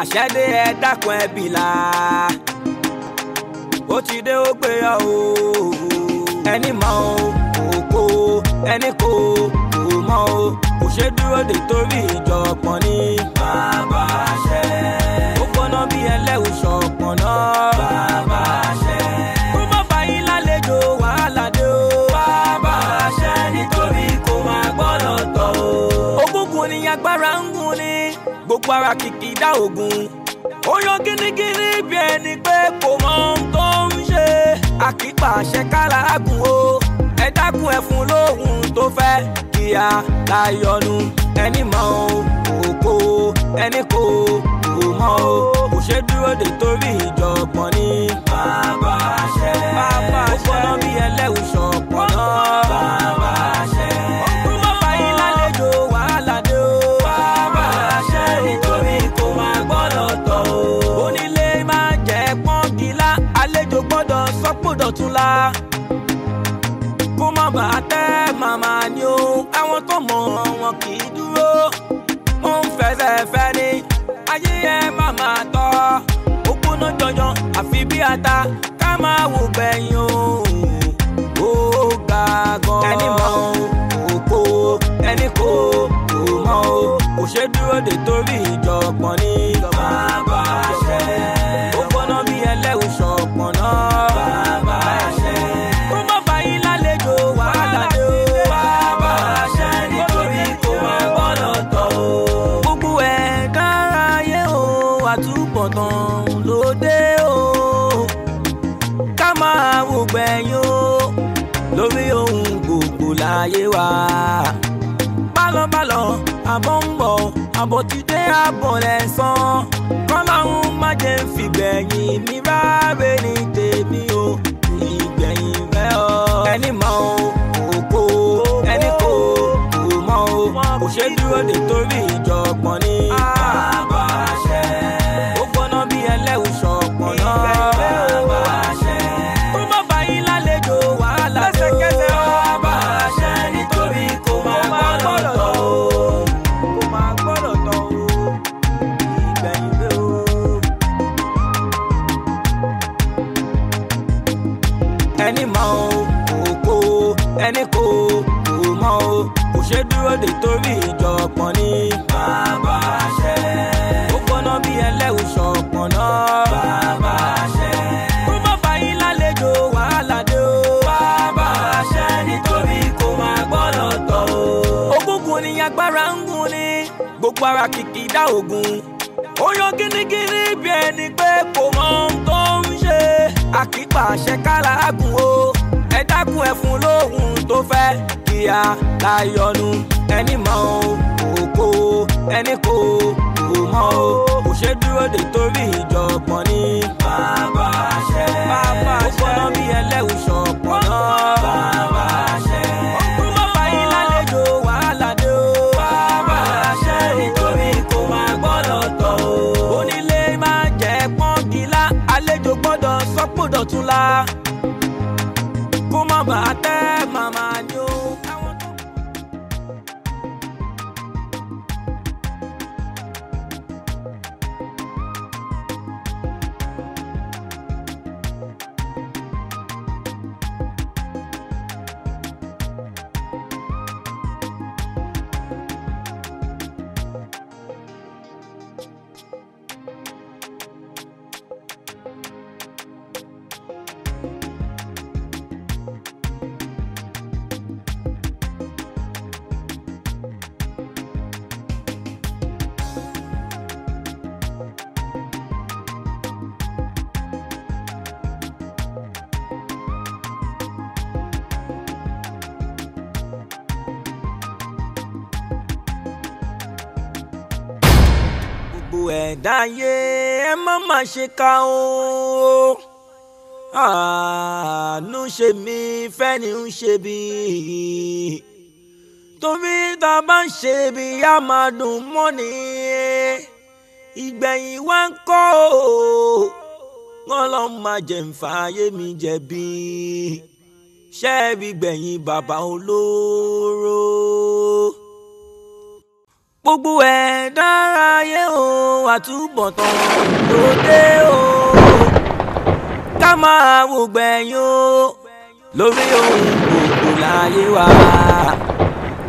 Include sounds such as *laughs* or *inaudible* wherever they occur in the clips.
àṣẹdé ẹ dákun ẹ bìlà ó ti dé ó gbé yọ o ẹni mọ o kò kó ẹni kò kò mọ o kò ṣe dúró de torí ìjọpọ̀ ni. bàbá ṣe. ó gbóná bí ẹlẹ́wù ṣọ̀pọ̀ náà. bàbá ṣe. kó má bá yín lálejò wàhálà dé o. bàbá ṣe nítorí kò máa gbọ́dọ̀ gbogbo ara kìkì já ogun ó yan gínígíní bí ẹni pé kò mọ ohun tó ń ṣe àkípa àṣekára àgùn o ẹ dákun ẹ fún lóhùn tó fẹ́ kíá láyọnu ẹni mọ o kò ẹni kò kò mọ o kò ṣe dúró de torí ìjọ̀gbọ̀n ni. bàbá ṣe bàbá ṣe ó gbọ́dọ̀ bí ẹlẹ́wùsọ̀ pọ̀ náà. bàbá ṣe. dọ̀túnla kó má bàa tẹ́ màmá ni o àwọn tó mọ̀ wọn kì í dúró wọ́n ń fẹsẹ̀ fẹ́ ni ayé yẹn màmá tọ́ ó gbóná jọjọ àfi bí ata ká máa wò gbẹ̀yìn o ó ga gan ẹni mọ̀ ò kó ẹni kó ò mọ̀ ò ṣe dúró de torí ìjọ̀gbọ̀n ni. ìjọba àbọ̀ ti dé àbọ̀ lẹ́sàn-án kọ́láhùn má jẹ́ ń fìgbẹ̀yìn mi ráre ní tèmi o ìgbẹ̀yìn rẹ̀ ọ́. ẹni mọ̀ ọ́ kò kó ẹni kò kò mọ̀ ọ́ kò ṣe dúró nítorí ìjọ̀gbọ̀n ni. ogun ó yan gínígíní bí ẹni pé kò mọ ohun tó ń ṣe àkípa kálágùn o ẹ dákun ẹ fún lóhùn tó fẹ́ kíá láyọnu ẹni mọ o kò ẹni kò kò mọ o kò ṣe dúró de torí ìjọ̀gbọ̀n ni. bàbá àṣẹ bàbá àṣẹ ó gbọ́dọ̀ bí ẹlẹ́wùsàn. ọ̀túnla. ṣe ká o àánú ṣe mí fẹ́ni ń ṣe bí torí tá a bá ń ṣe bí a máa dùn mọ́ni ìgbẹ̀yìn wá ń kọ́ o wọ́n lọ máa jẹ̀ ń fààyè mi jẹ̀bi ṣẹ́ẹ̀bì gbẹ̀yìn bàbá olóró gbogbo ẹ̀ dára yé o àtúbọ̀tán ló dé o ká máa wò gbẹ̀yìn o lórí ohun gbogbo láyé wa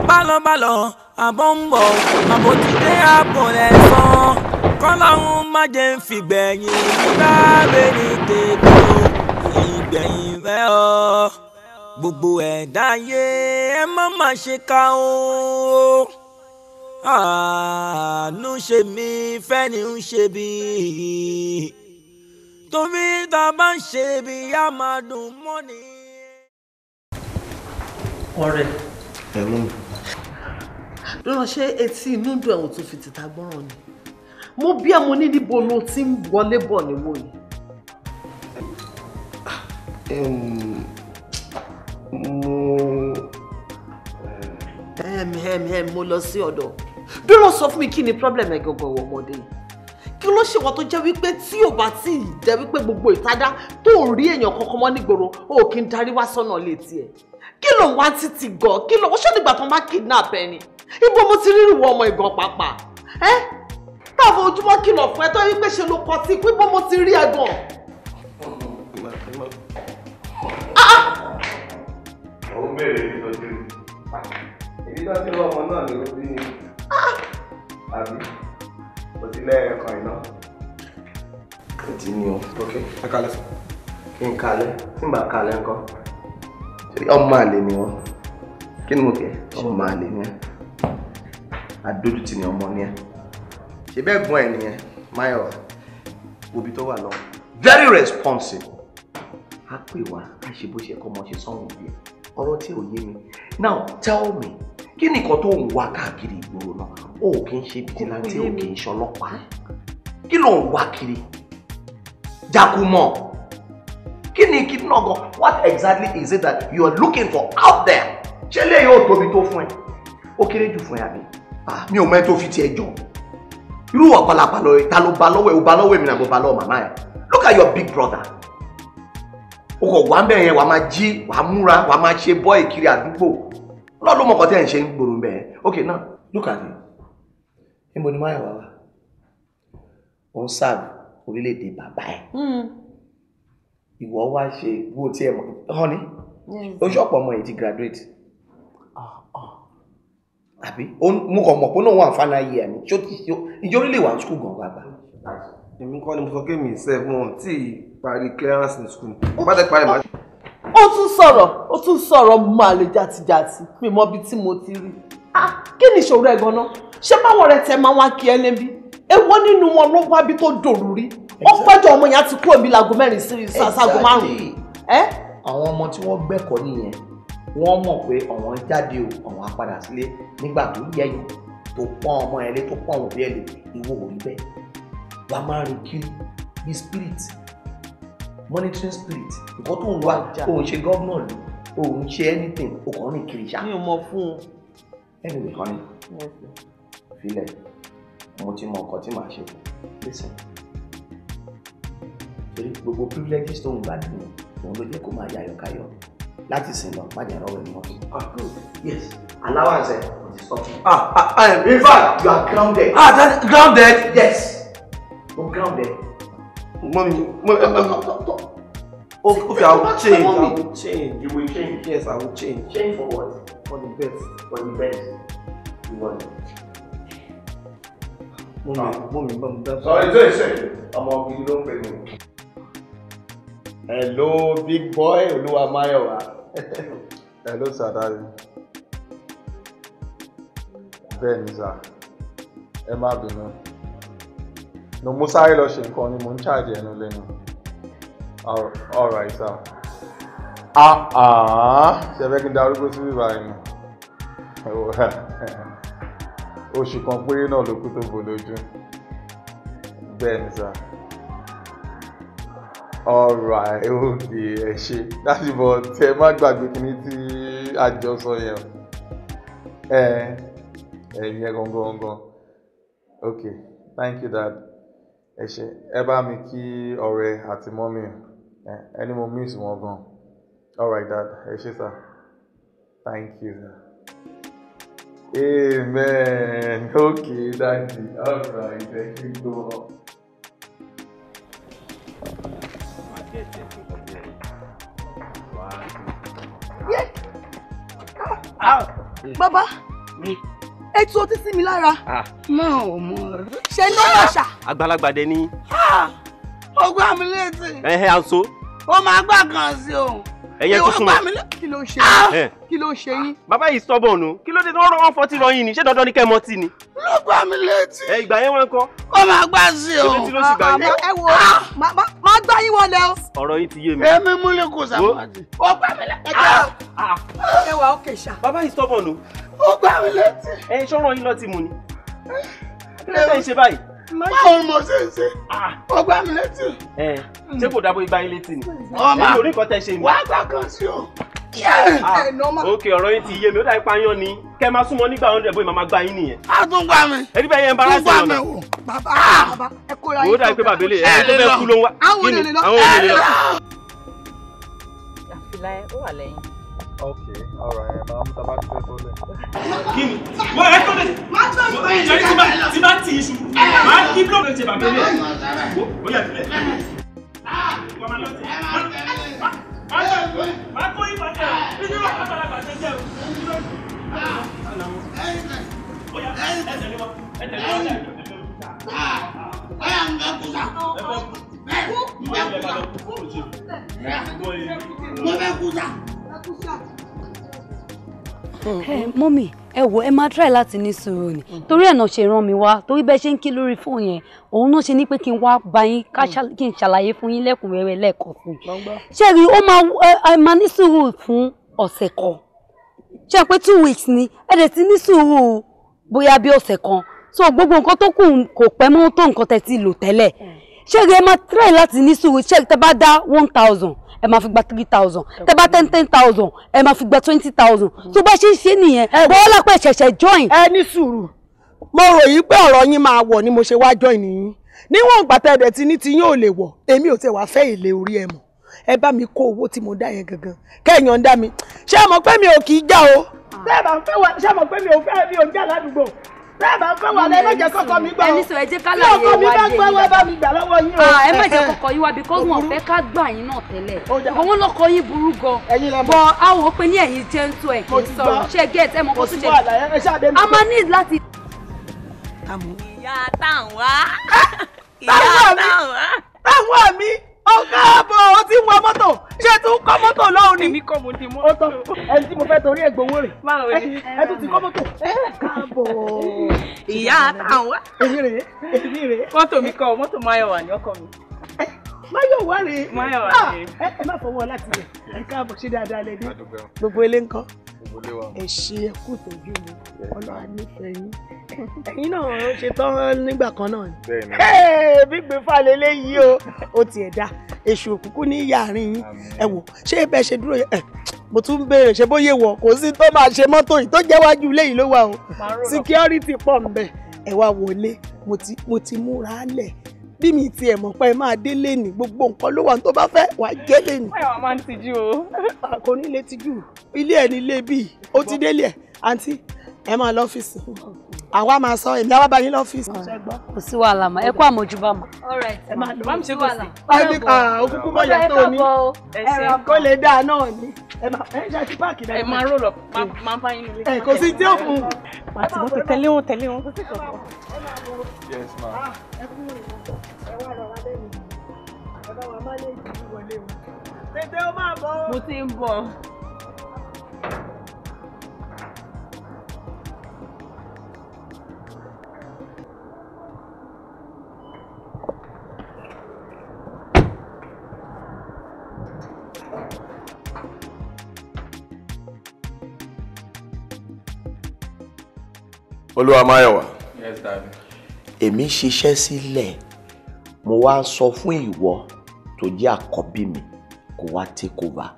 bálọ̀bálọ̀ àbọ̀ ń bọ̀ àbọ̀ ti dé àbọ̀ rẹ̀ sàn kọ́láhùn má jẹ́ ń fìgbẹ̀yìn lábẹ́ ní tètè ìgbẹ̀yìn rẹ̀ o gbogbo ẹ̀dá yé ẹ má má ṣe ká o àánú ṣe mí fẹ́ni ń ṣe bí torí tá a bá ń ṣe bí a máa dùn mọ́ ni. ọ̀rẹ́ lọ́nà ṣé etí inú dùn ẹ̀wọ̀n tó fi tìta gbọ́ràn ni mo bí ẹ mo ní níbo lo ti ń wọlé bọ̀ níwò yìí. mo. mo lọ sí ọ̀dọ̀ dúró sọ fún mi kí ni problem ẹ gọgọ ìwọ ọmọdé yìí kí ló ṣe wọ́n tó jẹ́ wípé tí ò bá tí ì jẹ́ wípé gbogbo ìtajà tó ò rí èèyàn kankan mọ́ nígboro ó kì í darí wá sọ́nà létí ẹ̀ kí ló wá títí gọ̀ kí ló ṣé nígbà tó ń bá kidnap ẹ ni ibo mo ti rírì wọ ọmọ ìgàn pàápàá ẹ táwọn ojúmọ́ kìlọ̀ fún ẹ tó wípé ṣe ló kọ sí ibo mo ti rí ẹ gan. bèrè ibi tó tó ti rí ọmọ náà ló ti ní. àbí o ti iná. ni o. ok ẹ kalẹ̀ sọ. kí n kalẹ̀ tí n bá kalẹ̀ ọmọ ọmọ ẹ adójútì ni ọmọ ẹ ṣe bẹ́ẹ̀ very responsive A pè wá ṣe bó ṣe kọ́ ọmọ ṣe bí mi now tell me. kí nìkan tó ń wá káàkiri ìgboro náà ó kì í ṣe bìtìláńtì ó kì í ṣọlọ́pàá kí ló ń wá kiri jakumọ kí ni kí náà gan what exactly is it that you are looking for out there ṣé lè yóò tóbi tó fún ẹ ó kéré jù fún ẹ àbí ah, mi ò mọ ẹ tó fi tiẹ̀ jọ irú wà pàlàpàlọ ẹ ta ló ba lọ́wọ́ ẹ ò ba lọ́wọ́ èmi náà mo ba lọ́wọ́ màmá ẹ look at your big brother o kò wá ń bẹ̀rẹ̀ yẹn wàá máa jí wàá múra wàá máa ṣe bọ́ọ̀ ìkiri àdúgbò lọ́ọ́ ló mọ̀ kọ́ tí ẹ̀ ń ṣe ń gbòòrò mbẹ́ ok now look at it níbo ni máyà wà wá ó ń sáàbù orílẹ̀-èdè bàbá ẹ̀ hmm. ìwọ wá ṣe wo tí ẹ mọ̀ honey oṣù ọ̀pọ̀ ọmọ yìí ti graduate ah, ah. àbí mo kàn mọ̀ pé náà wà fánà yìí àmì tí ó ti ṣe ìjọ orílẹ̀ wà skul gan gbàgbà. èmi kọ́ ni mo sọ pé mi ìṣẹ́ fún ọ tí ì parí clearance ní skul bá tẹ parí màá ó tún sọ̀rọ̀ ó tún sọ̀rọ̀ máa lè jàtìjàtì mi mọ ibi tí mo ti rí ah kí ni ìṣòro ẹ̀ gan-an ṣé báwọn rẹ̀ tẹ máa wá kí ẹ lẹ́bí èwo nínú wọn ló wá bí tó dòrú rí ó pẹ́jọ ọmọ yẹn á ti kúrò bí láago mẹ́rin sí ṣáṣáago márùn-ún. àwọn ọmọ tí wọ́n gbẹ́kọ̀ọ́ nìyẹn wọ́n mọ̀ pé ọ̀wọ́n jáde o ọ̀wọ́n á padà sílé nígbà tó yẹ̀yìn tó pọ́n ọmọ ẹ̀ lé tó pọ́n òbí ẹ̀ lè ìwọ òrí bẹ́ẹ̀ wàá máa rìn kiri bí spirit monitoring spirit nǹkan tó ń wá òun ṣe gọ́vnà lò òun ṣe anything òkàn rìn kiri ṣá. mi ò mọ fún un. ẹnì nìkan ni filẹ mo ti mọ nǹkan tí màá ṣe listen torí gbogbo privileges tó ń gbà nínú òun ló jẹ kó máa yàyọ káyọ láti sìn lọ má jẹ rọwọ ẹni mọ́tò. ah yes allowance ẹ kò ti sọ ah, ah ah in fact you are grounded. ah that grounded. yes mo grounded. Mommy, mommy, mommy. Okay, okay, I will change. I will change. You will change. Yes, I will change. Change for what? For the best. For the best. You want. Mommy, ah. mommy, mommy, that's Sorry, sorry, sorry. I'm on you don't pay me. Hello, big boy, Hello, Máyọ̀wá. Hello, sir, Benza. Bẹ́ẹ̀ni, sir. Ẹ no mo sáré lọ ṣe nǹkan ni mo ń ṣàjẹ ẹnu lẹ́nu all right sir ah ah ṣe fẹ́ kí n darúgbó sí bíbá ẹnu *laughs* oṣù kan péré náà ló kú tó bò lójú bẹ́ẹ̀ ni sir all right *laughs* ok ẹ ṣe láti bọ̀ tẹ má gbàgbé kíní tí àjọ sọ yẹn ẹ ẹ̀yin ẹ̀ gangan gangan ok thank you dad ẹ ṣe ẹ bá mi kí ọ̀rẹ́ àti mọ́mì ẹni mo miss wọn gan all right dad ẹ ṣe sir thank you amen okay daddy all right thank you so much. Yeah. Ah, baba, mm. ẹ tú ọtí sí mi lára. Máa ah. ò mọ̀ ọ́. Ṣé ní ọ̀ṣà? àgbàlagbà dẹ ní. ó gbá mi létí. ẹhẹ àǹso. ó máa gbà kan sí o. ẹyẹ tó súnmọ́ kí ló ṣe yín kí ló ṣe yín. bàbá yìí sọ́bọ̀ nù kí ló dé tí wọ́n rọ wọn fọtí lọ yín ni ṣé dandan ni kẹ́ ẹ mọtí ni. ló gbà mí létí. ẹ ìgbà yẹn wọn kọ. ó máa gbà sí o. èmi tí ló sì gbà ah, yín. Ah, ẹ wo ah! máa gbá yín wọlé o. ọ̀rọ̀ yìí ti yé mi. èmi mú lè kó sàmúhàjì. ó gbà mí létí. ẹ wà ó kèsà. bàbá yìí sọ́bọ̀ nù. ó báwo ni mo ṣe ń ṣe ah. ó gbá mi létí. ṣé kò dábò ìgbà yín létí ni èyí orí nǹkan tẹ ṣe ni. wàá gbàgbọ́ sí o. Ah, ok ọ̀rọ̀ yín ti yé mi ó dàbí pa yán ni kẹ́ ẹ máa súnmọ́ nígbà ọ̀hún ẹ̀bùn ìmàmà gba yín nìyẹn. a tún gbà mí. èyí bẹ́ẹ̀ yẹn ń bara sí ọ̀nà. tún gbà mí o bàbá ah. bàbá ẹ kóra yín. ó dàbí pé bàbá ilé ẹ tó fẹ́ kú ló ń wá. àwọn olè lè lọ. àwọn olè lè lọ. àfìlà ẹ ó wà lẹ́yìn. Okay, alright, màá mú tabá tó bọ́lẹ̀. Kí ni? Wọ́n ẹ kọ́ mi. Máa tọ́ ìgbà yẹn. Ìjọ ní ti bá ti bá ti iṣu. Máa kí búlọ̀kì ṣe bàbá mi. Ó yà sílẹ̀. Máa kó ìgbà jẹ́ o. Ìjọ náà bá balàgbà jẹ́ jẹ́ o. Ó yà ẹsẹ̀ ni wọ́n. Ẹsẹ̀ ni wọ́n jẹ́ Ayah nggak bisa. Mau nggak bisa mọ́mì mm-hmm. eh, ẹ wò ẹ máa try láti ní sùúrù ni mm-hmm. torí ẹ̀ náà ṣe ràn mí wá torí bẹ́ẹ̀ ṣe ń kí lórí fóònù yẹn òun náà ṣe ní pé kí n wá bá yín mm-hmm. kí n ṣàlàyé fún yín lẹ́kùnrẹ́rẹ́ lẹ́ẹ̀kan fún un ṣé rí ó máa ní sùúrù fún ọ̀sẹ̀ kan ṣe pé two weeks ni ẹ dẹ̀ ti ní sùúrù bóyá bí ọ̀sẹ̀ kan so gbogbo nǹkan tó kù kò pẹ́ mọ́ tó nǹkan tẹ́ ti lò tẹ́lẹ̀ mm. ṣé rí ẹ máa try láti ní sùúrù ṣé tẹ́ bá dá one thousand ẹ máa fi gba three thousand tẹ bá ten ten thousand ẹ máa fi gba twenty thousand tó mm. bá ṣe ń ṣe nìyẹn bọ́ọ̀ lápẹ̀ ṣẹ̀ṣẹ̀ join. ẹ ní sùúrù mo rò yí pé ọ̀rọ̀ yín máa wọ̀ ni mo ṣe wá join nìyí níwọ̀n ìgbà tẹ́ ẹ̀dẹ̀ tí ní ti yín ò lè wọ̀ èmi ò tẹ̀ wá fẹ́ èlé orí ẹ̀ mọ̀ ẹ bá mi kó owó tí mo dá yẹn gangan kẹ́ẹ̀yàn dá mi ṣé ẹ mọ̀ pé mi ò kì í já o ṣé ẹ mọ̀ pé mi ò fẹ́ mi ò já ládùúgbò bá fẹ́ wà lẹ́ ẹ má jẹ́ kọ́kọ́ yín o. Ah, ẹ má because wọn fẹ́ ká gbà yín náà tẹ́lẹ̀ àwọn lọ́kọ yín burú gan bọ́ àwọn pé ní ẹ̀yìn jẹ́ ń tó ẹ̀ kì í sọ̀rọ̀ ṣé gẹ́t ẹ mọ̀ kó tún ṣe a máa ní láti. ìyá táwọn ìyá táwọn táwọn mi ọ̀gá àbọ̀ ó ti ń wa mọ́tò ṣé tún kọ́ mọ́tò lọ́hùn ni. èmi kọ́ mo ní mọ́tò. ó tọ́ ẹni tí mo fẹ́ torí ẹ̀gbọ́n owó rẹ̀. máa wẹ̀ ẹ tún ti kọ́ mọ́tò. káàbọ̀ ìyá àtàwọn. èmi rèé èmi rèé. mọ́tò mi kọ́ mọ́tò máyọ̀ wà ní ọkọ mi máyọ̀wá rèé ah, ẹ má fọwọ́ láti rẹ̀ ẹ káàbọ̀ ṣe dáadáa lẹ́ni gbogbo ilé ńkọ́ ẹ ṣe ẹ kú ìtọ́jú mi ọlọ́run nífẹ̀ẹ́ yín ẹ̀yin náà ó ṣe tán nígbà kan náà ni gbígbé falẹ̀ léyìí o ó tiẹ̀ dá èṣù òkùnkùn ní yàrin yín ẹ wò ṣé ẹ bẹ ṣe dúró ẹ eh, mo tún béèrè ṣe bóyá wọ kò sí tó máa ṣe mọ́tò yìí tó jẹ́ wájú ilé yìí ló wà o security pọ̀ ń bẹ̀ ẹ wá wọlé mo ti múra lẹ̀ bí mi ti ẹ̀ mọ̀ pé ẹ máa délé ní gbogbo nǹkan ló wà tó bá fẹ́ wà á jẹ́ lé ní. ẹ̀wọ̀n máa ń tijú o. *laughs* kò ní tijú ilé ẹ̀ nílé bíi ó ti délé ẹ̀ àǹtí ẹ máa lọ́fíìsì àwa máa sọ èmi àwa bá yín lọ́fíìsì. kò sí wàhálà mọ́ ẹ kó àmójúbà mọ́. ẹ máa lọ sí. ó kúkú mọ́ yàtọ̀ ní kó lè dáa náà ni ẹ máa ẹ ṣe àti páàkì náà. ẹ máa rò lọ máa bá yín nílé. ẹ kò sí díẹ̀ fún un. màá ti mọ́tò wọn tẹ̀lé wọn. yes ma. Ah, ẹ kú ẹ wá lọ wá lẹ́nu ẹ wa má lè jù wọlé o. tètè ó máa bọ̀. mo ti ń bọ̀. Olúwamáyọ̀wá. Yes, Daddy. èmi ṣiṣẹ́ sílẹ̀ mo wá ń sọ fún ìwọ tó jẹ́ àkọ́bí mi kó wá take over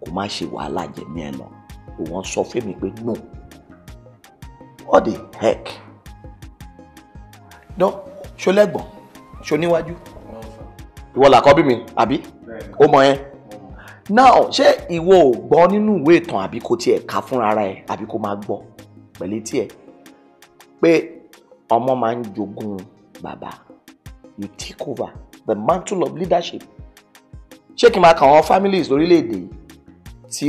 kó má ṣe wàhálà jẹ̀mí ẹ̀ lọ ìwọ́n sọ fún mi pé no what the heck dán ṣọlẹ́gbọ̀n ṣoníwájú ìwọ làkọ́bí mi àbí ó mọ ẹ́ now ṣé ìwọ ò gbọ́ nínú ìwé ìtàn àbí kò tiẹ̀ kà fúnra ẹ̀ àbí kò máa gbọ́ pẹ̀lú tiẹ̀ pé ọmọ máa ń jogún bàbá you take over the mantle of leadership ṣé kí n máa kà àwọn families lórílẹ̀‐èdè yìí tí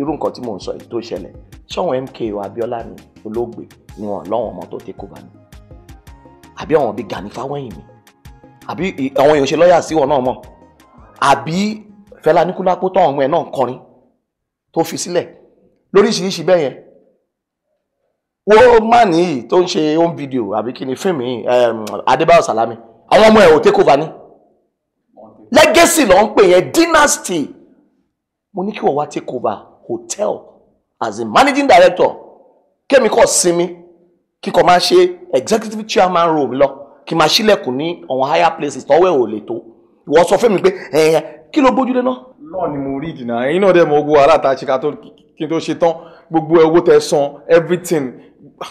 irú nǹkan tí mò ń sọ yìí tó ṣẹlẹ̀ ṣọ́wọ́n MKO Abiola ni olóògbé ni wọn lọ́wọ́n ọmọ tó take over ni àbí àwọn bíi Gani Fáwẹ́yìn mi àbí àwọn èèyàn ṣe lọ́ọ̀yà sí wọn náà mọ̀ àbí Fẹlá Aníkúlápó tọ̀hún ẹ̀ náà kọrin tó fi sílẹ̀ lóríṣiríṣi bẹ́ẹ̀ yẹn wo man yìí tó ń ṣe home video àbí kí ni fíìmù yìí adébáyọ̀ salami àwọn ọmọ ẹ̀ ò take over ní legacy ló ń pè yẹn dynasty mo ní kí wọ́n wá take hotel as a managing director kémi kọ́ sinmi kíkọ́ máa ṣe executive chairman role lọ kí máa ṣílẹ̀kùn ní àwọn higher places tọ́wọ́ ẹ̀ ò lè tó ìwọ sọ fún mi pé ẹ̀yẹn kí ló bójúlé náà. lọ́ọ̀ ni mo rí ìdìnnà ẹ̀yin náà dẹ̀ mọ̀ ogun aláàtà ṣe ká tó kí n tó ṣe tán gbogbo owó tẹ san everything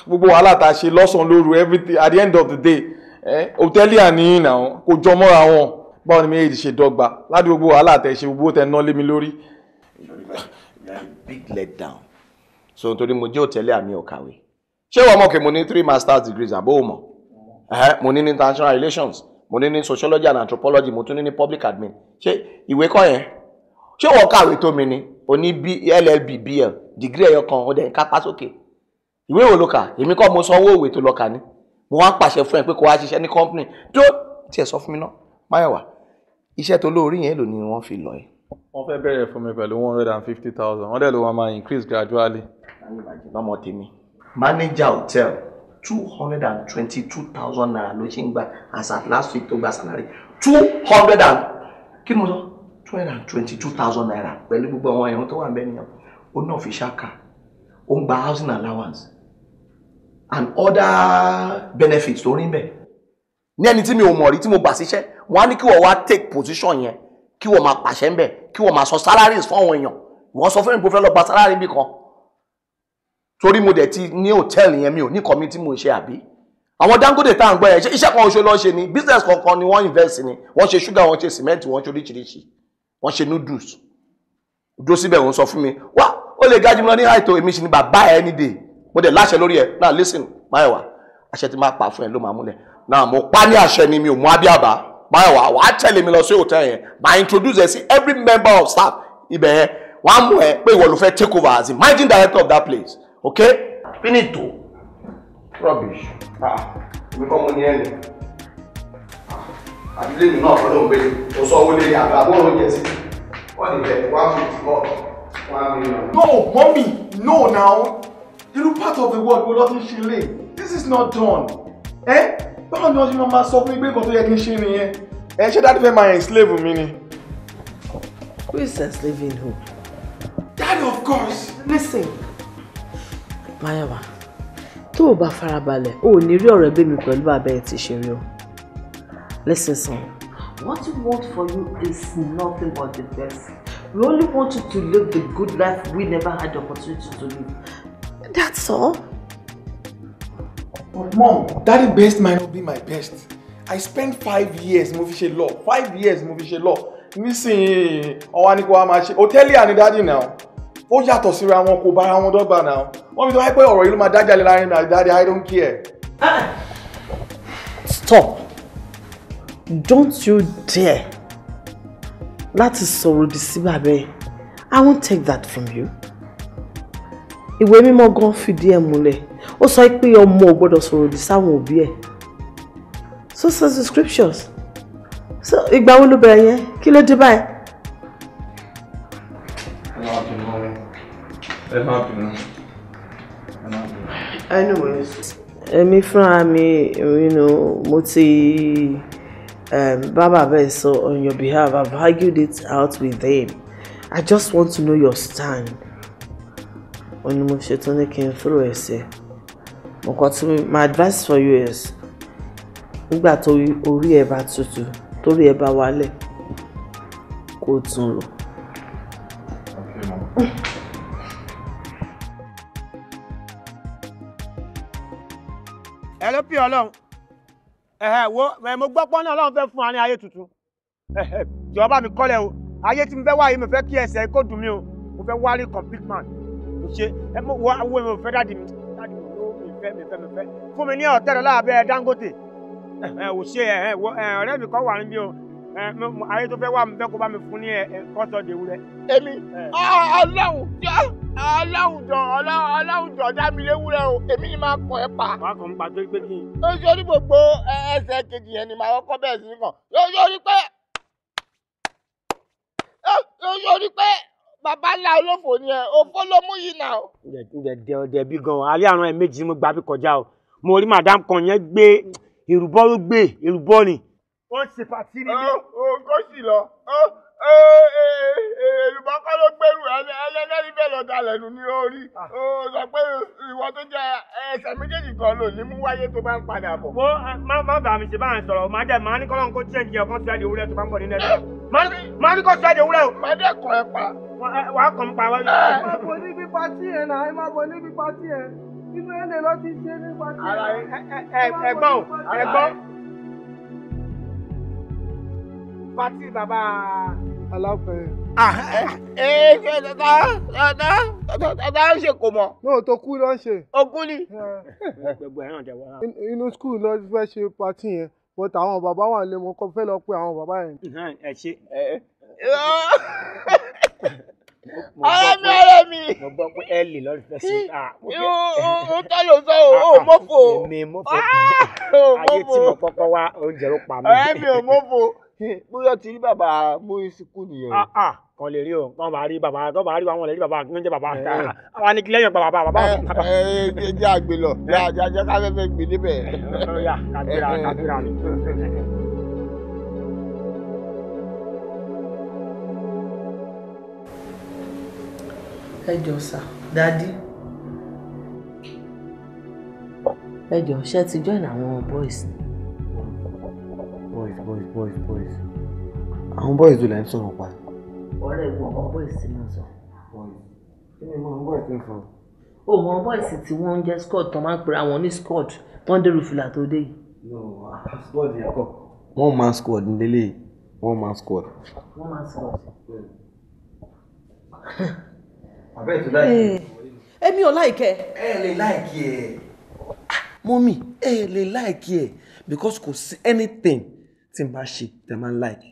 gbogbo wàhálà tá a ṣe lọ́sàn lóru everything at the end of the day eh, òtẹ́lì àníyàn náà kò jọ mọ́ra wọn báwo ni méjèèjì ṣe dọ́gba láti gbogbo wàhálà tẹ̀ ṣe gbogbo tẹ̀ ná lé mi lórí. big let down so nítorí mo jẹ́ òtẹ́lì àmì ọ̀kàwé ṣé wàá mọ̀ kí mo ní three masters degrees àbó o mọ̀ mo ní ní international relations mo ní ní sociology and anthropology mo tún ní ní public admin ṣé ìwé kọ́ yẹn ṣé wọ́n kàwé tó mi ni o ní llb bl degree ẹ̀yọ kan o dẹ̀ ń kápá sókè. Okay ìwé wo ló kà èmi kọ́ mo sanwó ìwé tó lọ kà ní mo wá pàṣẹ fún ẹ pé kó wá ṣiṣẹ́ ní company tó tiẹ̀ sọ fún mi ná Máyọ̀wá iṣẹ́ tó lórí yẹn lò ni wọ́n fi lọ ẹ. wọ́n fẹ́ bẹ̀rẹ̀ fún mi pẹ̀lú one hundred and fifty thousand wọ́n dẹ̀ ló wọ́n máa increase gradually. lọ́mọ tèmi manager hotel two hundred and twenty two thousand naira ló ṣe ń gba as at last week tó gba salary two hundred and kí ni mo sọ two hundred and twenty two thousand naira pẹ̀lú gbogbo àwọn ẹ̀rọ tó wà bẹ́ẹ̀ nìyẹn ó náà fi ṣáka ó ń gba housing allowance and other benefits tó rí ń bẹ̀. ní ẹni tí mi ò mọ̀ rí tí mo gbà síṣẹ́ wọ́n á ní kí wọ́n wá take position yẹn kí wọ́n máa pàṣẹ ń bẹ̀ kí wọ́n máa san salaries fún àwọn èèyàn wọ́n sọ fẹ́mi professor lọ gba salary bí kan torí mo dẹ̀ ti ní hòtẹ́ẹ̀lì yẹn mi ò ní kọ́mí tí mo ń ṣe àbí àwọn Dangote tá à ń gbọ́ yẹn iṣẹ́ kan oṣù lọ́ọ́ ṣe ni business kankan ni wọ́n invest ni wọ́n ṣe sugar wọ́n ṣe cement wọ́n ṣe oríṣiríṣi wọ́n ṣe noodles dúró síbẹ̀ wọ́n sọ fún mi wá ó lè gájú mi lọ ní àìtó èmi bàbá ẹ dè mo dẹ̀ láṣẹ lórí ẹ náà listen máyẹ̀wá àṣẹ tí máa pa fún ẹ ló máa múlẹ̀ náà mo pa ní àṣẹ ni mi ò mú abíàbá máyẹ̀wá wà á tẹ̀lé mi lọ sí hòtẹ́ẹ̀lì yẹn máa introduce ẹ sí every member of staff ibẹ̀ yẹn wà á mú ẹ pé ìwọ ló fẹ́ take over as the managing director of that place okay. finito rubbish ah mi kọ́ mo ní ẹ̀ ní ah, àbílẹ̀ mi náà fọlọ́ ògbé o sọ owó lélẹ̀ àgbà bó ló jẹ sí wọ́n ní bẹ̀ one fifty four one million. no mọ́mì no now irú part of the world wo lọ ti ń ṣe lè this is not done ẹ báwo ni wọn ṣe máa ma sọ fún mi pé nǹkan tó yẹ kí n ṣe nìyẹn ẹ ṣé dáàdì fẹ́ máa enslave mi ni. who is enslaving who. dad of course. listen mayawa tó o bá farabalẹ̀ o ò ní rí ọ̀rọ̀ ẹbí mi pẹ̀lú bàbá ẹ ti ṣe rí o listen son what we want for you is nothing but the best. We only want you to live the good life we never had the opportunity to live. That's all. But mom, daddy best might not be my best. I spent five years moving fi law. Five years mo fi ṣe law. Nísìnyí, ọwọ́ ni kò wá máa ṣe. Hòtẹ́lì àní daddy now. Ó to síra wọn kò bára wọn dọ́gba now. Mommy, fi tó wáyé Or ọ̀rọ̀ yìí ló daddy I don't care. Stop. Don't you dare That is so sí bàbá I won't take that from you ìwé mímọ́ gan fìdí ẹ̀ múlẹ̀ ó sọ pé ọmọ ò gbọ́dọ̀ sọ̀rọ̀ òdì sáwọn òbí ẹ̀ so so subscriptions so ìgbà wo ló bẹ̀rẹ̀ yẹn kí ló dé báyìí. èmi fúnra mi ìrìnà mo ti um, bábà bẹ́ẹ̀ sọ on your behalf I've argued it out with them I just want to know your stand ó ní mo ṣe tún ní kí n fúrò nǹkan tí my advice for you is nígbà tó orí ẹ bá tutù torí ẹ bá wálẹ̀ kó tún lò. ẹ ló pè ọlọ́run ẹ̀hẹ̀ wo mo gbọ́ pọ́n náà ọlọ́run fẹ́ fún wa ní ayé tuntun jọ̀ọ́ bá mi kọ́lẹ̀ o ayé tí mo fẹ́ wáyé mo fẹ́ kí ẹsẹ̀ kó dùn mí o mo fẹ́ wárí complete man mi ṣe ẹ mọ wọ àwọn èèyàn fẹ́ dáàdì mi dáàdì mi ló mi fẹ́ mi fẹ́ mi fẹ́ fún mi ní ọ̀tẹ́ rẹ láàbẹ̀ Dangote ẹ ò ṣe ẹ ọ̀rẹ́ mi kọ́ wà níbí o ayé tó fẹ́ wà mí fẹ́ kó bá mi fún ní kọ́sọ̀dì ewúrẹ́. èmi aláwùjọ aláwùjọ aláwùjọ dámilẹ́wúrẹ́ o èmi ni máa kọ ẹ pa. wàá kàn ń pa tó gbé kí n. ó gbogbo ẹsẹ̀ kejì yẹn ni màá kọ́kọ́ bẹ̀rẹ̀ sí ní kàn yóò yóò rí pé yóò yóò rí bàbá ńlá olófò ni ẹ òfó ló mú yìí náà. ǹjẹ́ ǹjẹ́ ọ̀dẹ̀ bí gan-an alẹ́ àrùn ẹ̀ méjì mo gbà bí kọjá o mo rí madam kan yẹn gbé ìrùbọ́ ló gbé ìrùbọ́ ni. ó ṣe pàtí nílé. ó kó sì lọ e, e, ìrùbọ́ kọ́ ló gbẹ̀rù ẹlẹ́dẹ́rì bẹ́ẹ̀ lọ dalẹ̀ nù ní orí ah. ó sọ pé ìwọ tó jẹ ẹsẹ̀ méjèèjì kan lò ní mú wáyé tó bá ń padà bọ̀. mo má bàa mi ṣe bá ń sọ̀rọ̀ màá jẹ́ màá ní kọ́lọ́n kó tiẹ̀ jẹ́ ọkàn sí àdéhùn rẹ̀ tó bá ń bọ̀ nínú ẹ̀sẹ̀ màá ní kó sí àdéhùn rẹ̀ o. màá dẹ́kọ̀ ẹ̀ pa wà á kàn pa wá. ẹ má bọ̀ níbi patí ẹ̀ náà ẹ má bọ̀ níbi patí ẹ̀ inú ẹ̀ lè lọ ti ṣe ní patí ẹ̀. ẹ̀gbọ́n o ẹ̀gbọ́n. patí bàbá aláfẹ́. ẹ ṣe tata tata tata ń ṣe kò mọ̀. náà tó kú ló ń ṣe. okú ni. inú skul ló fẹ́ ṣe patí yẹn but àwọn bàbá wà lé mọ́ kọ́ fẹ́ lọ pé àwọn bàbá yẹn. ẹ ṣe ọ̀rẹ́ mi ọ̀rẹ́ mi. mo gbọ́ pé ẹ lè lọ́ọ́ fẹ́ sí. o tọ́ ló sọ o ò ah, ah, mọ́fò. èmi mọ́fò ah, ayé tí mo kọ́kọ́ wá oúnjẹ ló pa mí. ọ̀rẹ́ mi ò mọ́fò bóyá ti rí bàbá múrísíkù nìyẹn. kan lè rí o kan bá rí bàbá kan bá rí àwọn lè rí bàbá kan jẹ bàbá ta eh. àwa ni kílẹ̀ yẹn bàbá bàbá. ẹ ẹ eh, eh, jẹ́ àgbè lọ jẹ́ àjẹ́ káfẹ́fẹ́ gbè débẹ̀. ká gbéra ká gbéra ni. ẹ jọ sà dádì. ẹ jọ ṣe ti join àwọn boys. boys boys boys boys àwọn boys ló lẹ́ ń sọ̀rọ̀ pa. ọ̀rẹ́ ìwọ̀n àwọn boys náà sọ. kí ni mo àwọn boys ń sọ. o mọ boys tí wọ́n ń jẹ́ squad tán máa ń pera wọn ní squad wọ́n dèrò fìlà tó dé yìí. no squad yẹn kọ́ wọ́n máa squad nílé yìí wọ́n máa squad. wọ́n máa squad. *laughs* àbẹ́ ètò láìpẹ́. Eh. èmi ò láìkẹ́. ẹ lè láìkí ẹ. Ah, mọ́mí ẹ lè láìkí ẹ because kò sí anything tí n bá ṣe tẹ̀ máa ń láìkí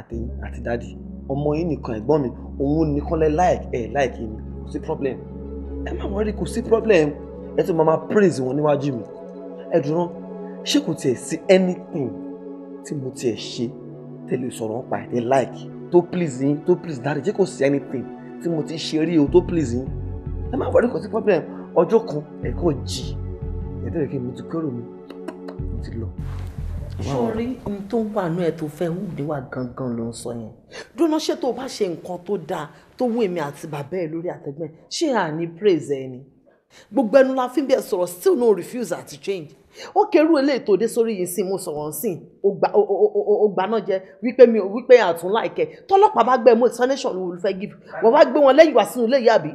àtẹ̀yìn àti dáàdì ọmọ yìí nìkan ẹ̀gbọ́n mi òun nìkan lẹ láìkí ẹ láìkí mi kò sí problem ẹ má wọrí kò sí problem ẹ tún máa máa praise wọn níwájú mi ẹ dúró ṣé kò tiẹ̀ sí anything tí mo tiẹ̀ ṣe tẹ̀lé sọ̀rọ̀ ọ̀pá ẹ̀ láìkí tó please yín tó please dáàdì jẹ́ kò sí anything tí mo ti ṣe rí o tó please yín ẹ má wọlé kàn sí problem ọjọ́ kan ẹ̀kọ́ jì ẹ̀dẹ́rẹ̀ kí mo ti kọ́rọ̀ mi mo ti lọ. sọrí ohun tó ń wà nú ẹ tó fẹ́ wù mí wà gangan ló ń sọ yẹn dúnà ṣé tó o bá ṣe nǹkan tó dáa tó wù èmi àti bàbá ẹ lórí àtẹgbẹ́ ṣé àní praise ẹ ni gbogbo ẹnu la fi ń bẹ sọ̀rọ̀ still no refuse àti change ó kérú eléyìí tó dé sórí yìí sí mo sọ̀rọ̀ sí O gbà náà jẹ wípé mi ò wípé àtún láìkẹ́ tọ́lọ́pàá bá gbẹ mú explanation ló fẹ́ give wọ́n bá gbé wọn lẹ́yìn wá sínú ilé yìí àbí.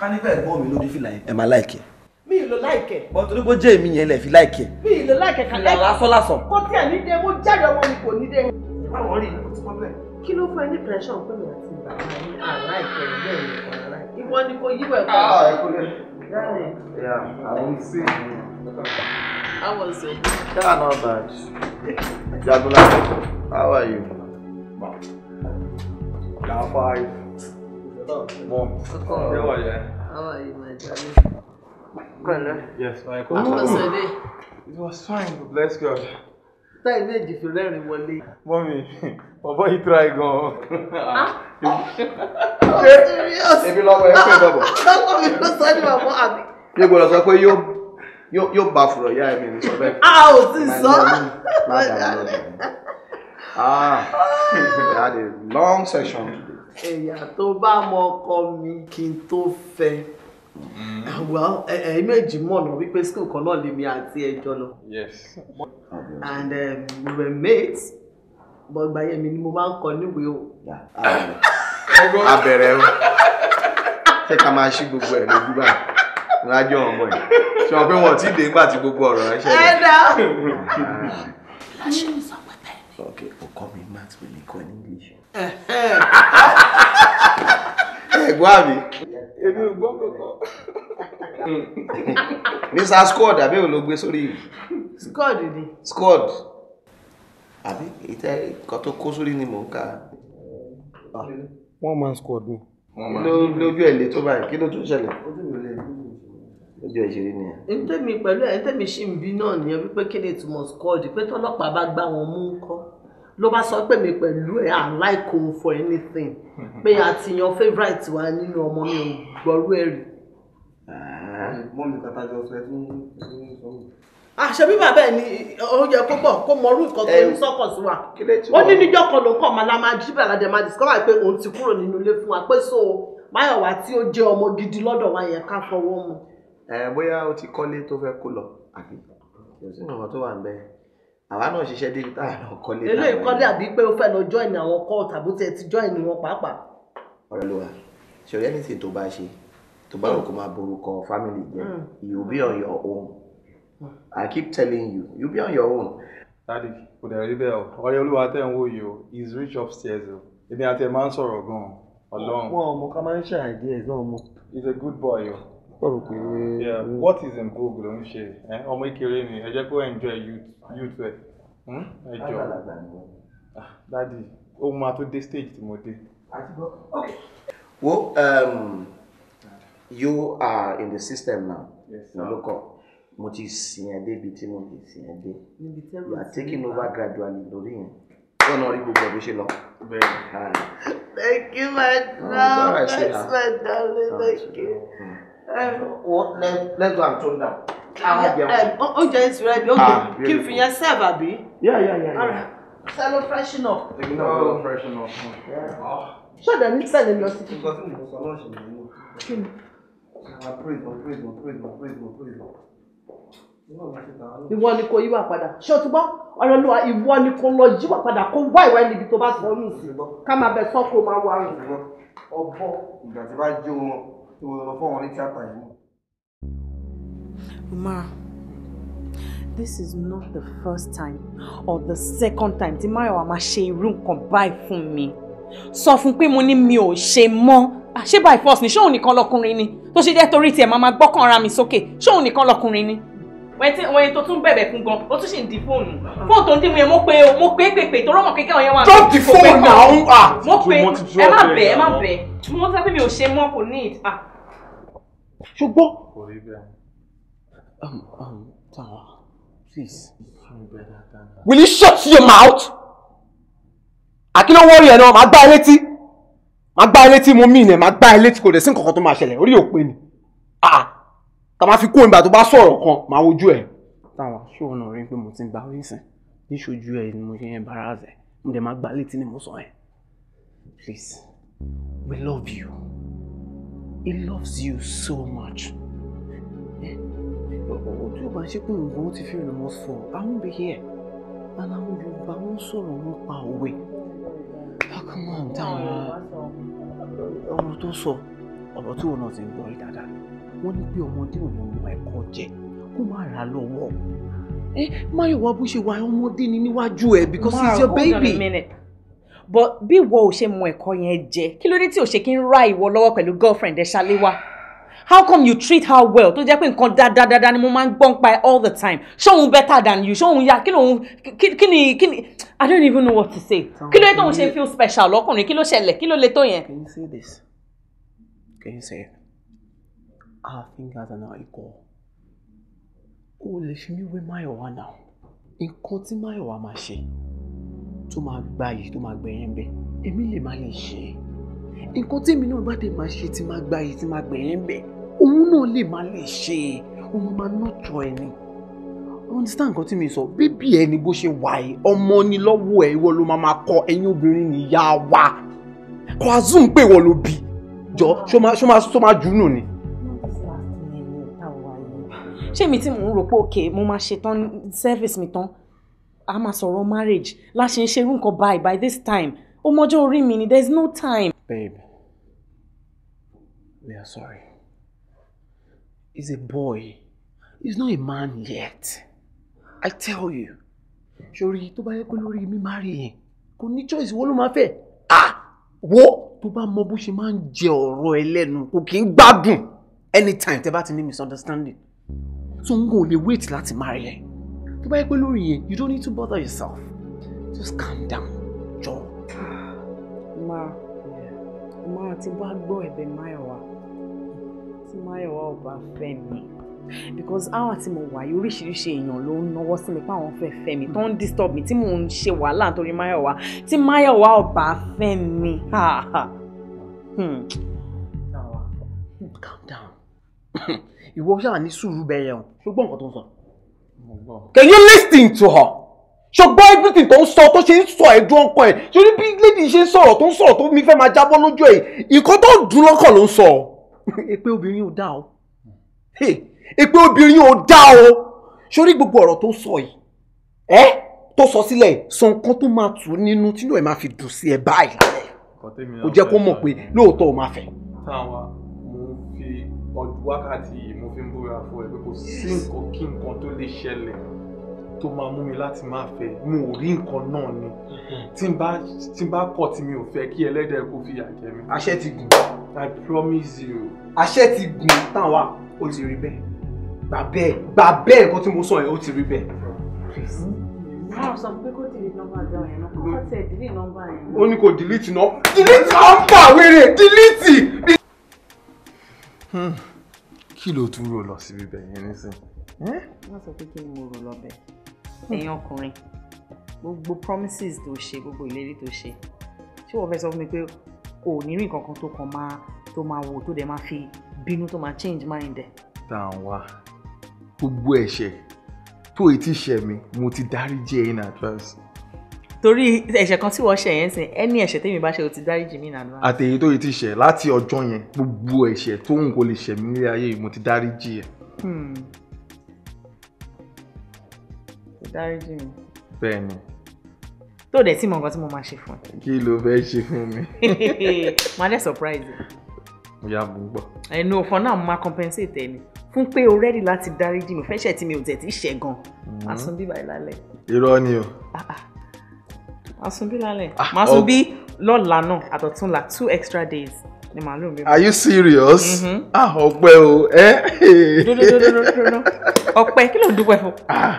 ká nígbà ẹ̀gbọ́n mi lórí fìlà yẹn. ẹ máa láìkẹ́. mi ì lo láìkẹ́. bọ́n torí bó jẹ́ èmi yẹn lẹ̀ fi láìkẹ́. mi ì lo láìkẹ́ kan láìkẹ́. lásán lásán. kó tí ẹ̀ ní dé mo jáde ọmọ mi kò ní dé. kí ló fún ẹ ní pressure pé mi àti ìgbà Darling. Yeah, I will see. How was it? Yeah, not bad. Jabula, how are you? Yeah, five. Mom. How are you? How are you, my darling? Yes, my coach. How was the day? It was fine, bless God. Táì méjì one day. Mommy, Mọ́mí, about you try gan-an ebi lọ́wọ́ ẹ pé bọ̀bọ̀. lọ́wọ́ mi ló sọ ah we had long session today. ẹ̀yà tó bá mọ ọkọ mi kí n tó fẹ́ mm-hmm. well ẹ̀yin méjì wípé school kan náà lèmi àti ẹjọ́ lọ. yes. and um, we were mates bọ́ ìgbà yẹn mi ni mo máa ń kọ níwèé o. abẹ̀rẹ̀ ah. o ṣé ká máa ṣí gbogbo ẹ̀ lójú báyìí rájọ ọmọ ẹ̀ ṣe wọn pé wọn ti dé nígbà tí gbogbo ọ̀rọ̀ rẹ ṣẹlẹ̀. ẹ ah. ok ọkọ mi max mi ní kọ ní english. ẹ̀gbọ́n àbí. èmi ò gbọ́ kankan. mr squad àbẹ́wò ló gbé sórí yìí. squad ni. squad àbí ìtẹ́ nǹkan tó kó sórí ni mò ń kà. wọ́n máa ń squad ni. lójú ẹ̀ lé tó báyìí kí ló tún ṣẹlẹ̀. lójú ẹ̀ ṣeré nìyẹn. ntẹ́mi pẹ̀lú ẹ̀ ntẹ́mi ṣì ń bí náà nìyẹn wípé kí ni ìtumọ̀ squad pé tọ́lọ́pàá bá gbá wọn mú kọ́ ló bá sọ pé mi pẹ̀lú ẹ̀ i like him for anything *laughs* pé a ti yan favourite wa nínú ọmọ mi ò gbọ́rú ẹ̀ rí. Ah. mọ́mí kàtàjọ́ fẹ́ fún fún fún àṣẹ ah, bí bàbá ẹ ní oúnjẹ kó bọ̀ kó mọrú nǹkan tó ní sọ́kọ̀ sí wa ó ní níjọ́ kan ló ń kọ̀ máa la máa jí bàlàdé máa discover pé òun ti kúrò nínú ilé fún wa pé so máyọ̀wá tí ó jẹ́ ọmọ gidi lọ́dọ̀ wa yẹn ká fọwọ́ mu. ẹ bóyá o ti kọ́lé tó fẹ́ kó lọ àbí kò sí ìrànwọ́ tó wà ń bẹ́ẹ̀ àwa náà ṣiṣẹ́ débi táwa náà kọ́lé náà. eléyìí kọ́lé àbí pé ó fẹ́ lọ join àwọn kọ́ tàbí tẹ̀ ti join wọn pàápàá. ọ̀rẹ́ ló wà ṣòrí anything tó bá ṣe hmm. hmm. you be on your own I keep telling you, you be on your own. Daddy, For the rebel, bẹ́ẹ̀ you ọ̀rẹ́ olúwa tẹ̀ ń wò is rich upstairs o. Èmi àti ẹ̀ máa alone. sọ̀rọ̀ gan-an, ọlọ́run. Wọ́n ọmọ a good boy o. Pọ̀rọ̀ What is in vogue ló ń ṣe? Ọmọ ìkéré ni, ẹ jẹ́ kó enjoy youth ẹ̀. Ẹ hmm? jọ. Ah, Daddy, ó máa tó this stage tí Okay. Well, um, you are in the system now. Yes, sir. Now look up mo ti sìn ẹ́ débi tí mo ti sìn ẹ́ dé you are taking over gradually lórí yẹn tó náà rí gbogbo ẹ̀ bó ṣe lọ. thank you my darling thanks my darling thank you. Hmm. let's go and tone down. ó jẹ́ ìṣúra ẹbí ó jẹ́ kí n fi yẹn serve àbí. Salo freshen up. Èmi náà lọ freshen up. Ah. Ṣọ́dọ̀ ní sẹ́lẹ̀ lọ sí. Nǹkan tí mo sọ náà ṣe nìyí. Kí ni? Mo praise, mo praise, mo praise, mo praise, mo praise ìwọ ni kò yíwà padà ṣé o ti gbọ́ ọ̀rọ̀ ló ìwọ ni kò lọ yíwà padà kó wá ìwà níbi tó bá sọ ọ́ nùsì ká máa bẹ sọ́kò máa wà rùn. ọbọ ìgbà tí bá jó wọn tí mo lọ fọwọn ní tíátà yìí. ma this is not the first time or the second time tí mayowa máa ṣe irú nǹkan báyìí fún mi sọ fún pé mo ní mi ò ṣe mọ́. Ah, ṣé by force ni ṣóun nìkan lọkùnrin ni tó ṣe jẹ́ torí tiẹ̀ máa máa gbọ́kàn ara mi sókè ṣóun nìkan lọkùnrin ni. wẹ́n tó tún bẹ̀bẹ̀ fún gan ó tún ṣì ń di fóònù fóònù tó ń dín mu yẹn mo pe mo pe pèpè tó rọ́mọ̀ kékeré wọn yẹn wà. Ah. drop the phone now ah. mo pe ẹ má bẹ ẹ má bẹ mo sọ pé mi ò ṣe mọ kò ní ìta. Ah. ṣùgbọ́n. um um Tara please. will you shut your mouth? àkínlówó rí ẹ̀ náà màá gbá ẹ létí máa ilé tí mo mí nẹ máa gbá ilé tí kò dẹ̀ sí nǹkan tó máa ṣẹlẹ̀ orí òpin ni ah tá máa fi kó ìgbà tó bá sọ̀rọ̀ kan máa wojú ẹ̀. táwa ṣé ọ̀nà rí pé mo ti ń gba orí sìn níṣojú ẹ ni mo ṣe yẹn bára rẹ mo dẹ̀ máa gbá létí ni mo sọ ẹ please we love you he loves you so much ojú ọba ṣé pé nǹkan ti fi ìrànwọ́ sọ i won't be here babaláwo yorùbá wọn sọ̀rọ̀ wọn pa òwe bákan náà táwọn ọ̀rọ̀ tó sọ ọ̀rọ̀ tí òun náà ti ń gbọ́ rí dáadáa wọ́n ní pé ọmọdé òun ọmọ ẹ̀kọ́ jẹ kó má ra lọ́wọ́ ẹ eh, máyọ̀wá bó ṣe wà ọmọdé ni níwájú ẹ because it's your baby. but bí ìwọ ò ṣe mọ ẹ̀kọ́ yẹn jẹ kí ló dé tí ò ṣe kí ń ra ìwọ lọ́wọ́ pẹ̀lú girlfriend ẹ̀ ṣáléwá how come you treat her well tó jẹ́ pé nǹkan dáadáa ni mo máa ń gbọ́n pa ẹ all the time ṣóun better than you ṣóun ya kí lóun kí ni kí ni i don't even know what to say kí ló yẹ tóun ṣe feel special lọ́kùnrin kí ló ṣẹlẹ̀ kí ló le tó yẹn. can you say this can you say our fingers are not equal o lè fi mí wé máyọ̀wá náà nǹkan tí máyọ̀wá máa ṣe tó máa gba yìí tó máa gbẹ̀yìn bẹ́ẹ̀ èmi lè má lè ṣe é nǹkan tèmi náà bá dé máa ṣe tí máa gba yìí tí máa gbẹ̀yìn bẹ̀ òun náà lè má lè ṣe òun máa nọ́tọ̀ ẹni understand nǹkan tí mi sọ bébí ẹni bó ṣe wà ẹ ọmọ ni lọ́wọ́ ẹ ìwọ ló máa máa kọ ẹ̀yin obìnrin nìyá wa kwazun pé ìwọ ló bí jọ ṣó máa ṣó máa jùnú ni ṣé mi tí mò ń rò pé òkè mo máa ṣe service mi tán a máa sọ̀rọ̀ marriage la ṣe ń ṣerú nǹkan báyìí by this time ó mọjọ́ orí mi ni there is no time. Babe, we are sorry. He's a boy. He's not a man yet. I tell you. Ṣorí tó bá yẹ pé lórí mi máa rí yẹn, kò ní choice wo Ah! Wo tó bá mọ man ṣe máa ń jẹ ọ̀rọ̀ anytime tẹ bá ti ní misunderstanding. So n kò lè wait láti marry ẹ. Tó bá yẹ pé you don't need to bother yourself. Just calm down, jọ. Máa máa ti wá gbọ́ ẹ̀bẹ̀ máyọ̀wá tí máyọ̀wá ò bá fẹ́ mi because àwọn tí mo wà yìí oríṣiríṣi èèyàn ló ń náwó sí mi pé àwọn fẹ́ fẹ́ mi tó ń disturb mi tí mò ń ṣe wàhálà nítorí máyọ̀wá tí máyọ̀wá ò bá fẹ́ mi. Hmm. calm down *laughs* ìwọ ṣáà ní sùúrù bẹ́ẹ̀ yẹn o ṣùgbọ́n nǹkan tó ń sọ. can you listen to her ṣùgbọ́n everything tó ń sọ tó ṣe ń sọ ẹ̀dùn ọkàn ẹ̀ ṣe ní bí lady ṣe ń sọ̀rọ̀ tó ń sọ̀rọ̀ tó mi fẹ́ máa jábọ́ lójú ẹ̀ ìkọ́ tó dùn lọ́kàn ló ń sọ. *laughs* èpè obìnrin ò dá o èpè obìnrin ò dá o sórí gbogbo ọ̀rọ̀ tó sọ yìí ẹ́ tó sọ sílẹ̀ sọ nǹkan tó máa tù nínú tínú ẹ̀ máa fi dùn sí ẹ báyìí lálẹ́ kò jẹ́ kó mọ̀ pé lóòótọ́ ò máa fẹ́. táwa mo fi ọdún wákàtí mo fi ń búra fún ẹ pé kò tó máa mú mi láti máa fẹ́ mo ò rí nǹkan náà ni tí n bá tí tí mi ò fẹ́ kí ẹlẹ́dẹ̀ kó fìyà jẹ mi. àṣẹ ti gùn. I promise you. àṣẹ ti gùn táwa ó ti rí bẹ́ẹ̀ gbà bẹ́ẹ̀ gbà bẹ́ẹ̀ nǹkan tí mo sọ yẹn ó ti rí bẹ́ẹ̀. Mo sọ pé kó delete nọ́mbà gan yẹn náà, kó tẹ̀ delete nọ́mbà yẹn. Ó ní kò delete nọ́. Delete nọ́mbà wèrè! Delete! Hmm. Kí ló tún rò lọ síbi bẹ̀yẹn nísìnyí? Wọ́n sọ pé kí ni mo rò lọ bẹ̀ ẹ̀yin ọkùnrin gbogbo promises tó ṣe gbogbo ìlérí tó ṣe ṣé wọ́n fẹ́ sọ fún mi pé kò ní rí nǹkan kan tó kàn máa tó máa wò tó dẹ̀ máa fi bínú tó máa change mind ẹ̀. tá à ń wá gbogbo ẹ̀ṣẹ̀ tó etí ṣẹ̀ mi mo ti dáríjì ẹ́ in advance. torí ẹ̀ṣẹ̀ kan tí wọ́n ṣẹ̀ yẹn sìn ẹni ẹ̀ṣẹ̀ tèmi bá ṣe o ti dáríjì mí in advance. àtẹ̀yẹ tó etí ṣẹ̀ láti ọjọ́ yẹn gbogbo ẹ̀ṣẹ̀ tó ń kò lè ṣẹ̀ mí ní ayé mo ti dáríjì ẹ́. Hmm dáríjì mi. bẹ́ẹ̀ni. tó dẹ̀ tí mo nǹkan tí mo máa ṣe fún ẹ. kí ló fẹ́ ṣe fún mi. *laughs* máa dẹ̀ surprise ẹ. mo yà bù ú gbọ́. ẹnu ọ̀fọ̀ náà mo máa compensate ẹ ni fún pé o ready láti dáríjì mi fẹ́ṣẹ̀ tí mi ò tẹ̀ tí ṣẹ̀ gan. Mm-hmm. àsun bíbá ìlàlẹ̀. irọ́ ni o. àsun bí lálẹ̀ màá sun ah, bí lọ́la náà àtọ̀túnla two extra days ni màá lóun bí. are you serious? Mm-hmm. ah ọpẹ́ o. Eh? dúdú dúdú dúdú *laughs* ọpẹ́ kí ló ń dúpẹ́ fún. Ah,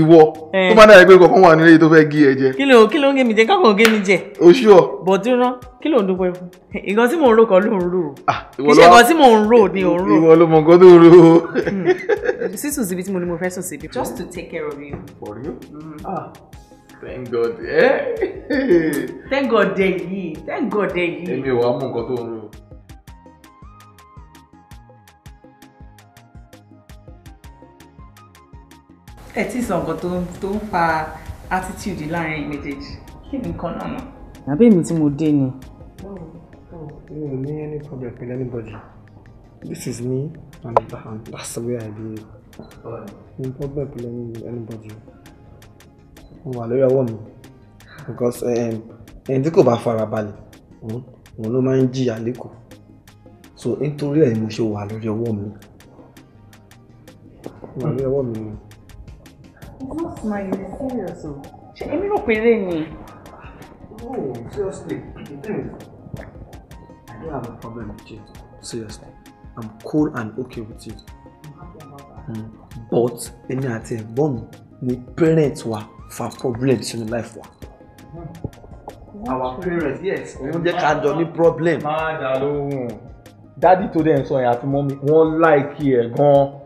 ìwọ eh. tó bá dàgbé kọ̀ọ̀kan wà nílé yìí tó fẹ́ gé ẹ jẹ. kí ló kí ló ń gé mi jẹ kákan gé mi jẹ. o ṣú ọ. bọ̀dú rán kí ló ń dúpẹ́ fún ìkan tí mò ń rò kọ́ ló ń rò ah, kì í ṣe ìkan tí mò ń rò ni ò ń rò. ìwọ ló mọ nǹkan tó ń rò. Hmm. sísùn síbi tí mo ní mo fẹ́ sùn síbi just to take care of you. for you? Hmm. ah thank god. Eh? thank god dẹ yìí thank god dẹ yìí. èmi ò wá mú nǹkan tó ń rò. ẹ tí sọ nǹkan tó tó ń fa attitude láàrin méjèèjì kí ni nǹkan náà náà. àbí èmi tí mo dé ni. mi ò ní any problem with anybody this is me and that's the way I be. mi ò problem with anybody mo wà lórí ọwọ́ mi because um, ẹni tí kò bá fara balẹ̀ òun ló máa ń jìyà lẹ́kọ̀ọ́ so nítorí ẹ̀ ni mo ṣe wà lórí ọwọ́ mi wà lórí ọwọ́ mi ni. What's my serious o? Ṣé èmi rò pé lè ní? Oh, seriously, the is, I don't have a problem with you. Seriously, I'm cool and okay with you. Mm. But any other ẹ̀gbọ́n mi ni parents wa fa problems in life wa. Our parents, yes. Òun jẹ́ ká jọ ní problem. Má dà lóhùn. so I have to mommy one like here, wọ́n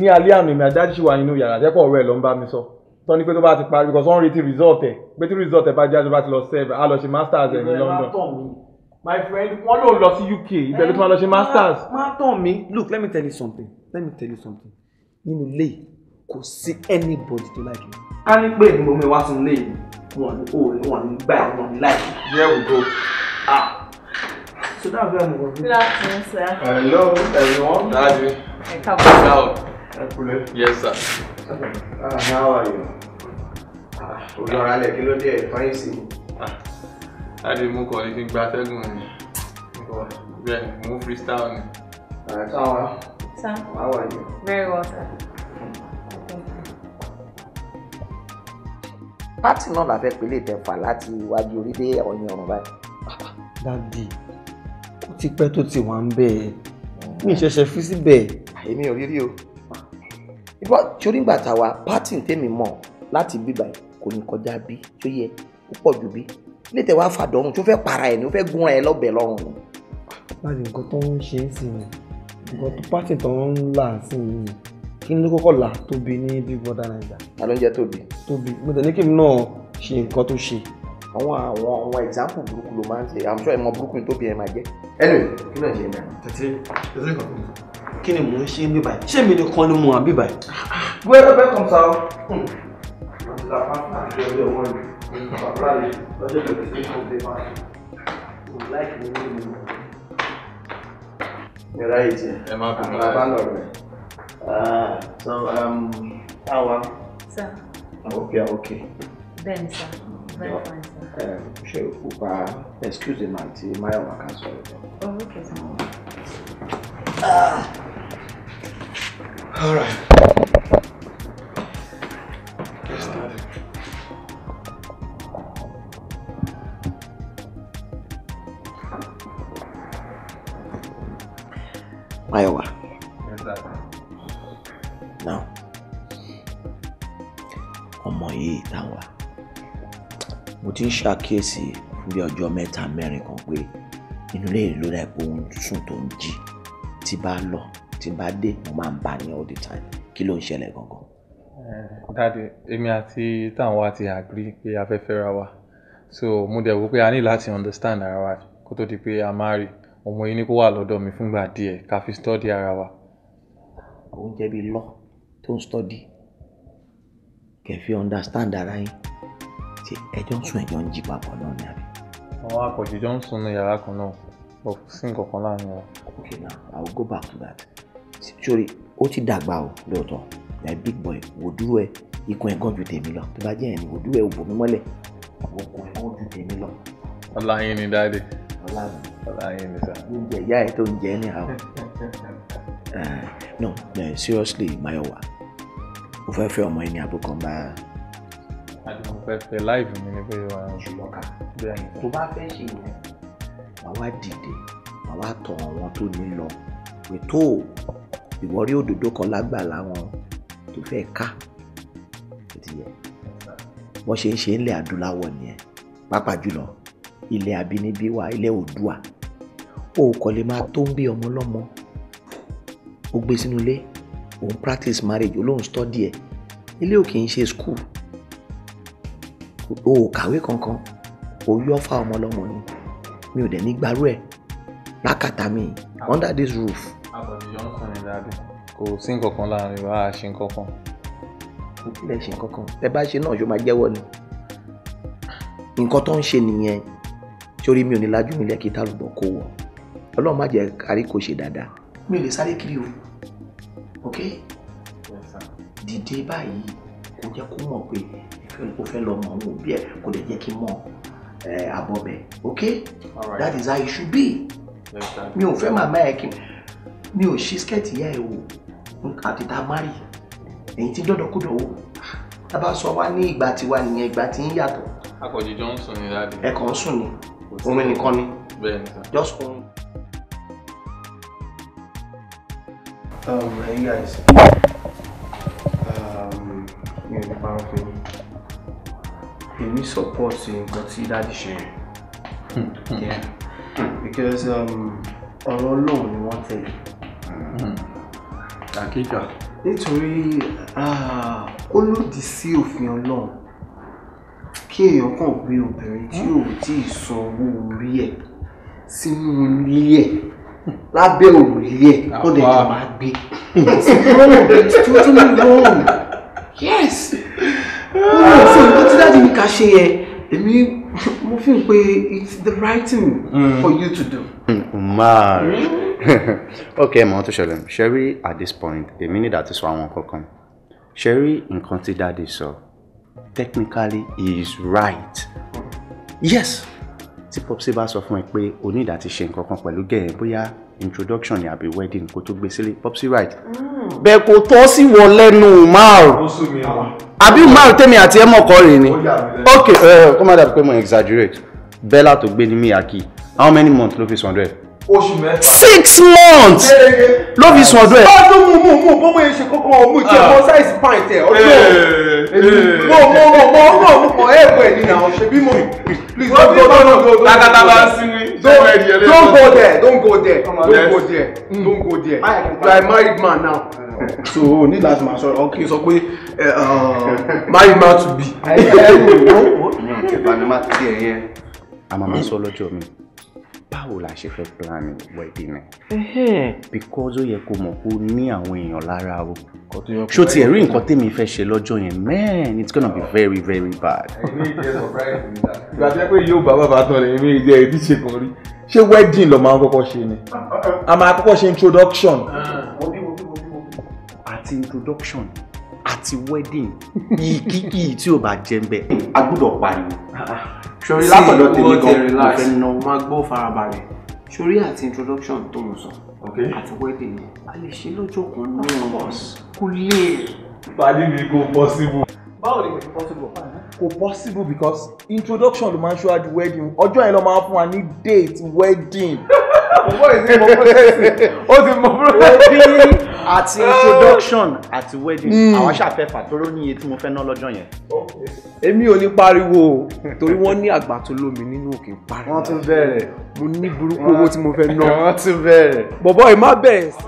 ní alẹ́ àná ìmọ̀ àjáde ṣì wà nínú yàrá jẹ́pọ̀ ọ̀rọ̀ ẹ̀ ló ń bá mi sọ tọ́ ni pé tó bá ti parí because wọ́n ń retí result ẹ̀ pé tí result ẹ̀ bá jáde bá ti lọ serve á lọ ṣe masters ẹ̀ ní London. my friend wọ́n lòun lọ sí UK ibẹ̀ ló ti máa lọ ṣe eh, masters. má tàn mí look let me tell you something let me tell you something nínú ilé yìí kò sí anybody tó like me. ká ní pé èmi omi wá sí ilé yìí wọn ò wọn ní gbà wọn ní like. there we go. ah so that hello everyone. ẹ káàbọ̀. Yes, sir. Uh, how are you? Uh, Ojú ara lẹ̀ kí ló dé ẹ̀ fáyín sí? Láti mú kọ́ ní fi gba atẹ́gùn ni. Bẹ́ẹ̀ni, mú freestyle ni. Táwa. Uh, sir. How are you? Very well, sir. Pátì náà la fẹ́ pélé tẹ̀fà láti iwájú orí dé ọyàn ọ̀run báyìí. Dádì, ó ti pẹ́ tó ti wà ń bẹ̀ ẹ́. Mi ìṣẹ̀ṣẹ̀ mm. fi síbẹ̀. Èmi ò rí rí o ìfọ torí ìgbà tá a wá pátì tèmi mọ̀ láti bíbà kò ní kọjá bí tó yẹ ó pọ̀ jù bí ilé tẹ̀ wá fàdọ̀rùn tó fẹ́ para ẹ̀ ni ó fẹ́ gún ẹ lọ́bẹ̀ lọ́rùn ni. láti nǹkan tó ń ṣe é sí ni nǹkan tó pátì tó ń là sí ni kí ni ló kọ́kọ́ là tóbi ní big brother naija. ta ló ń jẹ́ tóbi. tóbi mo tẹ̀lé kí mi náà ṣe nǹkan tó ṣe àwọn àwọn àwọn example burúkú ló máa ń ṣe i'm sure ẹ mọ burúkú tó bí ẹ máa jẹ. ẹnu kí ló ń ṣe náà. tètè tètè kàn kí ni mò ń ṣe bíbà yìí ṣé mi nìkan ni mo hàn bíbà yìí. wẹ́rẹ́ bẹ́ẹ̀ kàn sá o. Yàrá ìjẹ. Ẹ má bínú láyé. Àbá lọ̀rọ̀ ẹ̀. excuse me àti Máyọ̀wá kan sọ̀rọ̀? Oh, okay All right. Iowa. started. Mayowa. Yes, Now, ọmọ yìí táwa mo ti ń ṣàkíyèsí fún bí ọjọ́ mẹ́ta mẹ́rin kan pé inú ilé ìlú rẹ̀ òun sùn tó ń jí tí bá lọ tí n bá dé mo máa ń bá ní all the time kí ló ń ṣẹlẹ̀ gangan. Eh, dáàdi èmi àti táwọn wa ti agree pé a fẹ́ fẹ́ra wa so mo dẹ̀ wò pé a ní láti understand ara wa kó tó di pé a marry ọmọ yìí ní kó wà lọ́dọ̀ mi fúngbà díẹ̀ ká fi study ara wa. oúnjẹ bíi lọ tó ń study kẹ́ understand ara yín ṣe ẹjọ́ ń sùn ẹjọ́ ń jí papọ̀ náà ni àbí. àwọn àpọ̀jù jọ ń sùn ní yàrá kan náà but sí nǹkan kan láàrin wa. okay now i will go back to that sórí ó ti dàgbà o lóòótọ́ like big boy wò dúró ẹ ikùn ẹ̀ gàn tèmi lọ tó bá jẹ́ ẹ̀ wò dúró ẹ wò mí mọ́lẹ̀ okùn ẹ̀ gàn tèmi lọ. ọlá yín ni dáadé ọlá yín ni sá. oúnjẹ ìyá ẹ tó ń jẹ ní àwọn. *laughs* Eh, no no seriously Mayowa mo fẹ́ fẹ́ ọmọ ẹni àbúkọ bá. àdìmọ̀ fẹ́ fẹ́ láìpẹ́ mi ni pé wà á ṣùgbọ́n ká. tó bá fẹ́ ṣe yẹn màá wá dìde màá wá tọ̀ àwọn tó ní lọ pé ìwọ rí òdòdó kan lágbà láwọn tó fẹ́ ká wọ́n ṣe ń ṣe ilẹ̀ adúláwọ̀ nìyẹn pàápàá jùlọ ilẹ̀ abínibí wa ilẹ̀ oòdùà o kò lè máa tó ń bí ọmọ lọ́mọ o gbé sínú ilé òun practice marriage olóhùn study ẹ̀ ilé ò kì í ṣe school o ò kàwé kankan o yọ fa ọmọ lọ́mọ ni mi ò dẹ̀ ní gbarú ẹ̀ lákàtà mi under this roof àbí kò sí nǹkan kan láàrin wa a ṣe nǹkan kan. kò ṣe nǹkan kan ẹ bá ṣe náà ṣó máa jẹ́wọ́ ni nǹkan tó ń ṣe nìyẹn sórí mi ò ní lajú nílẹ̀ kí tálùbọ̀ kó wọ̀ ọlọ́run má jẹ́ kárí kò ṣe dáadáa mi ò lè sáré kiri o ok dìde báyìí kò jẹ́ kó mọ̀ pé o fẹ́ lọ mọ̀ ọ́n òbí ẹ̀ kò lè jẹ́ kí n mọ̀ abọ́ bẹ̀ ok that is how it should be mi ò fẹ́ màmá ẹ̀ kí n mi ò ṣí skẹ́ẹ̀tì ìyá ẹ̀ wò nǹkan àti tá a má rí èyí tí dọ́dọ̀ kúdọ̀ wò tá a bá sọ wá ní ìgbà tiwa nìyẹn ìgbà tí ń yàtọ̀. akọ̀jì jọ ń sùn ní dáadé. ẹ kàn ń sùn ni orin nìkan ni just orin. Um, hey guys, um, mi ò ní parọ́ fún yín, èmi support nǹkan tí dáàdì ṣe hmm. yẹn, because um, ọ̀rọ̀ Ọlọ́run ni wọ́n tẹ̀lé. Mm-hmm. àkíkà. nítorí ah, ó lòdì sí òfin ọlọ́run kí èèyàn kàn gbé obìnrin tí ò tí ì san owó orí ẹ̀ sínú ilé ẹ̀ lábẹ́ òrùlé ẹ̀ kó lè jọ máa gbé it's wrong yes ó lè sọ nǹkan tí dáàdi mi kà ṣe yẹn èmi mo fi hàn pé it's the right thing mm. for you to do. Mm, man. Mm. *laughs* Okay, ẹ mọ ohun at this point the minute that sọ àwọn kankan come, rí in tí dáàdi sọ technically he is right yes tí popsi bá sọ fún ẹ pé o ní ìdá ti ṣe nǹkan kan pẹ̀lú introduction ni be wedding kó tó gbé sílé popsi right. Hmm. bẹ́ẹ̀ kò tọ́ sí wọ lẹ́nu umar àbí umar tèmi àti ẹ̀ mọ̀kọ́ rè ni ok come eh, on, dàbí pé mo exaggerate bella tó gbé ní miyaki how many months ló fi sọ̀rọ̀ oṣù mẹ́. six months ló fi sùn ọdún ẹ. ọdún mú mú mú bọ́mọ yẹn ṣe kókó ọmú jẹ ọmọ size pint ẹ ọdún ọmọ ọmọ ọmọ ọmọ ọmọ ọmọ ọmọ ẹ wẹ ni na ọṣẹ bí please don't go don't go don't go don't go there don't go there don't go there don't go there you are a married man now. so o ní láti máa sọ̀rọ̀ ọkì sọ pé married man to be. ẹ ẹ wo ìyẹn ìbànú má ti ẹ yẹn. a máa ma sọ lọ́jọ́ mi báwo la ṣe fẹ́ plan wedding ẹ. because ó yẹ kó mọ̀ kó ní àwọn èèyàn lára o. ṣó tiẹ̀ rí nǹkan tèmi fẹ́ ṣe lọ́jọ́ yẹn man it's gonna be very very bad. èmi ìjẹ́ surprise mi ta ìgbà tí wọ́n pé yóò bá bàbá tán lè èmi ìjẹ́ èyí tí ṣe kàn rí ṣé wedding lọ́ọ́ máa ń kọ́kọ́ ṣe ni a máa kọ́kọ́ ṣe introduction. àti introduction àti wedding ìkíkì tí ò bá jẹ ń bẹ a gbúdọ̀ pariwo. sori látọ̀dọ̀ tèmi gan mo fẹ́ náwó. máa gbọ́ farabalẹ̀ sori àti introduction tó ń sọ àti wedding yẹn a lè ṣe lọ́jọ́ kan náà kò lè. pàdé mi kò possible. báwo ni kò possible. kò possible because introduction ló máa ń ṣíwájú wedding ọjọ́ yẹn ló máa fún wa ní date wedding ó ti mọ process. wedding àti *laughs* introduction àti wedding hmm. àwọn aṣàfẹ́fà tóró ní iye tí mo fẹ́ ná lọ́jọ́ yẹn. èmi ò ní pariwo torí wọ́n ní àgbà tó lómi nínú òkè pariwo. wọ́n tún bẹ̀rẹ̀. mo ní burúkú owó tí mo fẹ́ ná. *laughs* wọ́n tún bẹ̀rẹ̀. bọ̀bọ̀ ẹ̀ má bẹ̀rẹ̀ sí.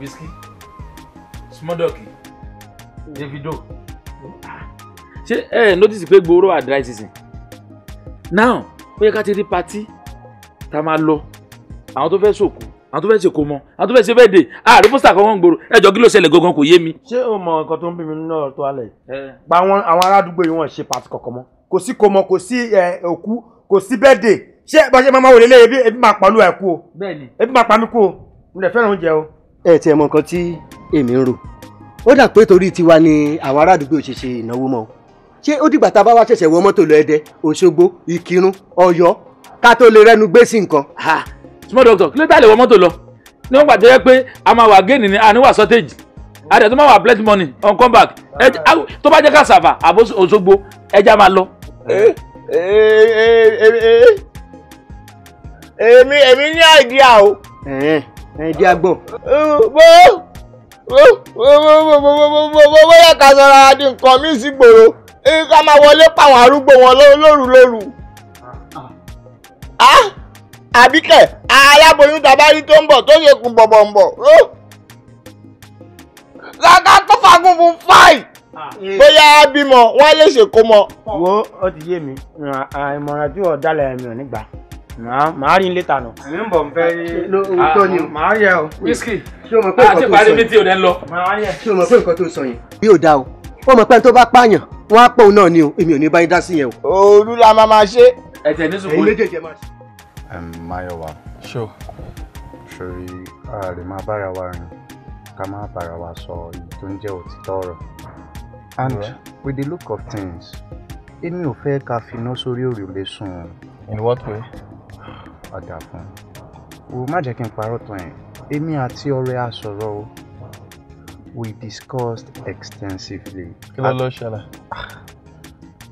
Whisky, Small Ducky, Davido ṣé ẹ ẹ notice pé gbòòrò wà dry season now ó yẹ ká ti rí patí tá a máa lọ àwọn tó fẹ́ sòkò àwọn tó fẹ́ ṣèkó mọ àwọn tó fẹ́ ṣe bẹ́ẹ̀dẹ̀ ààrẹ pósítà kan wọ́n ń gbòòrò ẹjọ́ kí ló ṣẹlẹ̀ gangan kò yé mi. ṣé o mọ nǹkan tó ń bí mi nínú ọ̀rọ̀ tó alẹ̀ yìí. pa àwọn àwọn aládùúgbò yìí wọ́n ṣe pàtì kọ̀ọ̀kan mọ́ kò sí kòmọ kò sí òkú kò sí bẹ́ẹ̀dẹ̀ ṣé bọ́sẹ̀ máa wò lélẹ̀ ebi ebi máa pàlú ẹ̀kú o ebi máa pàmí kú o mo dẹ̀ fẹ́ràn oúnjẹ o. ẹ tiẹ̀ mọ nǹkan tí èmi ń rò ó dà pé torí tiwa ni àwọn ará ṣe ṣe ìnáwó mọ́ ṣé ó dìgbà tá a bá wá ṣẹ̀ṣẹ̀ wọ mọ́tò lọ Ẹdẹ Òṣogbo Ìkírun Ọ̀yọ́ ká tó lè rẹ́nu gbé sí nǹkan. small doctor kí ló dá lè wọ mọ́tò lọ ní wọ́n gbàdúrà pé a máa wà géènì ni a ní wà shortage a dẹ̀ tó máa wà plenty money on come back tó bá jẹ́ ká sàfà àbó Òṣogbo ẹja máa lọ. èmi èmi ní àìdíà o. àìdíà gbọ̀n. bó bó bó bó bó bó bó bó bóyá ká sọ̀rọ̀ àdínkàn mí sí gbòòrò ká máa wọlé pàwọn arúgbó wọn lóru lóru ah, ah, àbíkẹ́ aláboyún tabari tó ń bọ̀ tó ṣe kùn bọ̀bọ̀ ń bọ̀ oh. lága tó fagún fún fáì ah. bóyá bímọ wọn lè ṣèkó mọ. wo ó ti yé mi ìmọ̀ràn tí wọ́n dálẹ̀ mi ò ní gbà màá rí ilé tànà. mi ń bọ̀ n fẹ́ òótọ́ màá yẹ o. wíṣkì àti ìparí mi tí o dẹ́ ṣé o mọ̀ pé nǹkan tó sọ yẹn. bí o dá o wọ́n mọ̀ pé tó bá pààyàn wọ́n á pọ̀ òun náà ni o èmi ò ní bá yín dá sí yẹn o. olú la máa máa ṣe. ẹ̀jẹ̀ ní sùkúrú. ẹ̀yin méjèèjì ẹ máa ṣe. Máyọ̀wá ṣòrí a lè máa bára wa rìn ká máa bára wa sọ èyí tó ń jẹ́ òtítọ́ ọ̀rọ̀ and right. with the look of things èmi ò fẹ́ ká finá sórí òrùlé sùn. in what way. ọ̀dà fún un. o má jẹ́ kí n parọ́ tán ẹ̀ èmi àti ọ̀rẹ́ a sọ̀rọ̀ o we discussed extensively. kí ló lọ ṣẹlẹ̀. Ah,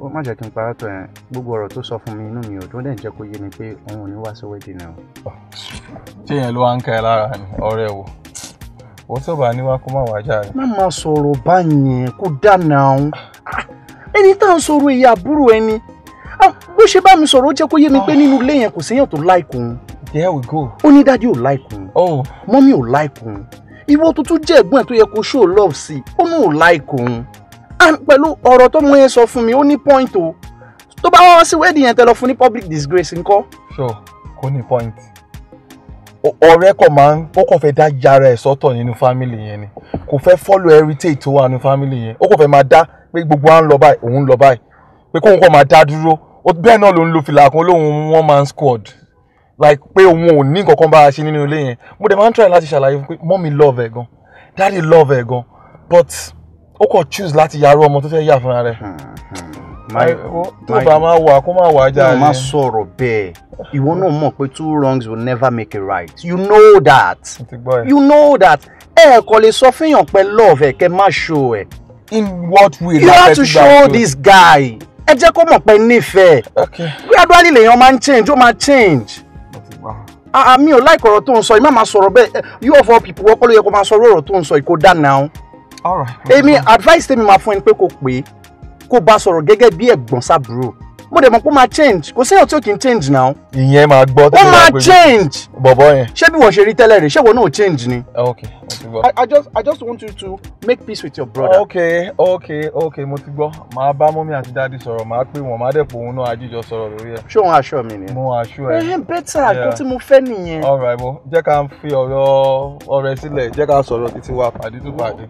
ó má jẹ́ kí n parọ́ tó yẹn gbogbo ọ̀rọ̀ tó sọ fún mi inú mi ò dún dẹ̀ jẹ́ kó yé mi pé òun ò ní wá sí wedding náà. tí èèyàn ló wá ń ka ẹ lára ni ọ̀rẹ́ wò ó tó bá níwá kó má wájà rẹ. má máa sọ̀rọ̀ báyẹn kó dáná òun ah, ẹni tá à ń sọ̀rọ̀ ìyá àbúrò ẹni ah, bó ṣe bá mi sọ̀rọ̀ ó jẹ́ kó yé mi pé nínú ilé yẹn kò séèyàn tó láìkùn. there we go. ó ní dájú ò láìkùn. Oh. mọ́mí ò láìkùn ìwọ tó tún jẹ́ ẹ̀gbọ́n tó yẹ kó show love sí i ó nù láìkò òun and pẹ̀lú ọ̀rọ̀ tó mú yẹn sọ fún mi ó ní point o tó bá wá sí wedding yẹn tẹ lọ fún ní public disgrace ńkọ́. sure kò ní point ọ̀rẹ́ kọ̀ máa ń ó kàn fẹ́ dá yàrá ẹ̀ sọ́tọ̀ nínú fámìlì yẹn ni kò fẹ́ follow heritage tó wà nínú fámìlì yẹn ó kàn fẹ́ máa dá pé gbogbo à ń lọ báyìí òun lọ báyìí pé kóun kàn máa dá dúró bẹ́ẹ̀ náà ló ń lo fìlà kan lóun one man squad like pé òun ò ní kankan bá a ṣe nínú ilé yẹn mo dẹ̀ máa ń try láti ṣàlàyé fún pé mọ́mí love ẹ̀ gan dáàdi love ẹ̀ gan but ó kàn choose láti yàrá ọmọ tó fẹ́ yà fúnra rẹ̀ tó hmm, hmm. bá máa wà kó máa wà jáde. máa sọ̀rọ̀ bẹ́ẹ̀ ìwọ náà mọ̀ pé two wrongs will never make a right you know that you know that ẹ kò lè sọ fihàn pé love ẹ kẹ má show ẹ. in what way you have to show this guy ẹ jẹ́ kó mọ̀ pé nífẹ̀ẹ́ gradually lèèyàn máa ń change ó máa change. Ah, ah, mi ò like kọ̀rọ̀ tó ń sọ yìí má máa sọ̀rọ̀ bẹ́ẹ̀ eh, you of all people wọ́pọ̀ ló yẹ kó máa sọ̀rọ̀ ọ̀rọ̀ tó ń sọ yìí kó dá náà. èmi advice tèmi máa fún ẹni pé kò pé kó bá sọ̀rọ̀ gẹ́gẹ́ bí ẹ̀gbọ́n sábúrò mo dẹ̀ mọ̀ pé ó máa change kò séyàn tí ò kì í change now. ìyẹn máa gbọ́ tó máa pè ó máa change. bọ̀bọ̀ yẹn. ṣé bí wọ́n ṣe rí tẹ́lẹ̀ rẹ̀ ṣé wọ́n náà change ni. ok mo ti gbọ́. I just I just want you to make peace with your brother. ok ok ok mo ti gbọ́ màá bá mọ́mí àti dáàdi sọ̀rọ̀ màá pè wọ́n màá dẹ̀ pò òun náà àjíjọ sọ̀rọ̀ lórí ẹ̀. ṣé òun aṣọ mi ni. mo aṣọ ẹ. ẹ bẹ́tà kó tí mo fẹ́ nìyẹn. all right bọ jẹ́ ká fi ọ̀rọ̀ ọ̀rẹ́ sílẹ̀ jẹ́ ká sọ̀rọ̀ títí wa pàdé tó pàdé.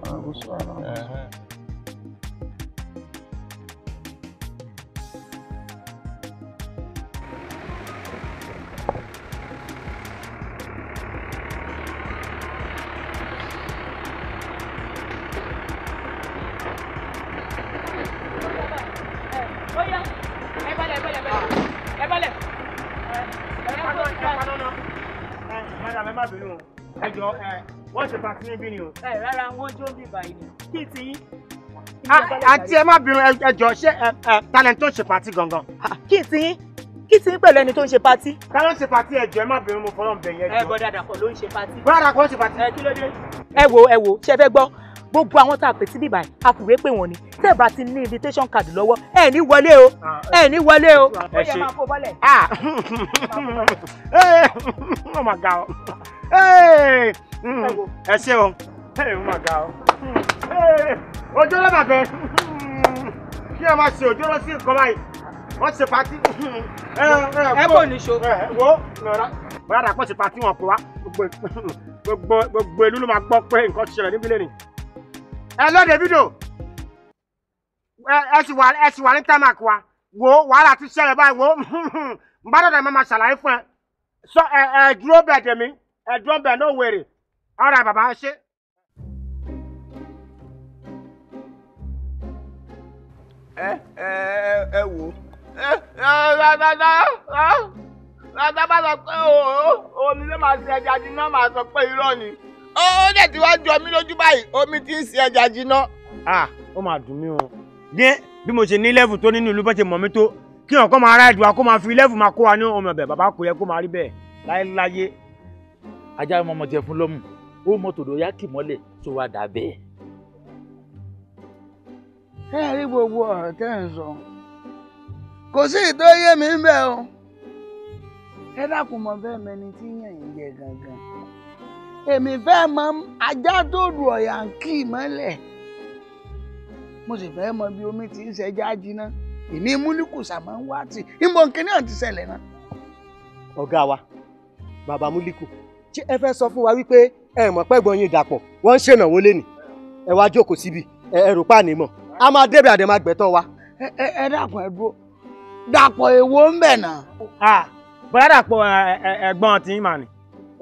bẹ́ẹ̀ rárá wọ́n jó ń bí báyìí ni kí ti yín. àti ẹ má bínú ẹjọ ṣé talent tó ń ṣe pàtí gangan. kí ti yín kí ti yín pẹ̀lú ẹni tó ń ṣe pàtí. ká ló ń ṣe pàtí ẹjọ ẹ má bínú mo fọlọ́n bẹ̀ yẹn jọ. ẹ bọ́ dàdà kọ́ ló ń ṣe pàtí. bọ́ dàdà kọ́ ló ń ṣe pàtí. ẹ kí ló dé. ẹ wo ẹ wo ṣe fẹ́ gbọ́ gbogbo àwọn tá a pè sí bíbá yìí a kùwé pè wọ́n ni tẹ́ ẹ bá ti ní invitation card lọ́wọ́ ẹ ní wọlé o ah, ẹ ní wọlé o. ó yẹ máa fò bọ́lẹ̀. ọmọ ah. *laughs* eh, *laughs* ga ọ eh. ẹ mm. ṣe o. ojú ọlọ́ bàbẹ́ kí ẹ máa ṣe ojú ọlọ́ sí nǹkan báyìí se ṣe pati. ẹ kò so. wo pati wa gbogbo wa wo ti wo E ẹ bá sọ pé omi ló máa ṣe ẹja jiná máa sọ pé irọ́ ni ó dẹ̀ ti wá lójú báyìí omi ti ń ṣe ẹja jiná. ó máa dùn mí o ní bí mo ṣe ní lẹ́fù tó nínú ìlú bó ṣe mọ̀ mí tó kí máa ra kó máa fi lẹ́fù máa kó wa ní bàbá kò yẹ kó máa rí bẹ́ẹ̀ láéláyé ajá ọmọ ọmọ jẹ fún lọ́mù ó mọ tòdó yá kì mọ́lẹ̀ tó wá Kẹ́hìn rí gbogbo ọ̀rọ̀ tẹ́ ẹ̀ ń Kò sí ìtó yé mi ń bẹ̀ o. Ẹ dákun mọ fẹ́ mẹni tí yàn ń jẹ gangan. Èmi fẹ́ mọ ajá tó dù ọ̀yà ń kì í mọ́lẹ̀. Mo sì omi ti ń ṣẹjá jiná. Èmi múlíkùsà máa ń wá tì. Ìmọ̀ nkíní àti wa, bàbá múlíkù, ṣé ẹ fẹ́ sọ fún wa wípé ẹ mọ̀ pẹ́gbọ́n yín wọ́n ń Ẹ ẹ rò a máa débẹ̀ àdè máa gbẹ̀tọ̀ wa. ẹ dàpọ̀ ẹ dúró dàpọ̀ èwo ń bẹ̀ náà. bọ́lá dàpọ̀ ẹ̀gbọ́n tí ń mà ní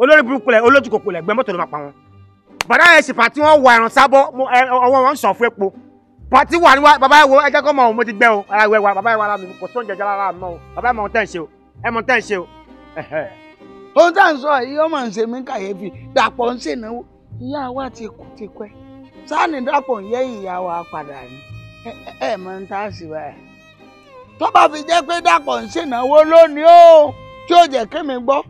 olórí burúkú lẹ̀ olójú kòkò lẹ̀ gbẹ́ mọ́tò ló máa pa wọn. bàdá yẹn ṣèpà tí wọ́n wọ ẹ̀ràn sábọ́ ọwọ́ wọn ń sàn fún epo pàtí wà níwá bàbá ìwọ ẹjẹ kọ́ mọ̀ ọ́n mo ti gbẹ o ara ìwẹ̀ wa bàbá ìwọ ara mi kò sóúnjẹ jára ara mọ́ o bàbá ìmọ̀ tẹ̀ ń ṣe o ẹ mọ̀ tẹ̀ ń ṣe o. *laughs* ohun tá à ń sọ yìí ọmọ ń ṣe mí kàyéfì dàpọ̀ ń ṣènáwó ìyá wa ti kú ti pẹ́ sáà ní dàpọ̀ ń yẹ ìyá wa padà ni ẹ mọ ń tá a sì báyìí tó bá fi jẹ́ pé dàpọ̀ ń ṣènáwó lónìí o tí ó jẹ́ kémi gbọ́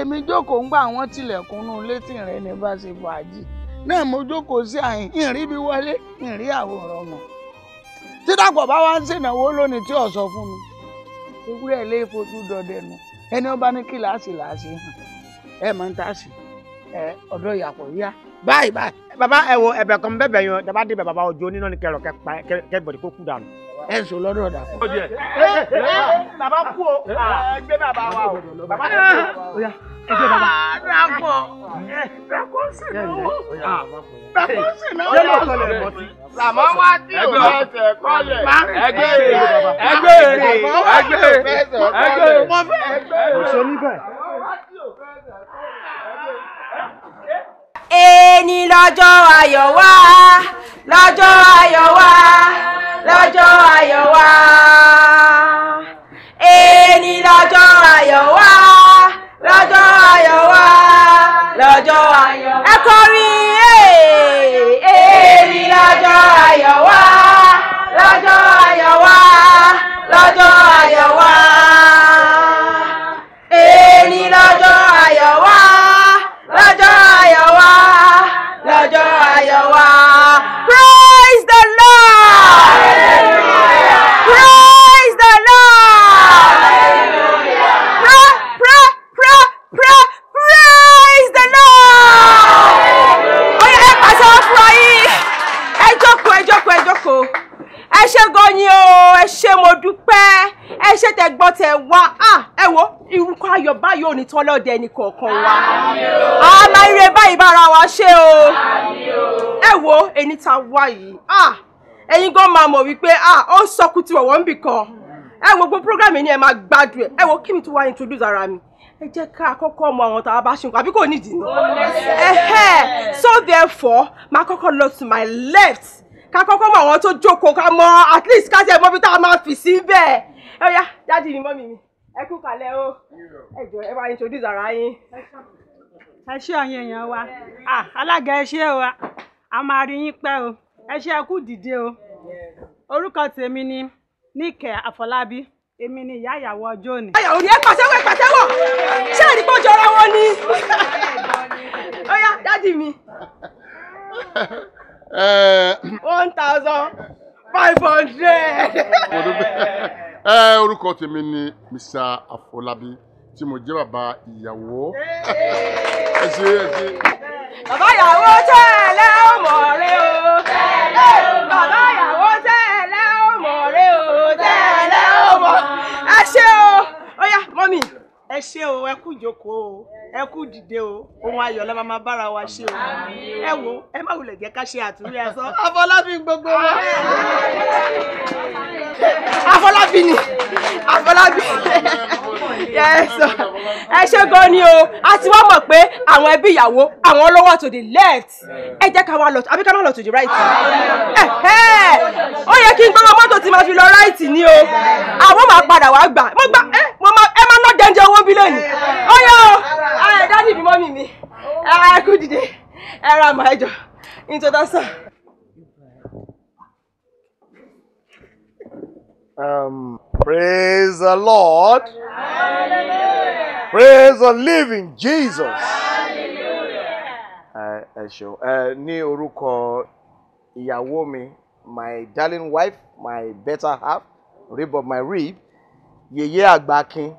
èmi jókòó ń gbà wọ́n tilẹ̀kùnú létí rẹ̀ ní bá ṣe fàájì náà mo jókòó sí àyìn ìrìn ibi wọlé ìrìn àwòrán mọ̀ tí dàpọ̀ bá wá ń ṣènáwó lónìí tí ò sọ fún mi ewúrẹ́ ilé ìfojú dọdẹnu ẹni ó bá ní kíláàsì làásì hàn ẹ mọ ń tá a sì ìyàpọ̀ yá báyìí báyìí baba ẹ wo ẹ̀bẹ̀ kan bẹ̀bẹ̀ yan daba de bẹ baba ojo nínú ni kẹrọ kẹ gbọ́dọ̀ kó kú dànù. ẹ sọ lọ́dọ̀ dà. baba kú o gbé baba wa o baba kú o ya ẹgbẹ baba. dako dako sì lówó dako sì lówó. yóò lọ sọlẹ bọ sí. làmọ wá tí o mẹsẹ kọlẹ. ẹgbẹ ẹgbẹ ẹgbẹ ẹgbẹ. mo fẹ́. kò sọ níbẹ̀ ẹni lọ́jọ́ ayọ̀ wá lọ́jọ́ ayọ̀ wá lọ́jọ́ ayọ̀ wá ẹni lọ́jọ́ ayọ̀ wá lọ́jọ́ ayọ̀ wá lọ́jọ́ ayọ̀ wá. ẹ kọrin ẹni lọ́jọ́ ayọ̀ wá lọ́jọ́ ayọ̀ wá lọ́jọ́ ayọ̀ wá ẹni lọ́jọ́ ayọ̀ wá lọ́jọ́. mo dúpẹ́ ẹ ṣe tẹ gbọ́ tẹ wá ẹ wo irúkọ ayọ̀ báyìí ò ní tán lọ́dẹ ẹnì kọ̀ọ̀kan wa a máa ń re báyìí bára wa ṣe o ẹ wo ẹni tá a wá yìí ẹ̀yin gan máa mọ̀ wípé ó ń sọkú tí wọ̀wọ́ ń bì kan ẹ wo gbogbo program yìí ni ẹ máa gbádùn ẹ ẹ wo kí mi tún wá introduce ara mi ẹ jẹ́ ká kọ́kọ́ mọ àwọn tàbá ṣe nǹkan àbí kò nídìí. so therefore máa kọ́kọ́ lọ to my left ká kọ́kọ́ mọ àwọn tó jókòó ká mọ at least ká tiẹ̀ mọ bí tá a máa fi sí bẹ́ẹ̀ ẹ yá dáàdi ni mọ́mì mi ẹ kú kalẹ̀ o ẹ jọ ẹ bá introduce ara yín. ẹ ṣé ọyàn èèyàn wa alága ẹ ṣé o a máa rí yín pẹ́ o ẹ ṣé ẹ kú dìde o orúkọ tèmi ni níkẹ́ àfọlábí èmi ni ìyá ìyàwó ọjọ́ òní. ayọ̀ òní ẹ pàṣẹwọ ẹ pàṣẹwọ ṣé ẹni pọ́ jọra wọn ni. ó yá mi. *laughs* Uh, one thousand five hundred. *laughs* Eh, orúkọ tèmi ni Mr. Afọlábí tí mo jẹ́ bàbá ìyàwó. ẹ ṣe ẹ ṣe. bàbá ìyàwó tẹ̀lé ọmọ rẹ o. tẹ̀lé ọmọ. bàbá ìyàwó tẹ̀lé rẹ o. tẹ̀lé ọmọ. ẹ ṣé o ó yá ẹ ṣé o ẹ kú ìjókòó o ẹ kú dìde o ohun ayọ̀ la máa bára wa ṣe o ẹ wo ẹ má wulẹ̀ jẹ́ ká ṣe àtúnrí aṣọ afọlábí gbogbo wa afọlábí ni afọlábí ẹ ṣé gan ni o a ti wá mọ̀ pé àwọn ẹbí ìyàwó àwọn olówó to the left ẹ jẹ́ ká wá lọ àbí ká má lọ to the right ó yẹ kí n gbọ́ mọ́tò tí ma fi lọ right ni o àwọn máa padà wá gbà mo gbà ẹ mo má wọn ló jẹ́ ń jẹ owó bí lónìí ọyọ dádì mi mọ́mì mi ẹ kú dìde ẹ ra àmọ́ ẹjọ́ introduction. Um, praise the Lord. Hallelujah. Praise the living Jesus. Ẹ ṣeun. Uh, ní orúkọ ìyàwó mi, my darling wife, my better half, rib of my rib, ye ye agbakin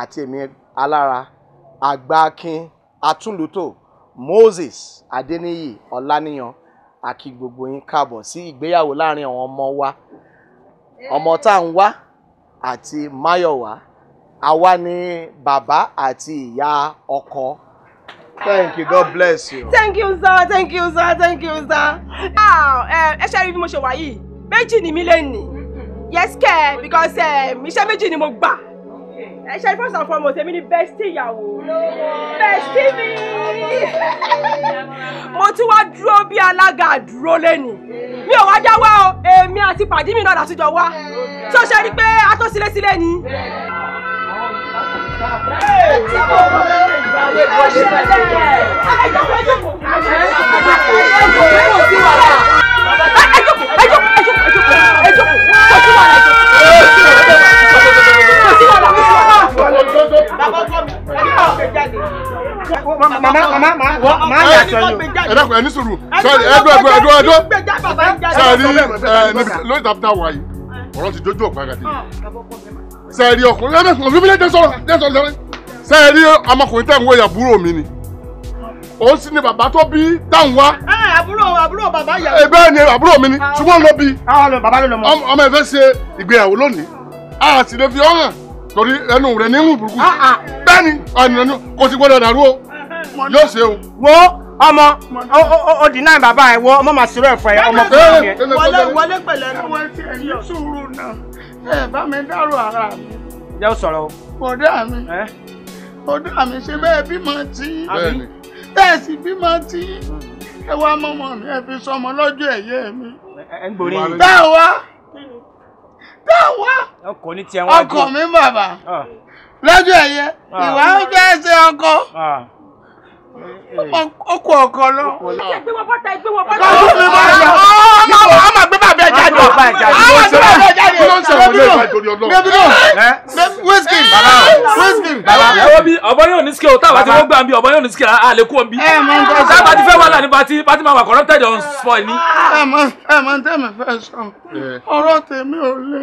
àti èmi alára àgbàkin atúnlùtò moses adéníyì ọláníyan àkí gbogbo yín káàbọ̀ sí ìgbéyàwó láàrin àwọn ọmọ wa ọmọ tá à ń wá àti máyọ̀wá àwa ni bàbá àti ìyá ọkọ thank you god bless you. thank you sir thank you sir thank you sir. ẹ ṣe rí bí mo ṣe wà yìí méjì ni mí lè nì yes kẹ́ because iṣẹ́ méjì ni mo gbà ẹ ṣe first and foremost èmi ni bestie ìyàwó bestie mi mo tún wá dúró bí alága àdúró lẹ́nu mi ò wá jáwọ́ o èmi àti pàdí mi náà látijọ́ wá tó ṣe ni pé a tó sílé sílé ni. Ẹ jókòó ẹ jókòó ẹ jókòó ẹ jókòó ẹ jókòó. mama mama mama yà sẹ́yìn ẹ dàpọ̀ ẹ ní sùúrù sọ́ọ̀rì ẹ dúró ẹ dúró ẹ dúró sẹ́ẹ̀rì ẹ níbi lórí tàbí wà yìí ti dójú ọ̀pá gàdé sẹ́ẹ̀rì ọkùnrin ẹ bẹ́ẹ̀ kò fífi lé dé sọ̀rọ̀ tẹ̀ ń wọ àbúrò mi ni òun sì ni bàbá tó bí dáhùn wá. àbúrò àbúrò bàbá yà. ẹ bẹ́ẹ̀ ni àbúrò mi ni ṣùgbọ́n ló bi. ọmọ ẹ fẹ́ ṣe ìgbéyàwó lónìí a sì lè fi ọ̀hàn torí ẹnu rẹ̀ ní ìwù bẹ́ẹ̀ ni ọ̀nà ni kò sí gbọ́dọ̀ dàrú o yóò ṣe o. wo ọmọ o dì náà bàbá ẹ wo ọmọ màá sọ̀rọ̀ ẹfọ ẹ ọmọ kò tó yẹ. wọlé wọlé pẹ̀lẹ́ ní wọn ti ẹni sùúrù náà ẹ bá mi dárò ara mi. ǹjẹ́ o sọ̀rọ̀ o. bọ̀dá mi bọ̀dá mi ṣe bẹ́ẹ̀ bímọ tí tẹ́ẹ̀sì bímọ tí hmm. ẹ wá mọ́mọ́ mi ẹ fi sọmọ lọ́jọ́ ẹ̀yẹ mi. ẹ ń gbòòrè yìí. bẹ́ẹ̀ wá bẹ́ẹ̀ wá ọkọ̀ mi bàbá. Ah lọ́jọ́ ẹ̀yẹ ah. ìwà ó fẹ́ ṣe ọkọ ah. ọkọ ọkọ lọ. gbé wọn bọ́ta gbé wọn bọ́ta. ọmọ ọmọ ọmọ gbé bàbá ẹ jáde. ọmọ gbé bàbá ẹ jáde. kí ló ń sọ̀rọ̀ ní ìwà ìtòrí ọlọ́run. débìlò wíṣkì wíṣkì. ẹ wo bí ọ̀bọ yóò ní skill táwa ti wọ́n gbà ń bí ọ̀bọ yóò ní skill a lè kú omi. sábà ti fẹ́ wàhálà ní pati pati máa wà corrupted on spoil ni. ẹ mọ ẹ mọ tẹ́mi fẹ́ sọ ọ̀rọ̀ tèmi ò lé.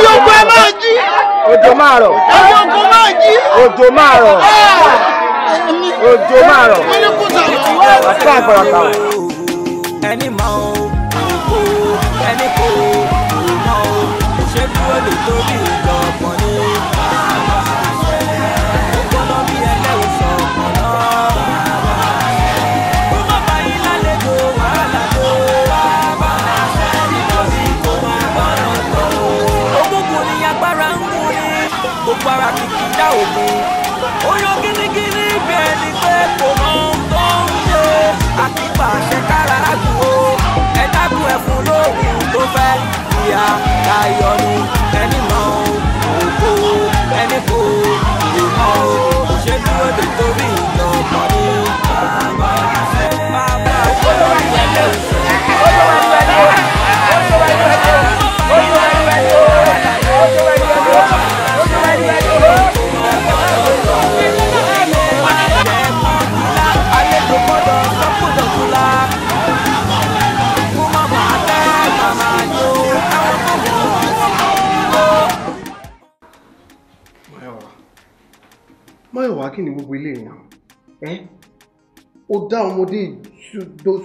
ẹ̀yin oko ẹ máa jí. òjò máa rọ̀. ẹ̀yin oko máa jí. òjò máa rọ̀. òjò ah. máa rọ̀. wọ́n ní kùtà lọ́wọ́. àti àgbàràkà. ó dá ọmọdé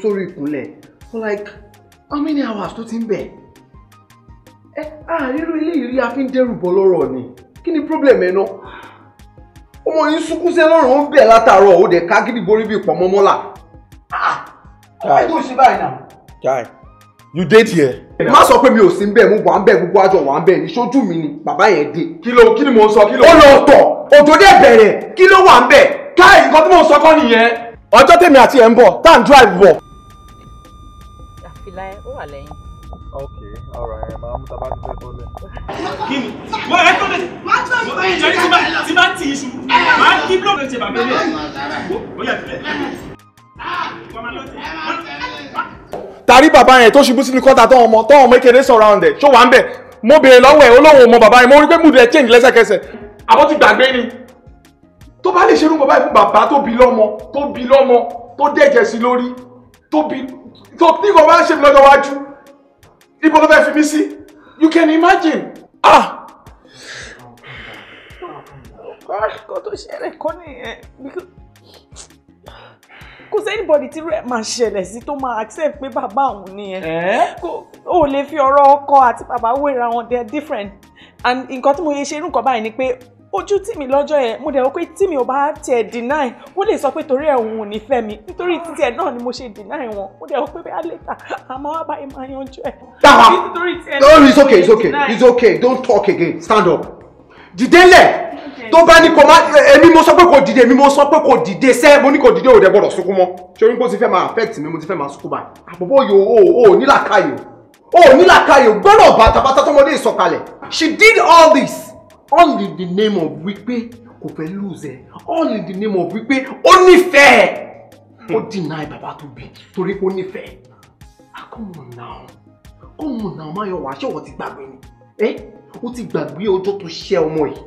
sórí ìkúnlẹ̀ for like how many hours tó ti ń bẹ̀ ẹ ilé ìrí a fi bọ́ lọ́rọ̀ ni kí ni problem ẹ náà ọmọ yìí sunkún sí ẹlọ́run ó ń bẹ̀ látàárọ̀ ó dẹ̀ ká gidi borí bí pọ̀ mọ́mọ́là ọmọ ah, tó ṣe you date here. má sọ pé mi ò sí mo wà ń gbogbo àjọ wà ń mi ni bàbá yẹn dé. kí ló kí ni mo sọ kí ló. ó lọ kí ló wà ọjọ́ tèmi àti ẹ̀ ń bọ̀ tá à ń drive bọ̀. àfilà ẹ ó wà lẹ́yìn. ok ọ̀rọ̀ ẹ̀ máa mú tabá ti fẹ́ bọ́lẹ̀. kí ni wọ́n ẹ tó lè mo ní ìjọ ní tí bá tí bá ti iṣu máa ń kí blóòkì ṣe bàbá ilé ó yà tilẹ̀. tàrí bàbá yẹn tó ṣubú sínú kọ́ta tọ́wọ́n ọmọ tọ́wọ́n ọmọ kékeré surrounded ṣó wà ń bẹ̀ mo béèrè lọ́wọ́ ẹ̀ olóhùn ọmọ bàbá yẹn mo rí pé mood ẹ̀ change lẹ́sẹ̀kẹsẹ̀ àbọ̀ ti gbàgbé ni tó bá lè ṣerú bàbá ìfún bàbá tó bí lọ́mọ tó bí lọ́mọ tó dẹ̀jẹ̀ sí lórí tó bí tó ní kò bá ṣe lọ́jọ́ wájú ibo ló fẹ́ fi mí sí you can imagine. ah. kò tó ṣẹlẹ̀ kọ́ nìyẹn kò sí anybody tí rẹ̀ máa ṣẹlẹ̀ sí tó máa accept pé bàbá òun nìyẹn eh? o lè fi ọ̀rọ̀ ọkọ àti bàbá wéra wọn they are different and nǹkan tí mo yẹ ṣe irú nǹkan báyìí ni pé ojú tì mí lọ́jọ́ yẹn mo dẹ̀ wọ́n pé tí mi ò bá tiẹ̀ deny wọ́n lè sọ pé torí ẹ̀ òun ò ní fẹ́ mi nítorí títí ẹ̀ náà ni mo ṣe deny wọn mo dẹ̀ wọ́n pé bẹ́ẹ̀ later àmọ́ wá báyìí máa yanjú ẹ̀. dáhà no it's okay it's okay it's okay don't talk again stand up dìde lẹ̀ tó bá ní kò má èmi mo sọ pé kò dìde èmi mo sọ pé kò dìde sẹ́ mo ní kò dìde ò dẹ̀ gbọ́dọ̀ sunkún mọ́ torí pé ó ti fẹ́ máa affect mi mo ti fẹ́ máa sunkún báyìí àbúbọ̀ yòó o ò nílàkàyò o ò nílàkàyò gbọ́dọ̀ bàtàbàtà tọmọdé ìsọ̀kalẹ̀ she did all this all in the name of wípé kò fẹ́ lose ẹ̀ all in the name of wípé ó nífẹ̀ẹ́ ó deny bàbá tó bí torí pé ó nífẹ̀ẹ́ ah come on now come on now Máyọ̀wá ṣé ìwọ ti gbàgbé ni ẹ́ eh? ó ti gbàgbé ọjọ́ tó ṣẹ́ ọmọ yìí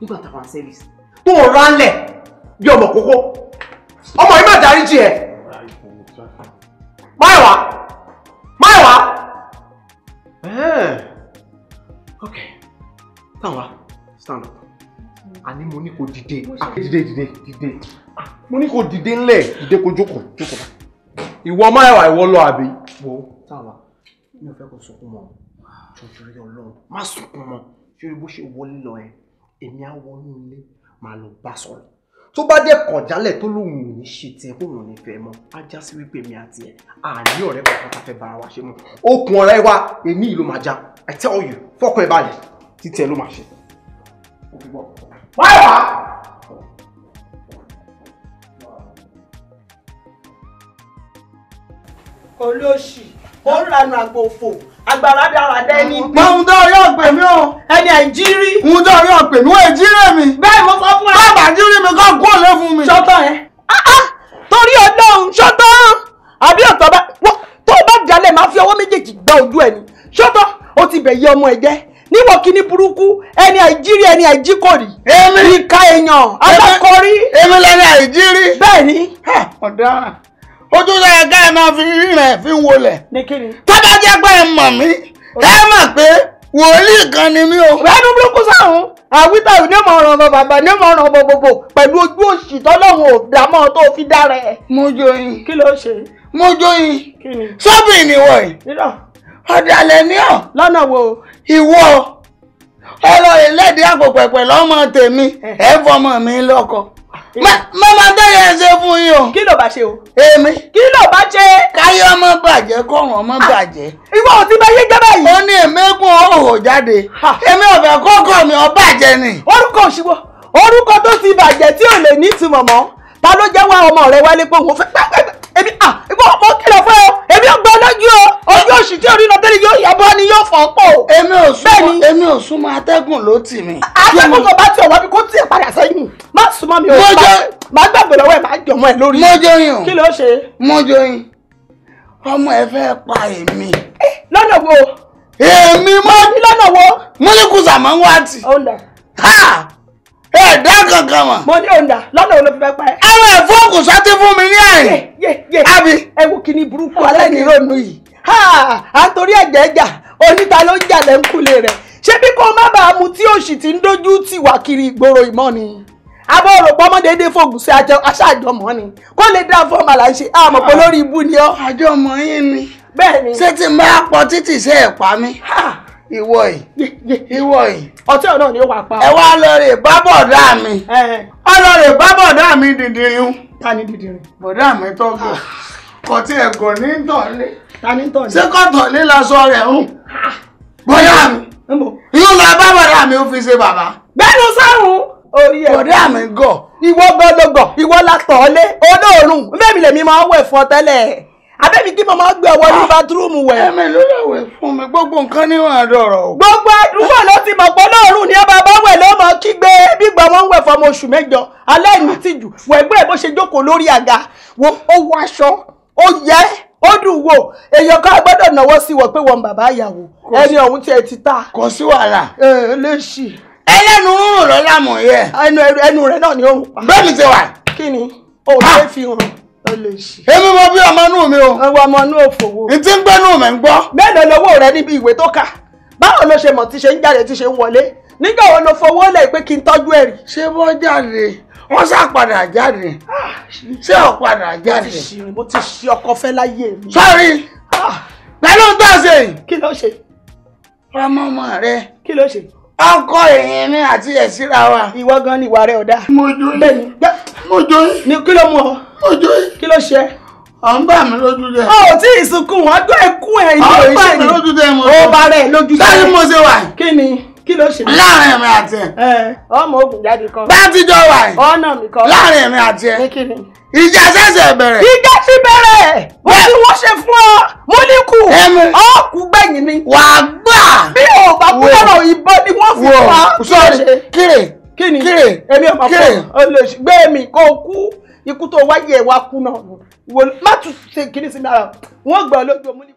nígbà táwọn service tó ń ránlẹ̀ bí ọmọ kókó ọmọ yìí má dáríjì ẹ̀ Máyọ̀wá Máyọ̀wá. Eh. ok táwọn mo ní kó ah, dìde dìde dìde dìde mo ní kó dìde ńlẹ̀ dìde kó jókòó jókòó ìwọ máa wà ìwọ lọ àbí. wo táwa mi ò fẹ́ kó sunkún mọ́ jọjọ rí ọlọ́run má sunkún mọ́ ṣé bó ṣe wọlé lọ ẹ èmi á wọnú ilé màá lọ bá sọ̀rọ̀ tó bá dẹ̀ kàn tó lóun ò ní ṣe tiẹ̀ kó òun ò fẹ́ mọ́ á já sí wípé mi àti ẹ̀ àní ọ̀rẹ́ kankan tá a fẹ́ bára wa ṣe mọ́ okùn ọ̀rẹ́ wa èmi yìí ló já I tell you fọ́kàn ẹ̀ balẹ̀ títẹ̀ ló máa ṣe. Vai lá! Olóṣì, ó lànà àgbòfò, agbára dára dẹ́ni. Mọ ohun tó rí ọ̀pẹ̀ mi o. Ẹni àìjírí. Ohun tó rí ọ̀pẹ̀ mi, wọ́n èjírè mi. Bẹ́ẹ̀ mo sọ fún ẹ. Bàbá jírí mi kọ́ kú òlé fún mi. Ṣọ́tọ̀ ẹ. Ah, ah, torí ọlọ́run ṣọ́tọ̀ àbí ọ̀tọ̀ bá tó bá jalè máa fi ọwọ́ méjèèjì gbá ojú ẹni. Ṣọ́tọ̀ o ti bẹ̀ yẹ ọmọ ẹ jẹ́ níwọ̀ kíní burúkú ẹni àìjírí ẹni àìjíkòrí. èmi ìka èèyàn alákọ̀rí. èmi lẹni àìjírí. bẹ́ẹ̀ni. ọ̀daràn ojú lára ká máa fi rírẹ̀ fi wọlẹ̀. ní kíni. tọ́ba jẹ́ pé ẹ mọ̀ mí ẹ mọ̀ pé wòlíì kan ni mí o. ẹnu burúkú sáhùn àwítàwí ní ọmọràn ọmọ bàbá ní ọmọràn ọmọ gbogbo pẹ̀lú ojú òṣì tọ́lọ́hún ò tó fi dára ẹ̀. mo joyin. kí ló ṣe. mo joyin. kí ni. sọ́bì ni wọ̀nyí ọ̀dàlẹ̀ ní ọ̀ lọ́nà wo ìwọ ọ̀rọ̀ ìlédè àpòpẹ̀pẹ̀ lọ́mọ tèmi eh. ẹ̀ fọmọ mi lọ́kọ. mọ́mọ́ tẹ́lẹ̀ ẹ ṣe fún yín o. kí ló bá ṣe o. èmi. kí ló bá ṣe. káyé ọmọ bàjẹ́ kọ̀ràn ọmọ ah, bàjẹ́. ìwọ ò ti bá yé jẹ́ báyìí. ó ní èmẹ́kùn òhò jáde. èmi ò fẹ́ kọ́kọ́ mi ọ bàjẹ́ ni. orúkọ òṣìwọ orúkọ tó ti bàjẹ́ tí ò lè ní ìtumọ̀ mọ́ ta ló jẹ́ wá ọmọ rẹ wálé pé òun fẹ́ pẹ́pẹ́pẹ́ èmi ah, ìgbọ́ mo kìlọ̀ fún ẹ o Ebi ò gbọ́ lójú o ojú òṣì tí orí náà tẹ́lẹ̀ yóò yàbọ̀ ni yóò fọ́ pọ̀ o. èmi ò súnmọ́ èmi ò súnmọ́ atẹ́gùn ló tì mí. atẹ́gùn tó bá tiẹ̀ wá bí kó tiẹ̀ padà sẹ́yìn má súnmọ́ mi o má gbàgbé lọ́wọ́ ẹ̀ má jọmọ́ ẹ̀ lórí. mọ́jọ́yìn o kí ló ṣe. mọ́jọ́yìn ọmọ ẹ fẹ́ pa èmi. Eh, lọ́nà wo. èmi mọ́ lọ́nà wo. mọ́lẹ́kùsà máa ń wá tì. ó ẹ dá kankan mọ̀. mo ní òǹdà lọ́nà òun ló fi fẹ́ pa ẹ́. àwọn ẹ̀fọ́ọ̀kù sọ́tí fún mi ní àyè. àbí. ẹ wo kí ni burúkú aláìníròónú yìí. à ń torí ẹ̀jẹ̀ jà oníta ló ń jà lẹ́ńkulé rẹ̀ ṣé bí kò má bàa mu tí òṣì ti ń dojú tì wá kiri ìgboro ìmọ̀ ni abọ́ òrò pọ́mọ́ déédéé fògùn máa ah. pọ títì sí ẹ̀ pa ìwọ yìí ìwọ yìí. ọtí ọ̀nà ni ó wà pa. ẹ wá lọ rè bá bọ̀dá mi. ọ lọ rè bá bọ̀dá mi dìndìnrín. ta ni dìndìnrín. bọ̀dá mi tọ́gọ̀ kọtí ẹ̀gọ́ ní tọ̀lé. ta ni tọ̀lé. ṣé kò tọ̀lé lásán rẹ̀ hùn. bọ̀dá mi. yóò lọ bá bọ̀dá mi ó fi ṣe bàbá. gbẹ́nu sáhùn. orí ẹ̀ bọ̀dá mi gọ̀. ìwọ gbọ́dọ̀ gọ̀ ìwọ la tọ̀lé olóòórùn mẹ́mi lèmi máa ń wẹ̀ fọ tẹ́lẹ̀ abẹ́mi kí màmá gbé ọwọ́ ní bátírúmù wẹ̀. ẹ̀mí ló lọ wẹ̀ fún mi gbogbo nǹkan ní wọn àdọ̀rọ̀ o. gbogbo àdúgbò ló ti mọ̀ pé lóòrùn ni ọba bá wẹ̀ ló mọ̀ kígbe bí gbà wọ́n ń wẹ̀ fọmọ oṣù mẹ́jọ aláìní tìjú wẹ̀ gbé bó ṣe jókòó lórí àga wo ó wọ aṣọ ó yẹ ó dùn wò èèyàn kan gbọ́dọ̀ náwó sí wọ pé wọn bàbá ìyàwó ẹni ọ̀hún tiẹ̀ ti ta. kò sí wàhálà. ẹ ẹ lè ṣì. ẹlẹ́nu ń rùn lọ́lá mọ̀ yẹ. ẹnu rẹ̀ náà ni ó ń pa. bẹ́ẹ̀ mi ti wà. kí ni o ò ṣe fi hàn èmi mọ bí ọmọ inú mi o. ọwọ́ ọmọ inú òfòwò. n ti ń gbẹ́nu mi ń gbọ́. mélòó lowó rẹ níbi ìwé tó kà báwo ló ṣe mọ̀ tí ṣe ń jáde tí ṣe ń wọlé nígbà wo ló fowó lẹ̀ pé kí n tọ́jú ẹ̀rì. ṣé wọ́n jáde wọ́n sá padà jáde ah, ṣé ò padà jáde. mo ti ṣe ọkọ fẹ́ láyé mi. sọ́ọ̀rì ah. pẹ̀lú tó ṣe. kí ló ṣe. ọmọ ọmọ rẹ. kí ló ṣe a ń kọ́ èyí mi àti ẹ̀ síra wa. ìwọ gan ni ìwà rẹ ọ̀dà. mo jó yín. bẹ́ẹ̀ni mo jó yín. ni kí ló mú ọ. mo jó yín. kí ló ṣe. ọ̀ ń bà mí lójú dẹ. o ò tí ì sunkún wọn gbọ́ ẹkún ẹ̀ ìlú ọ̀ ń bà mí lójú dẹ ó bá rẹ̀ lójú dẹ. báyìí mo ṣe wà. kí ni kí ló ṣe. láàrin èmi àti ẹ. ọmọ ogun jáde kan. bá ti jọ wà yìí. ọ̀nà mi kan. láàrin èmi àti ẹ. ìjà ṣẹ̀ṣẹ̀ bẹ̀rẹ̀. ìjà ti bẹ̀rẹ̀. mo ti wọ́n ṣe fún ọ mo ní kù. ẹmu ọkù gbẹ̀yìn ni. wà á gbà. bí o bá kú lọ́rọ̀ ìbọn ni wọ́n fi pa. sọ́ọ̀rì Kiri. kí Kiri. kírè. èmi ọmọ Kiri. olóṣù gbé mi kó kú ikú tó wáyé ẹ wá kú náà wò má tún ṣe kiri sí mi ara wọn gbọ́ lójú omi.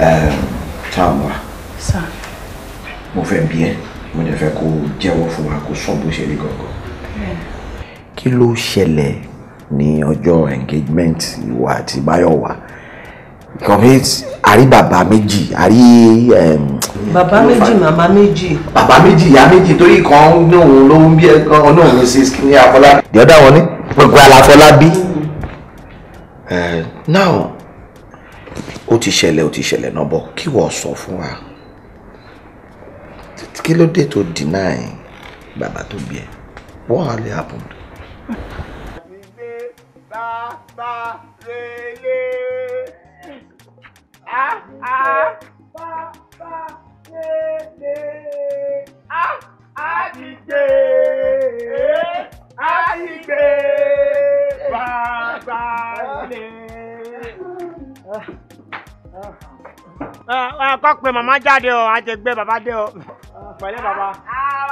Ehm, táwọn wa mo fẹ́ bí ẹ mo ne fẹ́ kó jẹ́wọ́ fún wa kó sọ bó ṣe rí gangan. kí ló ṣẹlẹ̀ ní ọjọ́ engagement ìwà àti báyọ̀wá complete àrí bàbá méjì àrí. Ehm, bàbá méjì màmá méjì. bàbá méjì ìyá méjì torí kan lóun ló ń bí ẹ̀gbọ́n náà ní six ní afọlábí. the other one ni gbogbo àlàfọlábí. Mm. Ehm, now ó ti ṣẹlẹ̀ ó ti ṣẹlẹ̀ náà bọ̀ kí wọ́n sọ fún wa kí ló dé tó deny bàbá tó bí ẹ what hardly happened. bàbá rèlé ah, ah, Ah, ah, pé màmá jáde o àjẹgbẹ́ bàbá dé o pẹ̀lẹ́ bàbá.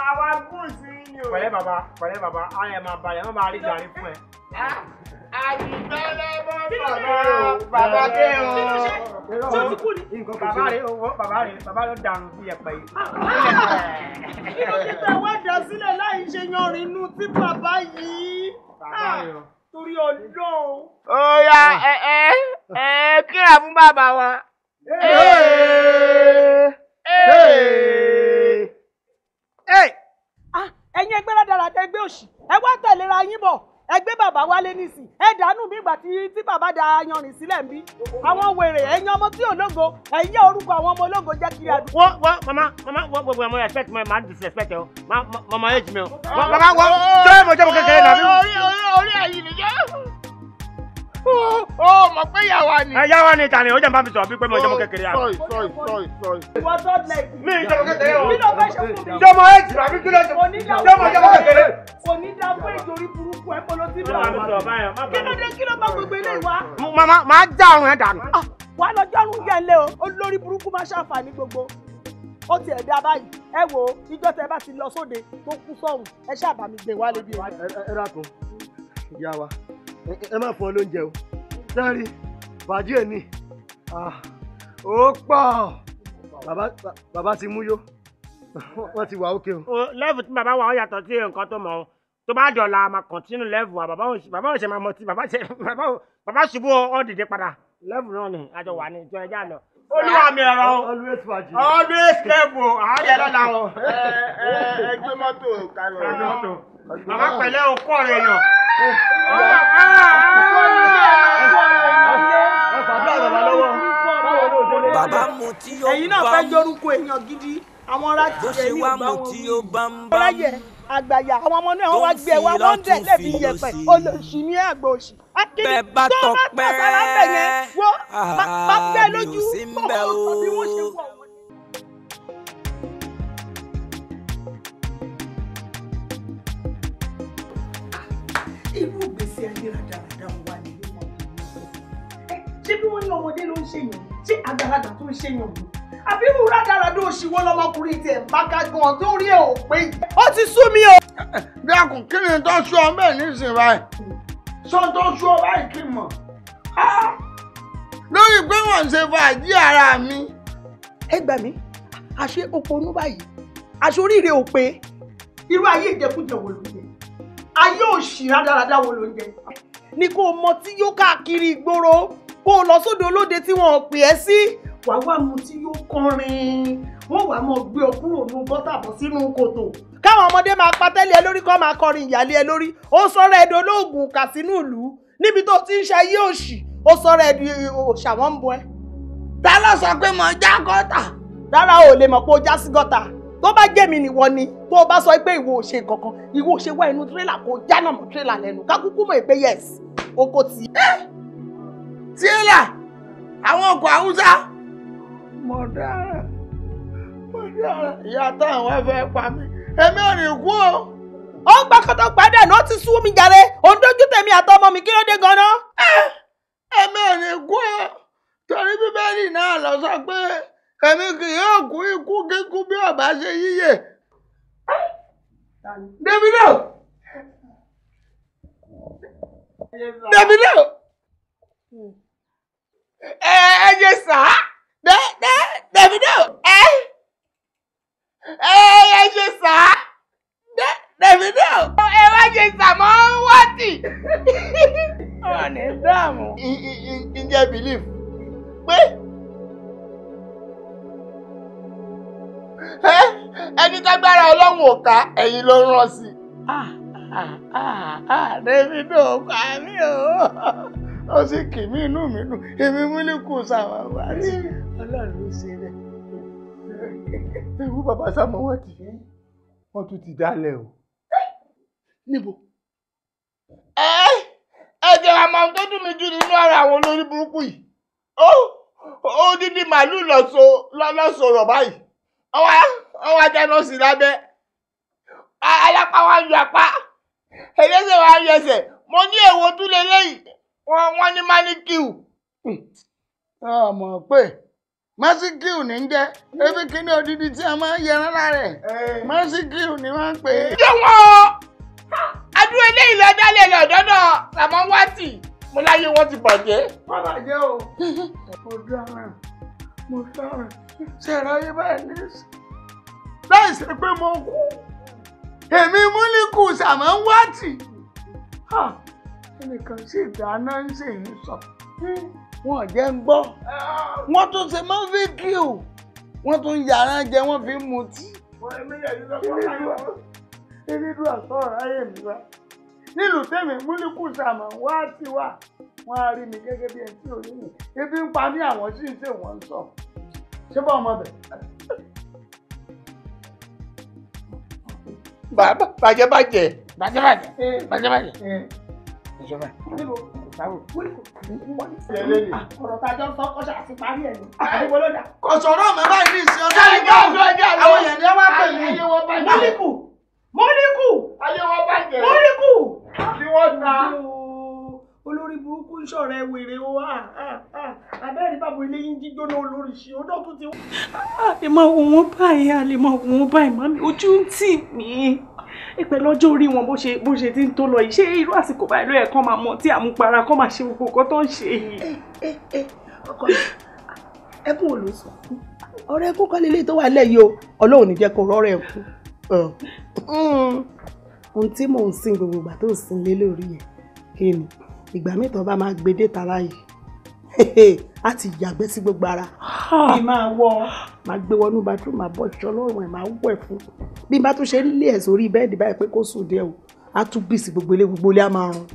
àwa gùn sí ni o. pẹ̀lẹ́ bàbá pẹ̀lẹ́ bàbá á yẹ máa balẹ̀ wọ́n máa rí gàrí Ah, ẹ. àdìgbẹ́ lẹ́bọ̀ bàbá bàbá dé o. bàbá rẹ bàbá rẹ bàbá ló dànù bí ẹ̀pẹ̀ yìí. kí ló dé tẹ̀ wá dá sílẹ̀ láì ṣe yanrìn inú tí bàbá yìí. bàbá rẹ o torí ọlọ́run. ọ̀ya ah. ẹ ẹ ẹ kíra fún bàbá wa. Ah, ẹ̀yin ẹgbẹ́ rádaràdà ẹgbẹ́ òṣì ẹ wá tẹ̀léra yín bọ̀ ẹ gbé bàbá wálé nísìn ẹ dànù bí ìgbà tí bàbá da yanrìn sílẹ̀ ń bí àwọn wèrè ẹ̀yin ọmọ tí ológo ẹ̀yin orúkọ àwọn ọmọ ológo jẹ́ kiri àdúgbò. wọ́n wọ́n mama mama wọ́n gbogbo ẹ̀mọ respect mi ma disrespect ẹ o mama ẹ jù mí o. mama wọ́n jẹ́ ìmọ̀ jẹ́ mọ̀ kékeré nàbí. orí orí orí ẹ̀yìn nìyẹn ó mọ̀ pé yàwá ni. ẹ yàwá ni tani o jẹ́ n bá mi sọ̀rọ̀ bí pé mo jẹ́ mo kékeré àná. sọ̀rọ̀ sọ̀rọ̀ sọ̀rọ̀ sọ̀rọ̀. wọ́n tọ́ lẹ̀ kí. mi ìjọba kékeré o. kí ló fẹ́ ṣe fún mi. jọmọ ẹ jìbà bí kíló ṣe. jọmọ jọmọ kékeré. kò ní dá pé ìjòrí burúkú ẹ kọ́ ló ti bá wa. kí ló dé kí ló bá gbogbo ilé wa. màmá màá já ọrùn ẹ dànù. Ah, wà á lọ jọ́rùn yẹn lé o olórí burúkú máa ṣàǹfààní gbogbo ó ti ẹ̀dá báyìí ẹ wo ìjọ tẹ bá ti lọ sóde tó kú sọ̀rùn ẹ ṣáà bá mi gbé wálé bí o. ẹ ẹ rákun ìyá wa ẹ má fún ọ lóúnjẹ o sẹ́rí bàdí ẹ̀ ní ah, ó pọ̀ bàbá ti mú yó wọ́n ti wà ókè o. lẹ́ẹ̀fù tí bàbá wa ó yàtọ̀ sí nǹkan tó mọ̀ ọ́ tó bá dọ̀la ma kọ̀ntínú lẹ́ẹ̀fù wa bàbá ò ṣe máa mọ̀ tí bàbá ṣubú ọ́ dìde padà lẹ́ẹ̀fù náà ni àjọ wà ní ìjọ ẹja lọ olúwa mi ẹ̀rọ always level àárẹ̀ lọ́la o. ẹgbẹ́ mọ́tò kalẹ̀ ọ̀nà. bàbá pẹ̀lẹ́ o kọ́ rẹ̀ yàn. bàbá mu tí ó bá mu ẹ̀yin náà fẹ́ yorùkọ èèyàn gidi àwọn ará ti ṣe ní ìgbà wọn. bó ṣe wá mu tí ó bá ń bá mu àgbàyà àwọn ọmọ náà wọ́n wá gbé wa wọ́n dẹ̀ lẹ́bi yẹ̀pẹ̀ olóṣì ní àgbà òṣì. bẹ́ẹ̀ bá tọpẹ́ àlò ah, sí ń bẹ́ o. irú ìgbésí ayé rádaràda wà nínú ọmọdé ṣé bí wọ́n ní ọmọdé ló ń ṣèyàn ṣé àgbàlagbà tó ń ṣèyàn lò àbí wúrà dáradó òṣìwọ́ lọmọkùnrin tiẹ̀ ń bá kágbọ́n tó rí ẹ̀ ò pé. ó ti sú mi o. dákun kí ni tó sú ọ bẹ́ẹ̀ nísìnyí báyìí. sọ tó sú ọ báyìí kí n mọ̀. lórí pé wọ́n ń ṣe fàájì ara mi. ẹ gbà mí àṣé oko onú báyìí àṣé oríire ò pé irú ayé ìjẹkújẹ wo ló ń jẹ ayé òṣì rádaràda wo ló ń jẹ. ni kò mọ tí yóò káàkiri ìgboro kó o lọ sóde olóde tí wọn ò pè é sí wàá wá mu tí yóò kọrin wọ́n wàá mọ gbé ọ kúrò ní gọ́tà bọ́ sínú kòtò. káwọn ọmọdé máa patẹ́lẹ̀ ẹ lórí kọ́ máa kọrin ìyáálé ẹ lórí ó sọ̀rọ̀ ẹ̀dùn olóògùn kà sínú ìlú níbi tó ti ń ṣe ayé òṣì ó sọ̀rọ̀ ẹ̀dùn òṣà ń bọ ẹ. ta ló sọ pé mo já gọ́tà. rárá o lè mọ̀ pé o já sí gọ́tà tó bá jẹ́mi nìwọ ni tó o bá sọ pé ìwọ ò ṣe kankan ìwọ ò ṣe wá inú tírélà kó jánà mọ́ tírélà lẹ́nu kákúkú mọ̀ pé yẹ́sì oko tì í. tírélà àwọn ọkọ̀ haúsá mo dára mo dára ìyá táwọn wá fẹ́ pa mí èmi ò ní kú o. ó ń gbàkọ́tọ̀ padà ló ti sú mi jàre òun dójú tèmi àtọmọ mi kí ló dé ganan. èmi ah, ò ní kú o torí bíbélì náà lọ sọ pé èmi kì yóò kú ikú kíkú bí ọba ṣe yíyè. Davido! Davido! Ẹ ẹ jẹ sàá. ọ̀nì dààmú. ǹjẹ́ belief pé ẹni tágbára ọlọ́run ò ká ẹ̀yin ló ń rán sí i. David ò pa mí o ó sì kì mí inú mi dùn èmi Múlíkù Sàwàwà rí ọlọ́run ló ṣe rẹ̀. ewu bàbá sámọ wọn ti wọn tún ti dálẹ̀ o. níbo. ẹ̀jẹ̀ eh, eh, àmọ́ tó dùn jù nínú ara àwọn olórí burúkú yìí ó ó dídí báyìí ọwọ́ ọwọ́ ajá sì lábẹ́ alápá wa ń yọ apá ẹlẹ́sẹ̀ wa ń yọ ẹsẹ̀ mo ní èwo tún lélẹ́yìí wọ́n wọ́n ní máníkìú. ọmọ pé mọ́síkìú ní jẹ́ ebi kíní odidi tí a máa ń yẹran lára ẹ̀ mọ́síkìú ni wọ́n ń adúró eléyìí lọ dálé lọ dọ́dọ̀ sàmọ́wátì mo láyé wọn ti bàjẹ́. má bàjẹ́ o mo dára mo dára ṣe ráyé báyìí ní sùn láì ṣe pé mo kú èmi múlíkù sàmọ́wátì ẹnìkan sì dáná ń sì ń sọ wọn jẹ́ ń gbọ́ wọ́n tún ṣe máa ń o wọ́n tún yàrá jẹ wọ́n fi mutí. wọ́n ẹ̀mí yẹn ti sọ fún mi elédùn àsọ̀rọ̀ ayé mi wá nílùú tèmi múlíkù sàmà wá sí wa wọn á rí mi gẹ́gẹ́ bí ẹni tí ò rí mi ebi ń pa mí àwọn sì ń ṣe wọ́n ń sọ ṣé bá ọmọ bẹ̀. bàbá bàjẹ́ bàjẹ́ bàjẹ́ bàjẹ́ bàjẹ́ bàjẹ́ ìjọba kọ̀sọ̀rọ̀ mẹ́fà yìí ní ìsìn ọjọ́ ìgbà àwọn èèyàn ni wọ́n pè mí mọ́líkù mọ́ríkù ayé wọn bàjẹ́ mọ́ríkù kí wọ́n ta olórí burúkú ń ṣọ̀rẹ́ wèrè o ah, ah, ah. abẹ́rẹ́ bàbá ilé yín jíjóná olórí ṣe ọdọ́ tó ti. ẹ máa wò wọ́n báyìí a lè máa wò wọ́n báyìí màmí ojú ń tì mí ìpè lọ́jọ́ orí wọn bó ṣe bó ṣe ti ń tó lọ yìí ṣé irú àsìkò báyìí ló yẹ kán máa mọ tí àmupara kán máa ṣe gbogbo nǹkan tó ń ṣe yìí. Eh, eh, eh, ẹkún ò ló sọ ọ̀rọ̀ ẹkún kan lélẹyìí tó wà lẹ́yìn o Ọlọ́run ní jẹ́ kó rọrọ ẹkún Oh. Mm. ohun tí mò ń sin gbogbo ìgbà tó ń sin lé lórí yẹn kí ni ìgbà míì tó bá máa gbé dé ta láàyè á ti yàgbẹ́ sí gbogbo ara bí máa wọ máa gbé wọnú bathroom máa bọ́ ìṣọ́ lọ́rùn ẹ̀ máa wẹ̀ fún bí bá tún ṣe ń lé ẹ̀ sórí bẹ́ẹ̀dì báyìí pé kó sùn díẹ̀ o á tún bìsì gbogbo ilé gbogbo ilé á máa rùn.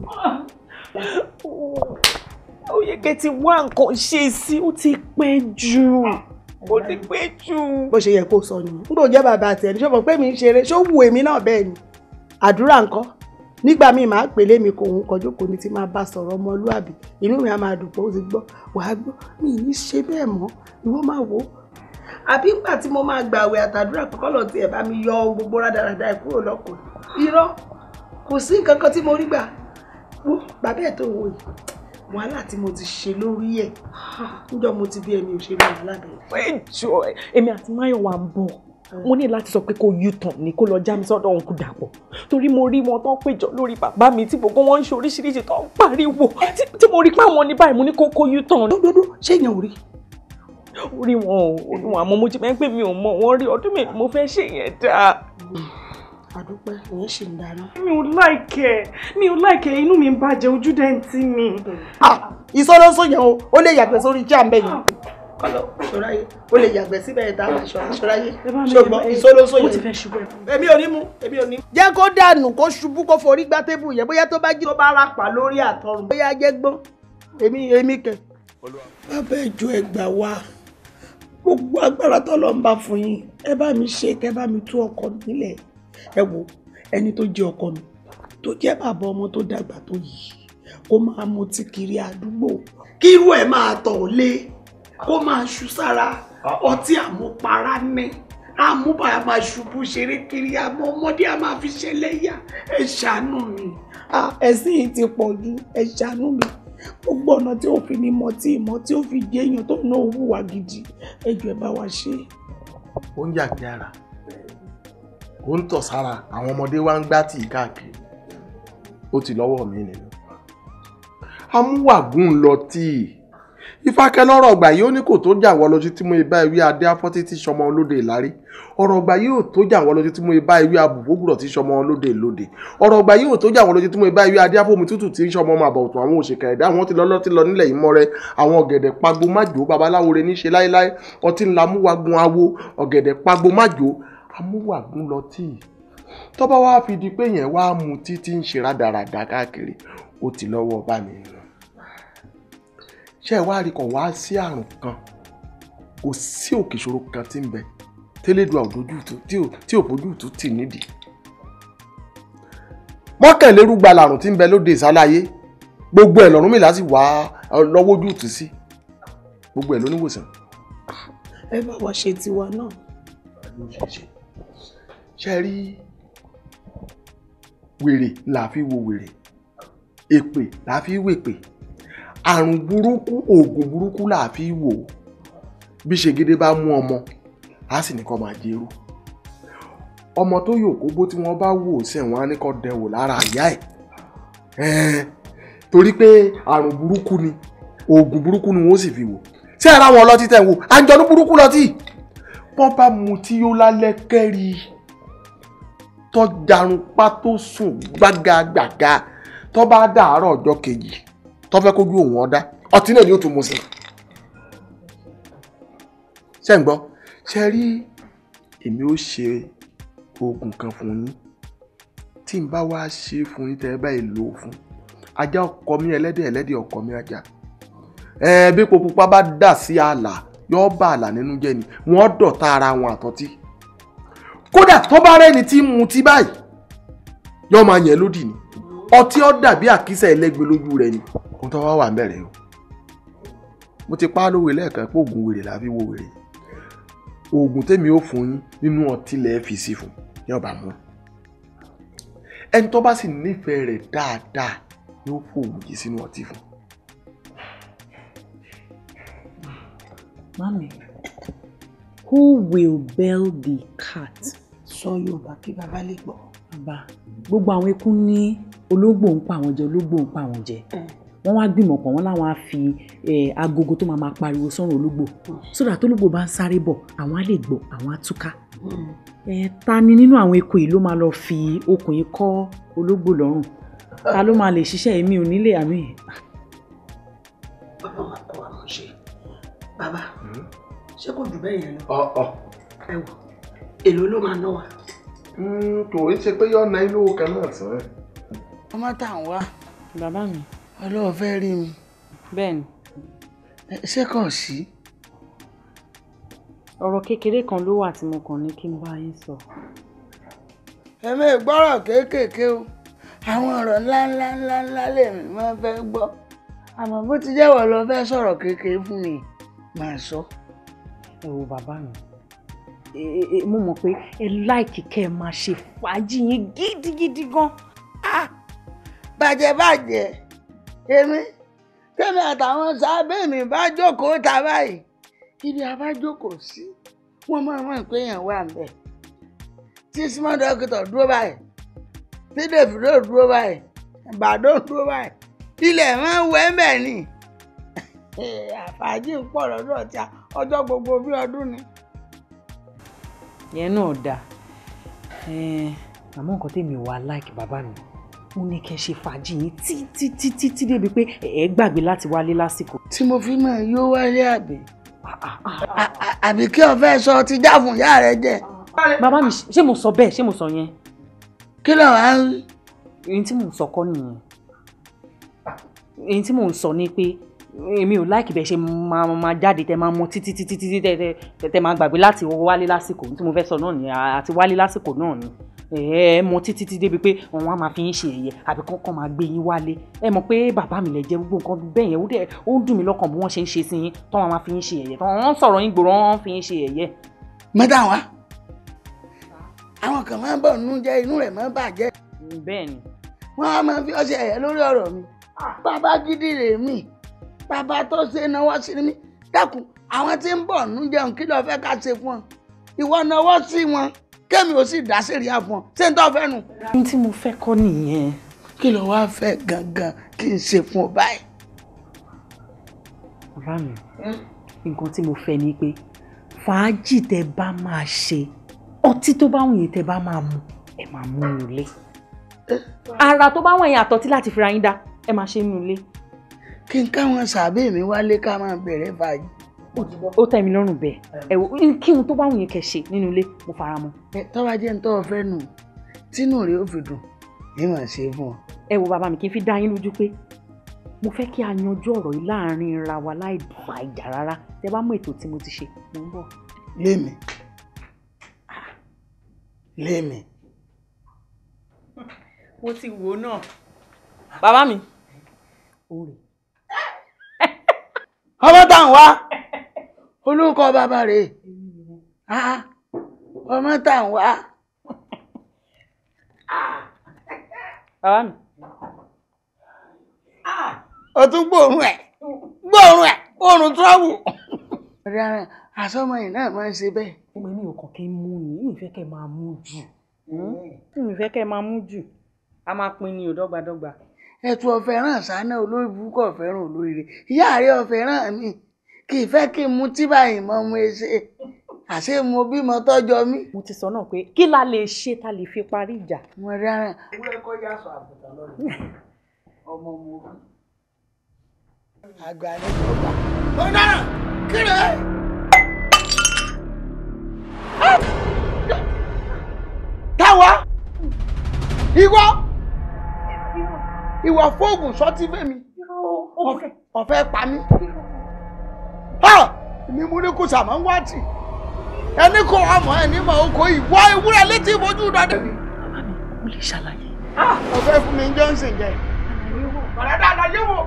Oyèké ti wá nǹkan ṣe sí ó ti pẹ́ jù ó ti pé jù. bó ṣe yẹ kó sọ nìyẹn n kò jẹ́ bàbá àti ẹni ṣọ́mọ pé mi ń ṣeré ṣó wù èmi náà bẹ́ẹ̀ ni àdúrà ńkọ́ nígbà míì máa pè lémi kò òun kọjú kò ní ti máa bá sọ̀rọ̀ ọmọlúàbí inú mi á máa dùn pé ó ti gbọ́ wàá gbọ́ mi ì ní ṣe bẹ́ẹ̀ mọ́ ìwọ máa wò ó àbí ńgbà tí mo máa gbàwẹ̀ àtàdúrà kọ́kọ́ lọ tiẹ̀ bá mi yọ gbogbo rádaràda ẹ̀ kúrò lọ́kùnrin irọ́ kò sí nǹkan kan tí mo rí gbà bàbá ẹ̀ tó wò yìí wàhálà tí mo ti ṣe lórí ẹ̀ níjọ́ mo ti bí ẹ̀mí ò ṣe rí wàhálà bẹ̀rẹ̀. ẹjọ èmi àti Máyọ̀wá ń bọ̀ mo ní láti sọ pé kó u-turn ni kó lọ já mi sọ́dọ̀ òun kò dàpọ̀ torí mo rí wọn tó ń péjọ lórí bàbá mi tí gbogbo wọn ń ṣe oríṣiríṣi tó ń pariwo tí mo rí pé àwọn ní báyìí mo ní kó kó u-turn. dódódó ṣé èèyàn ò rí orí wọn ò orí wọn àmọ́ mo ti máa ń ò mọ wọn rí ọdún mi mo fẹ́ ṣe dáa. Hmm àdúpẹ́ ìyẹn sì ń dáná. mi ò láìkẹ́ mi ò láìkẹ́ inú mi ń bàjẹ́ ojú dẹ̀ ń tì mí. Ah, ìsọlọ́sọ yẹn o ó lè yàgbẹ́ sórí jà ń bẹ̀ yẹn kọlọ ṣọráyé o lè yàgbẹ́ síbẹ̀ ẹ̀dá ṣọráyé ṣùgbọ́n ìsólóso yẹn èmi ò ní mu èmi ò ní. jẹ́ kó dànù kó ṣubú kó forí gbá tébù yẹn bóyá tó bá jí tó bá rapà lórí àtọrùn bóyá jẹ́ gbọ́n èmi èmi kẹ. bàbá wa gbogbo agbára tọ́lọ́ ń bá fún yín ẹ wo ẹni tó jẹ́ ọkọ mi tó jẹ́ bàbá ọmọ tó dàgbà tó yìí kó máa mutí kiri àdúgbò kí irú ẹ̀ máa tọ̀ lé kó máa ṣu sára ọtí àmupara ní àmúbà máa ṣubú ṣeré kiri àmọ́ ọmọdé a máa fi ṣe lẹ́yà ẹ ṣàánú mi ẹ̀sìn yìí ti pọ̀ jù ẹ ṣàánú mi gbogbo ọ̀nà tí ò fi ní mọ tí ìmọ̀ tí ó fi jẹ́ èèyàn tó ná owó wa gidi ẹjọ́ ẹ bá wa ṣe. ó ń yàgbé ara ó ń tọ̀ sára àwọn ọmọdé wa ń gbá tì káàkiri ó ti lọ́wọ́ mi nínú. amúwàgùn lọ tíì ìfákẹ́ lọ́rọ̀ ọgbà yìí ó ní kò tó jà wọ́n lójú tí mo ibà ìwé adé afọ́tí tí sọmọ olóde ìlárí ọ̀rọ̀ ọgbà yìí ò tó jà wọ́n lójú tí mo ibà ìwé abùbógùrọ̀ tí sọmọ olóde ìlóde ọ̀rọ̀ ọgbà yìí ò tó jà wọ́n lójú tí mo ibà ìwé adé afọ́mi tútù tí sọmọ ọmọ àbọ̀tún àwọn òṣìkà ẹ̀dá àwọn ti lọ lọ́tí lọ nílẹ̀ yìí mọ́rẹ́ àwọn ọ̀gẹ̀dẹ̀ pagbo májò babaláwo re níṣe láéláé ọtí ńlá múwagun awo ọ̀gẹ̀dẹ̀ pagbo májò amúwàgún lọtí tó bá wa fi di pé yẹn wá mu títí ń ṣe rádaràdà káàkiri ó ti lọ́wọ́ bá mi rìn ṣé ẹ wá rí kọ̀ wá sí àrùn kan kò sí òkè ìṣòro kan tí ń bẹ tẹ́lẹ̀dùn àwòdójútu tí ò bójútu tì nídìí mọ́kànlélúgba làrùn tí ń bẹ lóde ìsáláyé gbogbo ẹ̀ lọ́rùn mi láti wá lọ́wọ́ ojútùú sí gbogbo ẹ̀ lóníwòsàn. ẹ bá wa ṣe tiwa náà ṣe rí wèrè la fi wo wèrè èpè la fi wèpè àrùn burúkú oògùn burúkú la fi wò bí ṣègede bá mú ọmọ á sì ní kó máa jẹrú ọmọ tó yòókó bó tí wọ́n bá wò sẹ́wọ̀n á ní kó dẹwò lára àyà ẹ̀ torí pé àrùn burúkú ni oògùn burúkú ni wọ́n sì fi wò sí ara wọn ọlọ́tí tẹ̀ wò àjọ̀dún burúkú lọ́tí wọ́n bá mutí yó lálẹ́ kẹ́rì tó darun pa tó sùn gbágagbàga tó bá dàárọ̀ ọjọ́ kejì tó fẹ́ kójú òun ọ̀dá ọtí náà ni ó tún mu sí i. ṣé ń gbọ́ ṣe rí èmi ó ṣe oògùn kan fún yín tí n bá wá ṣe fún yín tẹ́ ẹ báyìí lò ó fún ajá ọkọ mi ẹlẹ́dẹ̀ ẹlẹ́dẹ̀ ọkọ mi ajá ẹ pupa bá dà sí ààlà yóò bá ààlà nínú jẹ́ ni wọ́n dọ̀tá ara wọn àtọ́tí kódà tó bá rẹ́ni tí mu ti báyìí yóò máa yẹn lódì ni ọtí ọ dàbí àkísà ẹlẹ́gbẹ́ lójú rẹ ni ohun tó wá wà ń o mo ti pa á lówe lẹ́ẹ̀kan pé oògùn wèrè làá fi wo wèrè oògùn tèmi ó fún yín nínú ọtí lẹ́ẹ̀ fi sí fún yóò bá mú ẹni tó bá sì nífẹ̀ẹ́ rẹ̀ dáadáa ni ó fòògùn yìí sínú ọtí fún. mami Who will bell the cat? Sọ Yorùbá kí bàbá lè gbọ́. Bàbá gbogbo àwọn eku ní ológbò ń pa àwọn jẹ ológbò ń pa àwọn jẹ. Wọ́n wá gbìmọ̀ pọ̀ wọ́n láwọn á fi agogo tó máa ma pariwo sọ́run ológbò. Hmm. Sódà tó ológbò bá ń sáré bọ̀ àwọn á lè gbọ́ àwọn á túká. Hmm. Ta ni nínú àwọn eku yìí ló máa lọ fi okùn yìí kọ́ ológbò lọ́rùn? Ta ló máa lè ṣiṣẹ́ èmi ò nílé àmì? Bàbá wa kọ́ àwọn ṣe. Bàbá. Hmm? ṣé kò jù bẹ́ẹ̀ yẹn lọ. ọ̀ ẹ wò èlò ló máa ná wa. Hmm, kò í ṣe pé yọ ọ̀nà ìlú kan náà tán. ọmọ tá à ń wá. bàbá mi. ọlọ́run fẹ́ rí mi. bẹ́ẹ̀ni. ṣé kàn sí. ọ̀rọ̀ kékeré kan ló wà tí mo kàn ní kí n bá yín sọ. èmi gbọ́rọ̀ kéékèèké o àwọn ọ̀rọ̀ ńláńlá ńláńlá lèmi máa fẹ́ gbọ́ àmọ́ bó ti jẹ́wọ́ lọ fẹ́ sọ̀rọ̀ kékeré fún mi màá sọ. So ẹ wo bàbá mi mo mọ̀ pé ẹ láìkì kẹ́ ẹ máa ṣe fàájì yín gidigidi gan. Ah, bàjẹ́ bàjẹ́ èmi tẹ́mi àtàwọn sábẹ́ mi bá jókòó ta báyìí ibi àbá jókòó sí wọ́n máa mọ̀ pé èèyàn wà ń bẹ̀. tí small doctor dúró báyìí tí davido dúró báyìí ìbàdàn dúró báyìí ilẹ̀ máa ń wẹ́ ń bẹ̀ nìyí. Eh, àfàájì ń pọ̀ lọ́dọ̀ tí a ọjọ́ gbogbo bí ọdún ni. yẹn náà dáa eh, àmọ́ nǹkan tèmi wà láìkì bàbá mi ó ní kẹ́ ṣe fàájì yín títítítí débi pé ẹ gbàgbé láti wálé lásìkò. tí mo fi máa yó wálé àbí ah, ah, ah. àbí kí ọfẹ sọ ti dáàbò ìyá rẹ jẹ. bàbá mi ṣé mo sọ bẹ́ẹ̀ ṣé mo sọ yẹn. kí ló wàá rí. èyí tí mò ń sọ kọ́ nìyẹn èyí tí mò ń sọ ni pé èmi ò láìkì bẹ́ẹ̀ ṣe máa máa jáde tẹ máa mọ títí títí títí tẹ tẹ tẹ máa gbàgbé láti wálé lásìkò tí mo fẹ́ sọ náà ni àti wálé lásìkò náà ni ẹ mọ títí títí débi pé wọn á máa fi yín ṣe ẹ̀yẹ àbí kọ́kọ́ máa gbé yín wálé ẹ mọ̀ pé bàbá mi lè jẹ gbogbo nǹkan bẹ́ẹ̀ yẹn ó dẹ̀ ó ń dùn mí lọ́kàn bí wọ́n ṣe ń ṣe sí yín tọ́ wọn máa fi yín ṣe ẹ̀yẹ tọ́ wọn sọ̀rọ̀ yín gbòòrò wọn fi yín ṣe ẹ̀yẹ. mẹ́ta wa àwọn kan máa ń bọ̀ nínú jẹ́ inú rẹ̀ máa ń bàjẹ́. bẹ́ẹ̀ ni. wọ́n á máa fi ọṣẹ ẹ̀yẹ lórí ọ̀rọ̀ mi bàbá gidi rèé mi bàbá tó ṣe náwó sí mi dákun àwọn tí ń bọ̀ ń jẹun kí ló fẹ́ ká ṣe fún ọ ìwọ náwó sí wọn kémi ò sì dá sèrè àfọ̀n ṣé n tó fẹ́ nu. ohun tí mo fẹ́ kọ́ nìyẹn. kí ló wáá fẹ́ gangan kí n ṣe fún ọ báyìí. ọ̀rá mi hm? nǹkan tí mo fẹ́ ni pé fàájì tẹ bá máa ṣe ọtí tó bá wùn tẹ bá máa mu ẹ máa mú un lé. Hm? ara tó bá wọ̀nyí àtọ̀tí láti fira yín dá ẹ máa ṣe nínú ilé kí n káwọn sàbẹ̀ mi wálé ká máa bẹ̀rẹ̀ báyìí. ó tẹ́ mi lọ́rùn bẹ́ẹ̀ ẹ wo kí n tó bá wùn yẹn kẹ́ ṣe nínú ilé mo fara mọ́. ẹ tọ́wá jẹ́ ń tọ́wọ́ fẹ́ nù tínú rẹ̀ ó fi dùn ìmọ̀ ṣe fún ọ. ẹ wo bàbá mi kì í fi dá yín lójú pé mo fẹ́ kí a yanjú ọ̀rọ̀ yìí láàrin ra wa láì dùn àìjà rárá tẹ bá mọ ètò tí mo ti ṣe mo ń bọ̀. lémi lémi. mo ti wò ó náà. bàbá mi. oore ọmọ tá ń wá olóńkọ bàbá rẹ̀ ah, ọmọ tá ń wá. bàbá mi. o tún gbóòórùn ẹ gbóòórùn ẹ oòrùn tọ́wù. ọ̀rẹ́ ara àsọmọ yìí náà máa ń ṣe bẹ́ẹ̀. ọmọ mi ò kàn kí n mú ni mi fẹ́ kẹ́ máa mú jù mi fẹ́ kẹ́ máa mú jù a máa pín ni ò dọ́gbadọ́gba ẹtù ọ̀fẹ́ràn sáná olórí burúkú ọ̀fẹ́ràn olóríire ìyá rẹ ọ̀fẹ́ràn mi kì í fẹ́ kí n mu tí báyìí mọ́ mu ẹsẹ̀ àṣé mo bímọ tọ́jọ́ mi. mo ti sọ náà pé kí la lè ṣe ta lè fi parí ìjà. mo rárá. ewúrẹ́ kọ́ yá sọ àbùtà lọ́dún ọmọ mo rí. àgbà ni mo gbà. ó dára táwa ìwọ ìwà fóògùn sọtí fẹmi ọ̀fẹ́ pa mí èmi mú ní kò sàmọ ń wá tì ẹni kò wá mọ ẹni mọ oko ìwọ ewúrẹ́ létí ìbojú dọdẹ. bàbá mi mo lè ṣàlàyé. ọ̀fẹ́ fún mi johnson jẹ. bàdàdà àlàyé wo.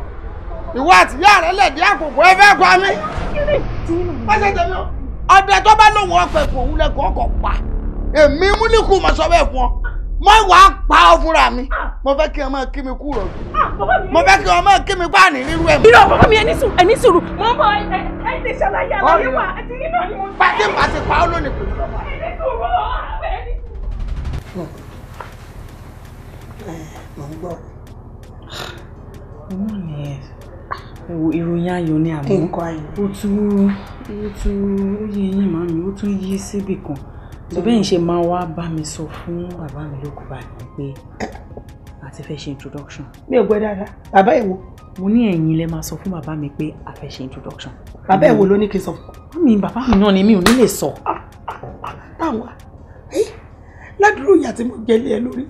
ìwọ àtìyá rẹ lẹdí àkókò ẹ fẹ́ pa mí. pàṣẹ tẹ̀lé o. ọdẹ tó bá lóun ọpẹ kò wúlẹ kó ọkọ pa èmi mú ní kù mọ sọ bẹ́ẹ̀ fún ọ mo wàá pa ọ fúnra mi mo fẹ́ kí ọ máa kí mi kú rọ̀ ah, mo fẹ́ kí ọ máa kí mi pa ní rírú ẹ̀ mọ́. irọ́ bàbá mi ẹni sùn ẹni sùn rù mo mọ ẹ ẹ ti ṣàlàyé àlàyé wa àti nínú ni mo. pàtí pàtí pa ó lónìí pẹ̀lú ọmọ. ẹni sùn rọ ẹni sùn. ẹ ń gbọ́. inú mi ìròyìn ayọ̀ ni àmọ́ ó tún ó tún ó yé yín màmí ó tún yí síbì kan tó bẹ́ẹ̀ ń ṣe máa wá bá mi sọ fún bàbá mi lókun báyìí pé a ti fẹ́ ṣe introduction. mi ò gbọ́ dáadáa bàbá ẹ̀ wo. mo ní ẹ̀yin lẹ máa sọ fún bàbá mi pé a fẹ́ ṣe introduction. bàbá ẹ̀ wo ló ní kí n sọ fún. mi bàbá mi náà ni mi ò ní lè sọ. táwa ládùúrú ìyá tí mo jẹ́lé ẹ lórí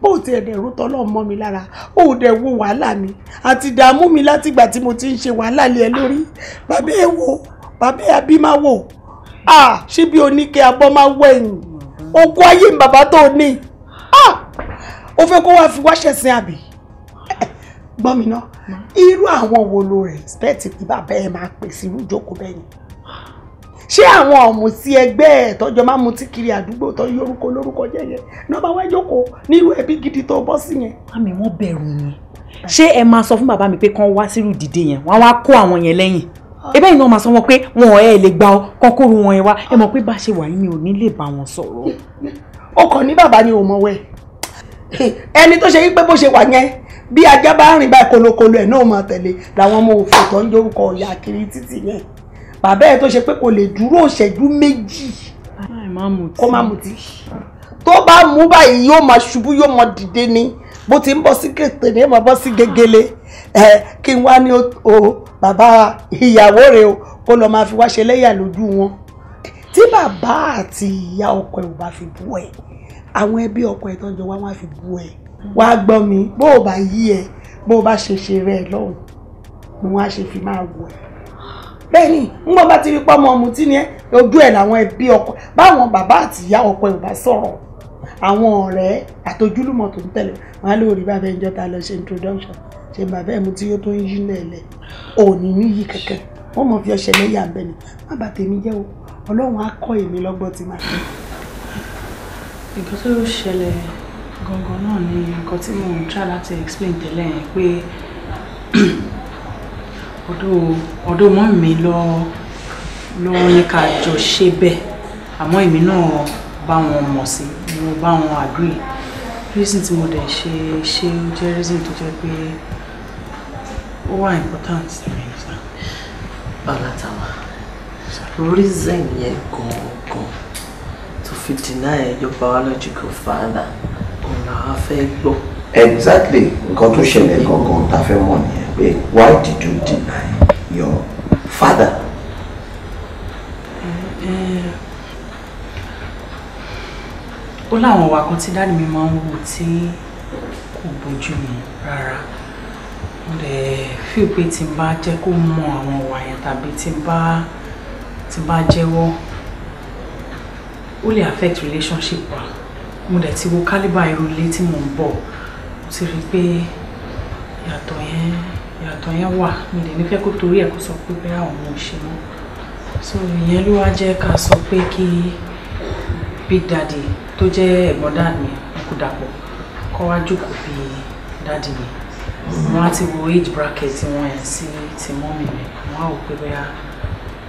bó o tiẹ̀ dẹ̀ rótọ́ lọ́ọ́ mọ́ mi lára ó dẹ̀ wo wàhálà mi àti dààmú mi látìgbà tí mo ti ń ṣe wàhálà lé ẹ lórí bàbá ẹ bàbá ẹ ah ṣíbi oníke abọ́ máa ń wẹ̀yìn okú ayé ni bàbá tó ní ah ó fẹ́ kó wá fi wáṣẹ̀ sin àbí gbọ́n mi náà irú àwọn wo lo rẹ̀ spẹ́ẹ̀tì pé bàbá ẹ̀ máa pè sí irú ìjókòó bẹ́yìn ṣé àwọn ọ̀mùtí ẹgbẹ́ ẹ̀ tọ́jọ́ máa mutí kiri àdúgbò tó yí orúkọ lórúkọ jẹ́yẹ náà bá wá jókòó nírú ẹbí gidi tó bọ́ sí yẹn. mami wọn bẹ̀rù yẹn ṣé ẹ máa sọ fún bàbá mi pé kán wá sírù dìde yẹn wọn á wá kó àwọn yẹn lẹ́yìn ebe iná máa sọ wọn pé wọn ò ẹ lè gba kọkúrú wọn ẹ wá ẹ mọ̀ pé bá ṣe wà yìí mi ò ní lè bá wọn sọ̀rọ̀. ó kàn ní bàbá ni ò mọ̀ wẹ̀ ẹni tó ṣe yí pé bó ṣe wà yẹn bí ajá bá rìn báyìí kolokolo ẹ̀ náà máa tẹ̀lé làwọn ọmọ òfò tó ń dorúkọ ọ̀yà kiri títì yẹn bàbá ẹ̀ tó ṣe pé kò lè dúró ìṣẹ́jú méjì kó má mutí tó bá mú báyìí yóò máa ṣubú yóò máa dìde ni bó ti ń bọ́ sí kètè ní ẹ̀ máa bọ́ sí gegele ẹ̀ kí n wá ní o bàbá ìyàwó rẹ̀ o kó lọ́ọ́ máa fi wá ṣe lẹ́yà lójú wọn tí bàbá àti ìyá ọkọ ẹ̀ ò bá fi bú ẹ̀ àwọn ẹbí ọkọ ẹ̀ tó ń jọ wá wá fi bú ẹ̀ wá gbọ́ mi bó o bá yí ẹ bó o bá ṣe ṣe rẹ lọ́hùn ni wọ́n á ṣe fi máa wọ̀ ẹ́ bẹ́ẹ̀ ni ń bọ́ bá ti rí pọ́mọ ọmọ tí ni ẹ ojú ẹ̀ làwọn ẹbí ọkọ báwọn bàbá àti ìyá ọkọ ẹ̀ ò bá sọ̀rọ̀ àwọn ọ̀rẹ́ àtojúlùmọ̀ tó ń tẹ̀lé wọn á lóore bá bẹ́ẹ̀ ń jọta lọ ṣe introduction ṣe bàbá ẹ̀ mu tí ó tó ń yí lẹ́ẹ̀lẹ́ òní níyì kankan wọ́n mọ̀ fi ọṣẹ lẹ́yà ń ni má bà tèmi jẹ́ o ọlọ́run á kọ́ èmi lọ́gbọ́n ti máa ṣe. nǹkan tó ṣẹlẹ̀ gangan náà ni nǹkan tí mò ń tra láti explain tẹ́lẹ̀ yẹn pé *clears throat* ọ̀dọ̀ mọ́ mi lọ ló ní ká jọ ṣe bẹ́ẹ̀ àmọ́ èmi náà bá wọn mọ̀ sí mo bá wọn agree reason tí mo dẹ̀ ṣe ṣe jẹ́ reason tó jẹ́ pé ó wà important to me understand. Balatawa reason yẹn gangan tó fi deny your biological father òun làwa fẹ́ gbọ́. exactly nǹkan tó ṣẹlẹ̀ gangan tá a fẹ́ mọ̀ nìyẹn pé why did you deny your father. Eh, eh, ó láwọn ìwà kan tí dáàdì mi máa ń wù tí kò bójú mi rárá mo dẹ̀ feel pé tí n bá jẹ́ kó mọ àwọn ìwà yẹn tàbí tí n bá jẹ́wọ́ ó lè affect relationship wa mo dẹ̀ ti wo kálíbà irú ilé tí mò ń bọ̀ mo ti rí i pé yàtọ̀ yẹn yàtọ̀ yẹn wà mo dẹ̀ nífẹ̀ẹ́ kó torí ẹ̀ kó sọ pé bẹ́ẹ̀ àwọn ọmọ òṣèlú so ìyẹn ló wá jẹ́ ká sọ pé kí big daddy tó jẹ́ ẹ̀gbọ́n dad mi kó dàpọ̀ kó wá jókòó bí dad mi wọn ti wo age bracket wọn ẹ̀ sí ti mọ́mì mi wọn wò pé bóyá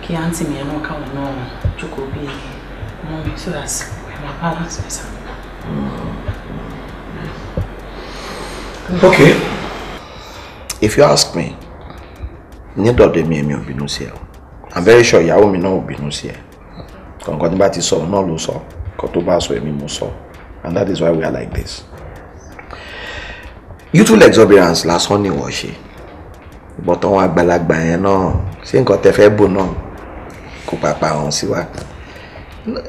kí àǹtí mi ẹ̀rọ káwọn náà jókòó bí mọ́mì so that we ma balance better. okay if you ask me ní dọ̀dọ̀ mi èmi ò bínú sí ẹ i'm very sure ìyàwó mi náà ò bínú sí ẹ kọ̀ǹkan tí bá ti sọ̀rọ̀ náà ló sọ kó tó bá sọ èmi mo sọ and that is why we are like this youthful exuberance lásán ni wọ́n ṣe ìbọn tó wọn àgbàlagbà yẹn náà ṣé nǹkan tẹ fẹ́ bò náà kò pàpà hàn sí wa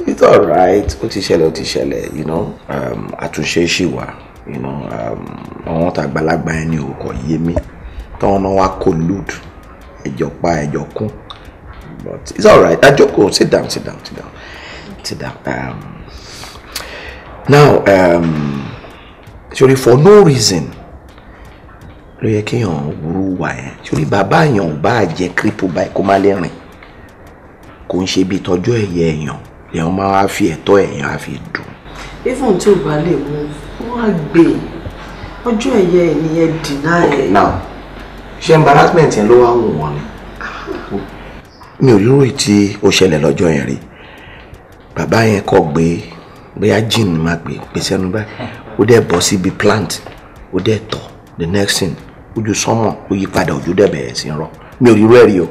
it's all right ó ti ṣẹlẹ̀ ó ti ṣẹlẹ̀ you know um, àtúnṣe ṣì wà you know um, àwọn tàgbàlagbà yẹn ni òkò yé mi táwọn náà wá collude ẹjọ́ pa ẹjọ́ kún but it's all right ajoko sit down sit down sit down sit down um, now um, sorry for no reason ló yẹ kéèyàn wúrú wà ẹ́ sórí bàbá èèyàn ò bá jẹ́ kírípù báyìí kó má lè rìn kò ń ṣe bí tọjọ́ ẹ̀yẹ èèyàn lèèyàn máa wá fi ẹ̀tọ́ èèyàn á fi dùn. even tí ò bá lè mú wọn á gbé ọjọ́ ẹ̀yẹ ènìyàn dìnnà ẹ̀. ok now ṣé embarrassment yẹn ló wá wù wọ́n ni mi ò rírò tí ó ṣẹlẹ̀ lọ́jọ́ yẹn rí bàbá yẹn kọ́ gbé bóyá gin máa gbé gbèsè ẹnu báyìí ó dẹ̀ bọ́ síbi plant ó dẹ̀ tọ̀ the next thing ojú sánmọ̀ ó yí padà ojú dẹ̀ bẹ̀rẹ̀ sí rọ mi ò rí irú rí o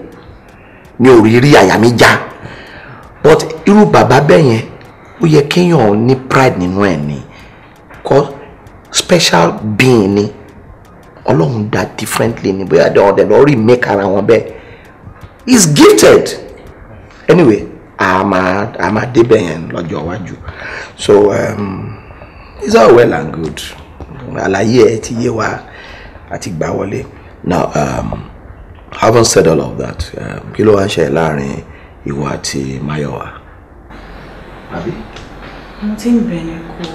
mi ò rí rí àyà mi já but irú bàbá bẹ́ẹ̀ yẹn ó yẹ kéèyàn ní pride nínú ẹ̀ ni kọ́ special being ni ọlọ́run dá differently ni bóyá ọ̀dẹ̀ lọ rí make ara wọn bẹ́ẹ̀ he is gifted anyway a máa a máa débẹ̀ yẹn lọ́jọ́ iwájú so um, it's all well and good àlàyé ẹ ti yé wa àti gbà wọlé now um, having said all of that um, kí ló wá ń ṣe láàrin ìwọ àti Máyọ̀wá. àbí. mo ti ń bẹ̀ ni kò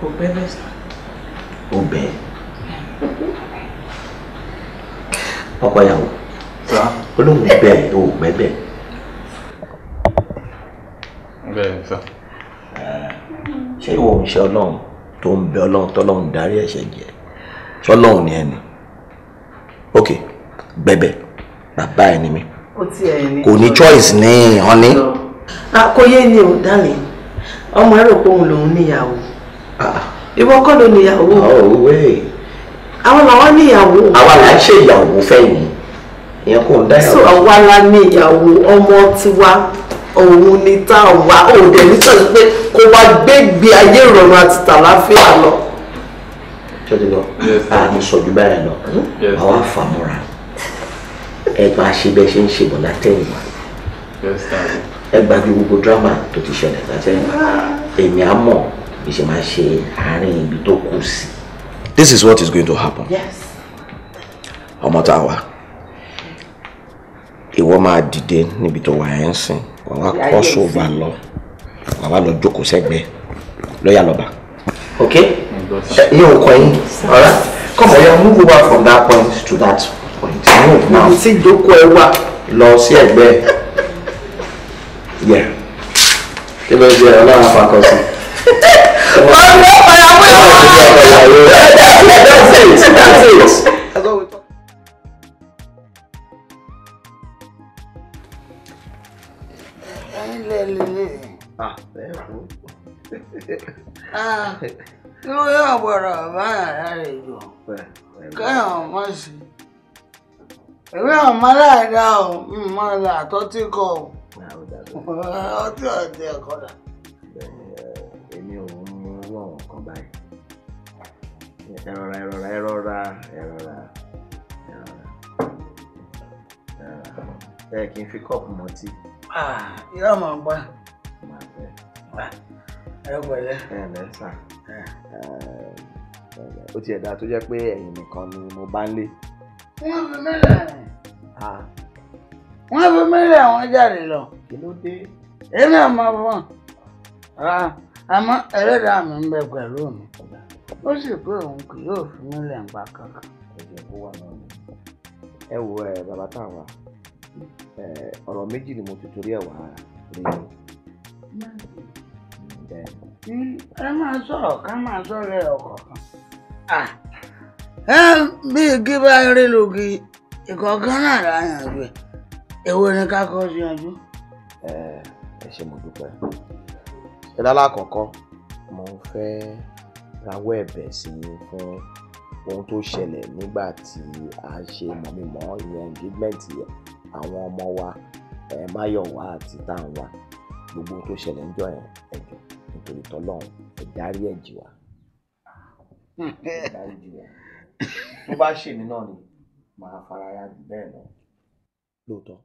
kò bẹ́ bẹ́ sọ. ó bẹ́ ọkọ ìyàwó olóhùn bẹ́ẹ̀ ò bẹ́ bẹ́ẹ̀. bẹ́ẹ̀ sọ. ṣé ìwọ òun ṣe ọlọ́run tó ń bẹ ọlọ́run tọ́lọ́run darí ẹ̀ṣẹ̀ jẹ́ ṣọlọ́run ni ẹni. ok bẹ̀bẹ̀ baba ẹ̀ ni mi kò ni choice ni honey. ni ò dálé ọmọ ẹ rò pé òun lòun níyàwó ah. ìwọ kọ́ ló níyàwó làwọn oh, níyàwó. àwa là ń ṣe ìyàwó fẹ́yìn ìyẹn kò ń ní ọmọ tiwa ni tá a wà òun dẹ̀ nítorí pé wá gbégbé ayé ìrọ̀rùn àti lọ. ṣọdí lọ a ní sọjú lọ àwa fàmúra ẹgbà àṣebẹ ṣe ń ṣe látẹ̀yìnwá ẹgbà bí gbogbo drama tó ti ṣẹlẹ̀ látẹ̀yìnwá èmi á mọ̀ bí ṣe máa ṣe àárín ibi tó kù sí. This is what is going to happen. ọmọ tá a wà ìwọ máa dìde níbi tó wà ẹ́ ń sìn wà wá kọ́ sóògbà lọ wà wá lọ jókòó sẹ́gbẹ̀ẹ́ lọ́yà lọ́ba. okay yóò kọ́ yín ọ̀rá come on yẹn move over from that point to that point move now. ibi tí ìjókòó ẹ wà. lọ sí ẹ̀gbẹ́ yẹ kí ló dé ọlọ́run àpàkọ́sí. ọ̀rọ̀ ọ̀rọ̀ àbúrò. that's it that's it. Ah, there we go. ah lórí ọ̀gbọ̀rọ̀ báyà lálejò kẹ́hàn má sí èmi ò mọ láàdá o mọ làtọ́ tí kọ o ọtí ọtí ẹ̀kọ́ dà. èmi ò ń mú wọn kan báyìí ẹrọra ẹrọra ẹrọra ẹrọra ẹ kì í fi kọ́ọ̀pù mọ́tì. yóò máa gbá. ó tiẹ̀ dáa tó jẹ́ pé ẹ̀yin nìkan ni mo bá ń lé. wọ́n fi mí wọ́n fi mí lẹ̀ jáde lọ. kí ló dé. èmi ò mọ fún àmọ́ ẹlẹ́dàá mi ń bẹ pẹ̀lú mi ó sì pé òun kì yóò fi mí lẹ̀ ńgbà kankan. ẹ wo ẹ bàbá tá a wà ọ̀rọ̀ méjì ni ẹ hmm, máa sọ̀rọ̀ ká máa sọ̀rọ̀ ẹ̀ ọ̀kọ̀ọ̀kan. Ah. ẹ bí igi bá ń rí lògì ìkọ̀ọ̀kan náà là ń yànjú ẹ̀ èwo ni ká kọ́ sí yanjú. ẹ ṣe mo dúpẹ́ ṣe lálàkọ̀ọ́kọ́ mo fẹ́ rawọ́ ẹ̀bẹ̀ sí i fún ohun tó ṣẹlẹ̀ nígbà tí a ṣe mọ̀mímọ́ ìyẹn engagement àwọn ọmọ wa máyọ̀wá àti táwọn wa. Eh, gbogbo ohun tó ṣẹlẹ̀ ń jọ yẹn ẹ̀jọ̀ nítorí tọ́lọ́run ẹ̀ dárí ẹ̀ *laughs* jì wá. tó bá ṣèmi náà ni màá faraya jù bẹ́ẹ̀ lọ. lóòótọ́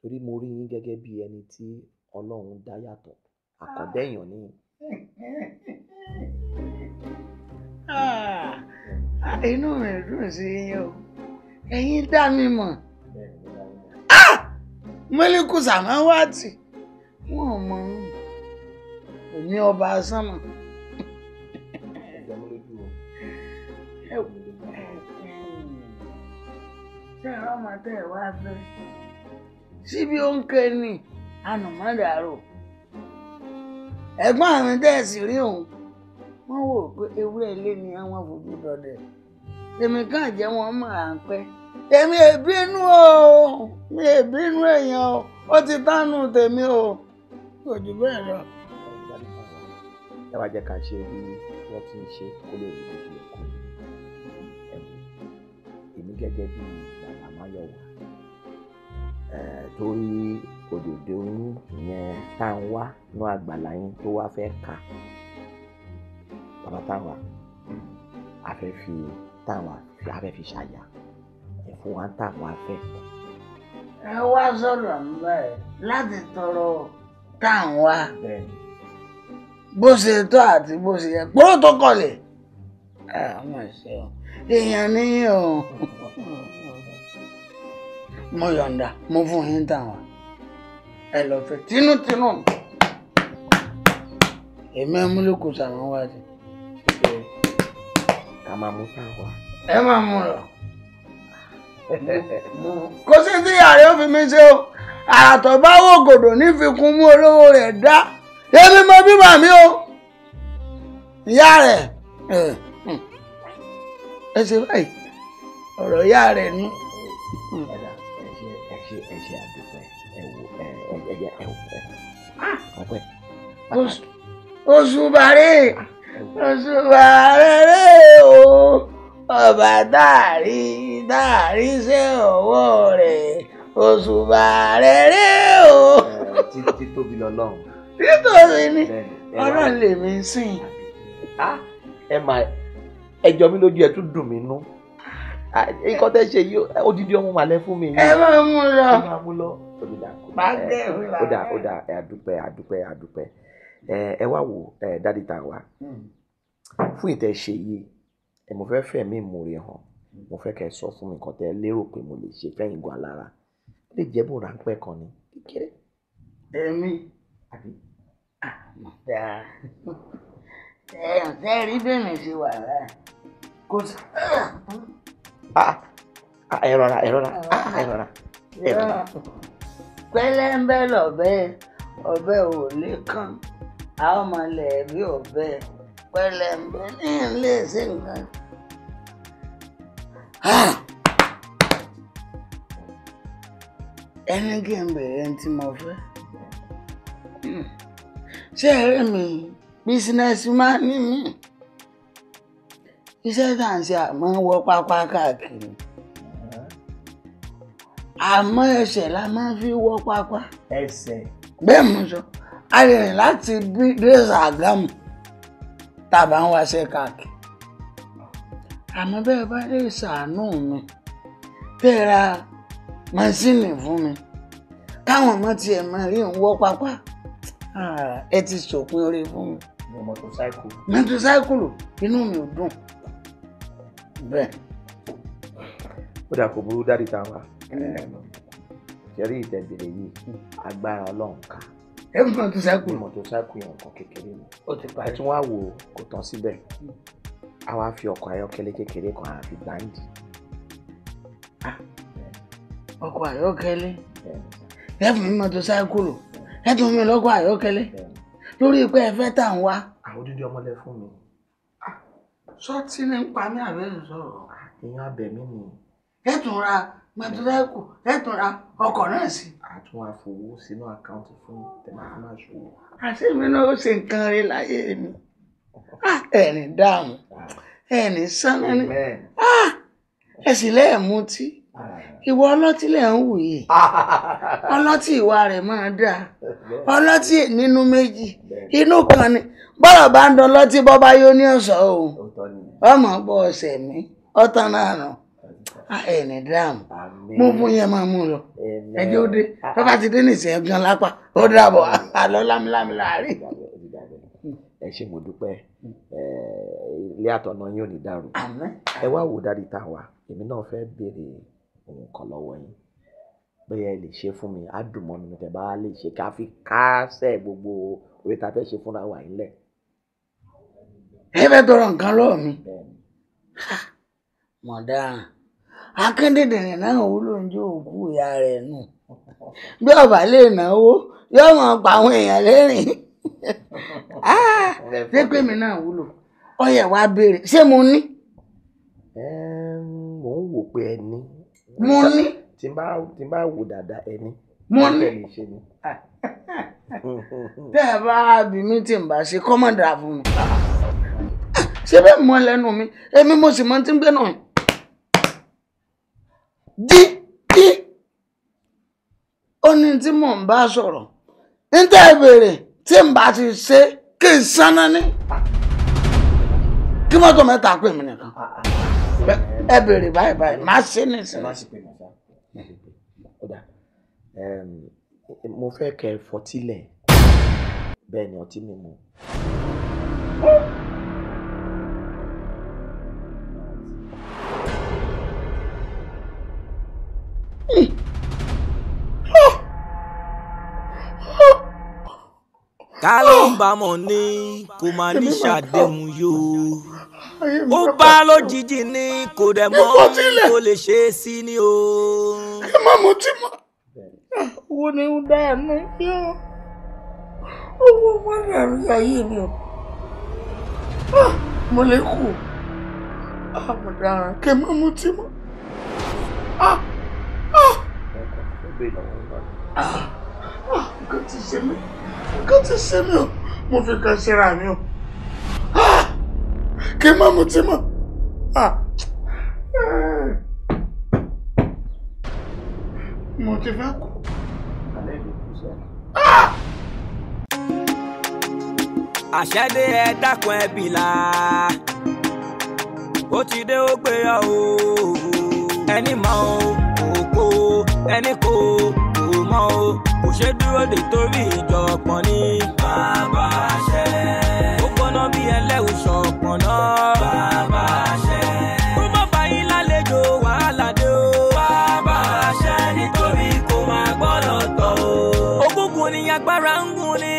torí mo rí yín gẹ́gẹ́ bí ẹni tí ọlọ́run dá yàtọ̀ àkọ́dẹ́yàn ni. *laughs* Ah, ah, inú mi dùn sí yín o ẹ̀yin dá mi mọ̀ ah! mílíkù sàmáwátì wọn ò mọ èmi ọba sánmà. ṣé ọmọ tẹ ẹ wá fẹ́ síbi ó ń ké ní ànàmọ́dàrò ẹ̀gbọ́n àmì tẹ́ẹ̀sì rí òun wọ́n wò pé ewúrẹ́ ilé ni àwọn fojú dọdẹ tèmi kàn jẹ́ wọn mọ̀ à ń pẹ́ tèmi èbínú o mi èbínú èèyàn o ó ti tánu tèmi o kò jù bẹ́ẹ̀ lọ. ẹ wá jẹ́ ká ṣe bí wọ́n ti ń ṣe kó lè rí ibi ẹ̀kọ́ ẹ̀wọ̀n èmi gẹ́gẹ́ bí bàbá Máyọ̀wá torí òdòdó yẹn tá à ń wá ní àgbàlá yín tó wá fẹ́ kà bàbá táwa a fẹ́ fi táwa a fẹ́ fi ṣàyà ẹ̀fọ́ táwa fẹ́. ẹ wá sọ̀rọ̀ ń bẹ̀ láti tọrọ tá à ń wá bó ṣe tọ́ àti bó ṣe yẹ gbọ́dọ̀ tó kọlẹ̀ èèyàn níyìn o mo yọ̀ǹda mo fún yín táwọn ẹ lọ fẹ́ tinútinú èmi amúlòkù sàmọ́ wá sí. ká máa mú táwa. ẹ máa mú lọ kó sí ti yàrá ó fi ṣe o àràtọ̀ bá wò gòdò nífikún mú olówó rẹ̀ dá èmi mọ bí màmí o ìyá rẹ̀ eh, hmm. ẹ báyìí ọ̀rọ̀ ìyá rẹ̀ nú. Ah! oṣù bàárẹ̀ oṣù bàárẹ̀ o ọba dáàrí dáàrí ṣe rẹ̀ òṣùbà rere o. títóbi lọ́lọ́run. títóbi ni ọlọ́run lèmi ń sìn. ẹ mà ẹjọ́ mi lójú ẹ tún dùn mí nú ikọ́ tẹ́ ṣe yìí odidi ọmọ màlẹ́ fún mi. ẹ máa mú lọ. ẹ máa mú lọ. má dẹ̀ wíwá. ó dà ó dà àdúpẹ́ àdúpẹ́ àdúpẹ́ ẹ wá wò ẹ dádì tá a wá hmm. fún ìtẹ̀ ṣe yìí ẹ mo fẹ́ fẹ́ mi ìmúre hàn mo fẹ́ kẹ́ ẹ sọ fún mi nǹkan lérò pé mo lè ṣe fẹ́yìn gan alára lè jẹ́ bò ráńpẹ́ kan ní kékeré. ẹ̀mí àbí dáa ẹ̀yàn tẹ́ rí bẹ́ẹ̀mì ṣe wà láà kò sí. Ah, ah, ẹ rọra ẹ rọra ẹ rọra ah, ẹ rọra. pẹlẹmbẹ lọbẹ ò lè kán a ó máa lẹ bí ọbẹ pẹlẹmbẹ ní ilé ṣe nǹkan. ẹni kí n bẹ̀rẹ̀ tí mo fẹ́ hmm. ṣé ẹ̀rẹ́ mi bísínẹ́sì máa ní mí iṣẹ́ tá à ń ṣe àmọ́ wọ pápá káàkiri àmọ́ ẹsẹ̀ la máa fi wọ pápá ẹsẹ̀ bẹ́ẹ̀ mo sọ a lè rìn láti dírẹ́sà àgámù tàbá ń wáṣẹ́ káàkiri àmọ́ bẹ́ẹ̀ bá lè ṣàánú mi tẹ́ra máṣíìnì fún mi káwọn ọmọ tiẹ̀ máa rí òun wọ́ pápá ah, ẹ ti ṣòpin oore fún mi. mọ́tòsáìkùlù. mọ́tòsáìkùlù inú mi ò dùn bẹ́ẹ̀. ó dà kó burú dáàdì tá a wà ṣẹ́rí ìtẹ̀bẹ̀rẹ̀ yìí agbára ọlọ́run ká. ẹ fún mọ́tòsáìkùlù. mọ́tòsáìkùlù yẹn nǹkan kékeré ni. ó ti parí. ẹ tún wá wò ó kò tán síbẹ̀ a wá fi ọkọ̀ ayọ́kẹ́lẹ́ kékeré kan àfi gbàǹdì. Ah, ọkọ̀ àyọ́kẹ́lẹ́ ẹ fún mi mọ́tò sáíkòlò ẹ tún mi lọ́kọ̀ àyọ́kẹ́lẹ́ lórí pé ẹ fẹ́ tà ń wá. àwọn odidi ọmọlẹ fún mi. Ah, sọtí ni ń pa mí àbẹ́rẹ́ sọ̀rọ̀. Ah, èèyàn abẹ̀mí ni. ẹ tún ra mọ́tò sáíkò ẹ tún ra ọkọ̀ náà sí. àtún àfowó sínú àkáǹtì fún tẹmátímáṣó. àṣé mi náà ó ṣe nǹkan rí láyé mi ah, ẹ̀rìn dáhùn ẹ̀rìn sánmẹ́ni ẹ sì lẹ́ẹ̀mú tí ìwọ ọlọ́tí lẹ̀ ń wù yìí *laughs* ọlọ́tí ìwà rẹ̀ máa dáa ọlọ́tí nínú méjì inú kan ni bọ́rọ̀ bá ń dán ọlọ́tí bọ́ bá yó ní ọ̀sán o ọmọ bọ ọ̀sẹ̀ mi ọ̀tán náà nà ẹni dáàmú mú fún yẹn máa mú lọ ẹjẹ ó dé tó bá ti dé nìsín gan lápá ó dàbọ̀ àlọ́ lámìlámì láàrin. ẹ ṣé mo dúpẹ́ ilé àtọ̀nà yín ò ní dàrú ẹ wá wò dáadé tá a wà èmi náà fẹ́ béèrè ohun kan lọ́wọ́ yín bóyá ẹ lè ṣe fún mi á dùn mọ́ mi ní tẹ́ bá lè ṣe ká fi kásẹ̀ gbogbo orí ta fẹ́ ṣe fúnra wa yín lẹ̀. ẹ fẹ́ tọrọ nǹkan lọ́wọ́ mi mọ̀dáràn akíndìndìrín náà wúlò ń jó òkú ìyá rẹ̀ nù bí ọ̀bà lè náwó yóò mọ̀ pa àwọn èèyàn lẹ́rìn ṣé pé mi náà wúlò ọyẹ wàá béèrè ṣé mo ní. mò ń wò pé ẹ ní mo ní. tí n bá tí n bá wò dáadáa ẹni. mo ní *laughs* tẹ́ ẹ bá bí mi tí n bá ṣe kọ́mọ̀dà fún mi. ṣé bẹ́ẹ̀ mọ lẹ́nu mi èmi mo sì mọ tí ń gbé náà. dí dí ó ní tí mò ń bá sọ̀rọ̀ níta ìbéèrè tí n bá ti ṣe kí n sanná kí mọ́tò mẹ́ta pè mí nìkan ẹ bèrè báyìí báyìí má ṣe nìsín. mo fẹ́ kẹ́ ẹ fọtílẹ̀ bẹ́ẹ̀ ni ọtí mímu. ká ló ń bámọ̀ ní kó máa ní ṣàdéhùn yóò ó bá lójijì ni kò dẹ̀ mọ́ kó lè ṣe é sí ni o. ẹ má mọ tí mo. owó ni ń dá ẹ̀mí yóò owó wọn rẹ̀ rí ayé mi o ah, mo lè kú ah, mo dára kẹ má mọ tí mo. Ah, nǹkan ti ṣe mí nǹkan ti ṣe mí o mo fi kan ṣe ra mi o kí n má mutí mọ́. Ah. mo ti fẹ́ kú. Ah! àṣẹ́dé ẹ dákun ẹ bìlà ó ti dé ó gbé yọ o ẹni mọ o kò kó ẹni kò o kò ṣe de torí ìjọ̀gbọ̀n ni. bàbá ṣe. ó gbóná bí ẹlẹ́wùsàn mọ̀nà. bàbá àṣẹ. kó má bá yín lálejò wàhálà dé o. bàbá àṣẹ nítorí kò máa gbọ́dọ̀ tọ̀ o. ogúngun ni agbára ń gun ni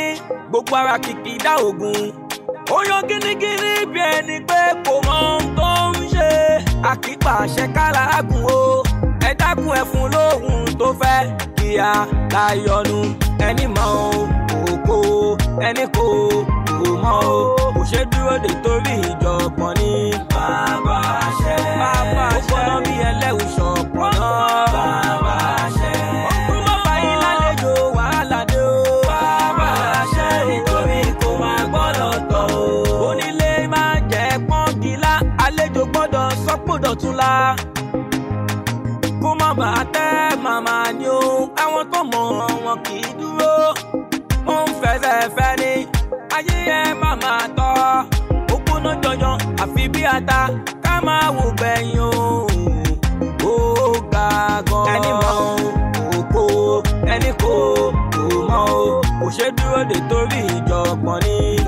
gbogbo ara kìkì dá ogun. ó yan gínígíní bí ẹni pé kò mọ ohun tó ń ṣe. àkípa àṣẹ kára gùn o. ẹ dákun ẹ fún lóhùn tó fẹ́ kíá láyọnu ẹni mọ́ o kò kó ẹni kó mọ́ o kò ṣe dúró de torí ìjọ̀gbọ̀n ni. bàbá ṣe bàbá ṣe ó gbọ́dọ̀ bí ẹlẹ́wùsàn pọ̀ náà. bàbá ṣe. gata ká máa wò gbẹ̀yìn o ó ga gan. ẹni mọ o kò ẹni kò o mọ o kò ṣe dúró de torí ìjọ̀gbọ̀n ni.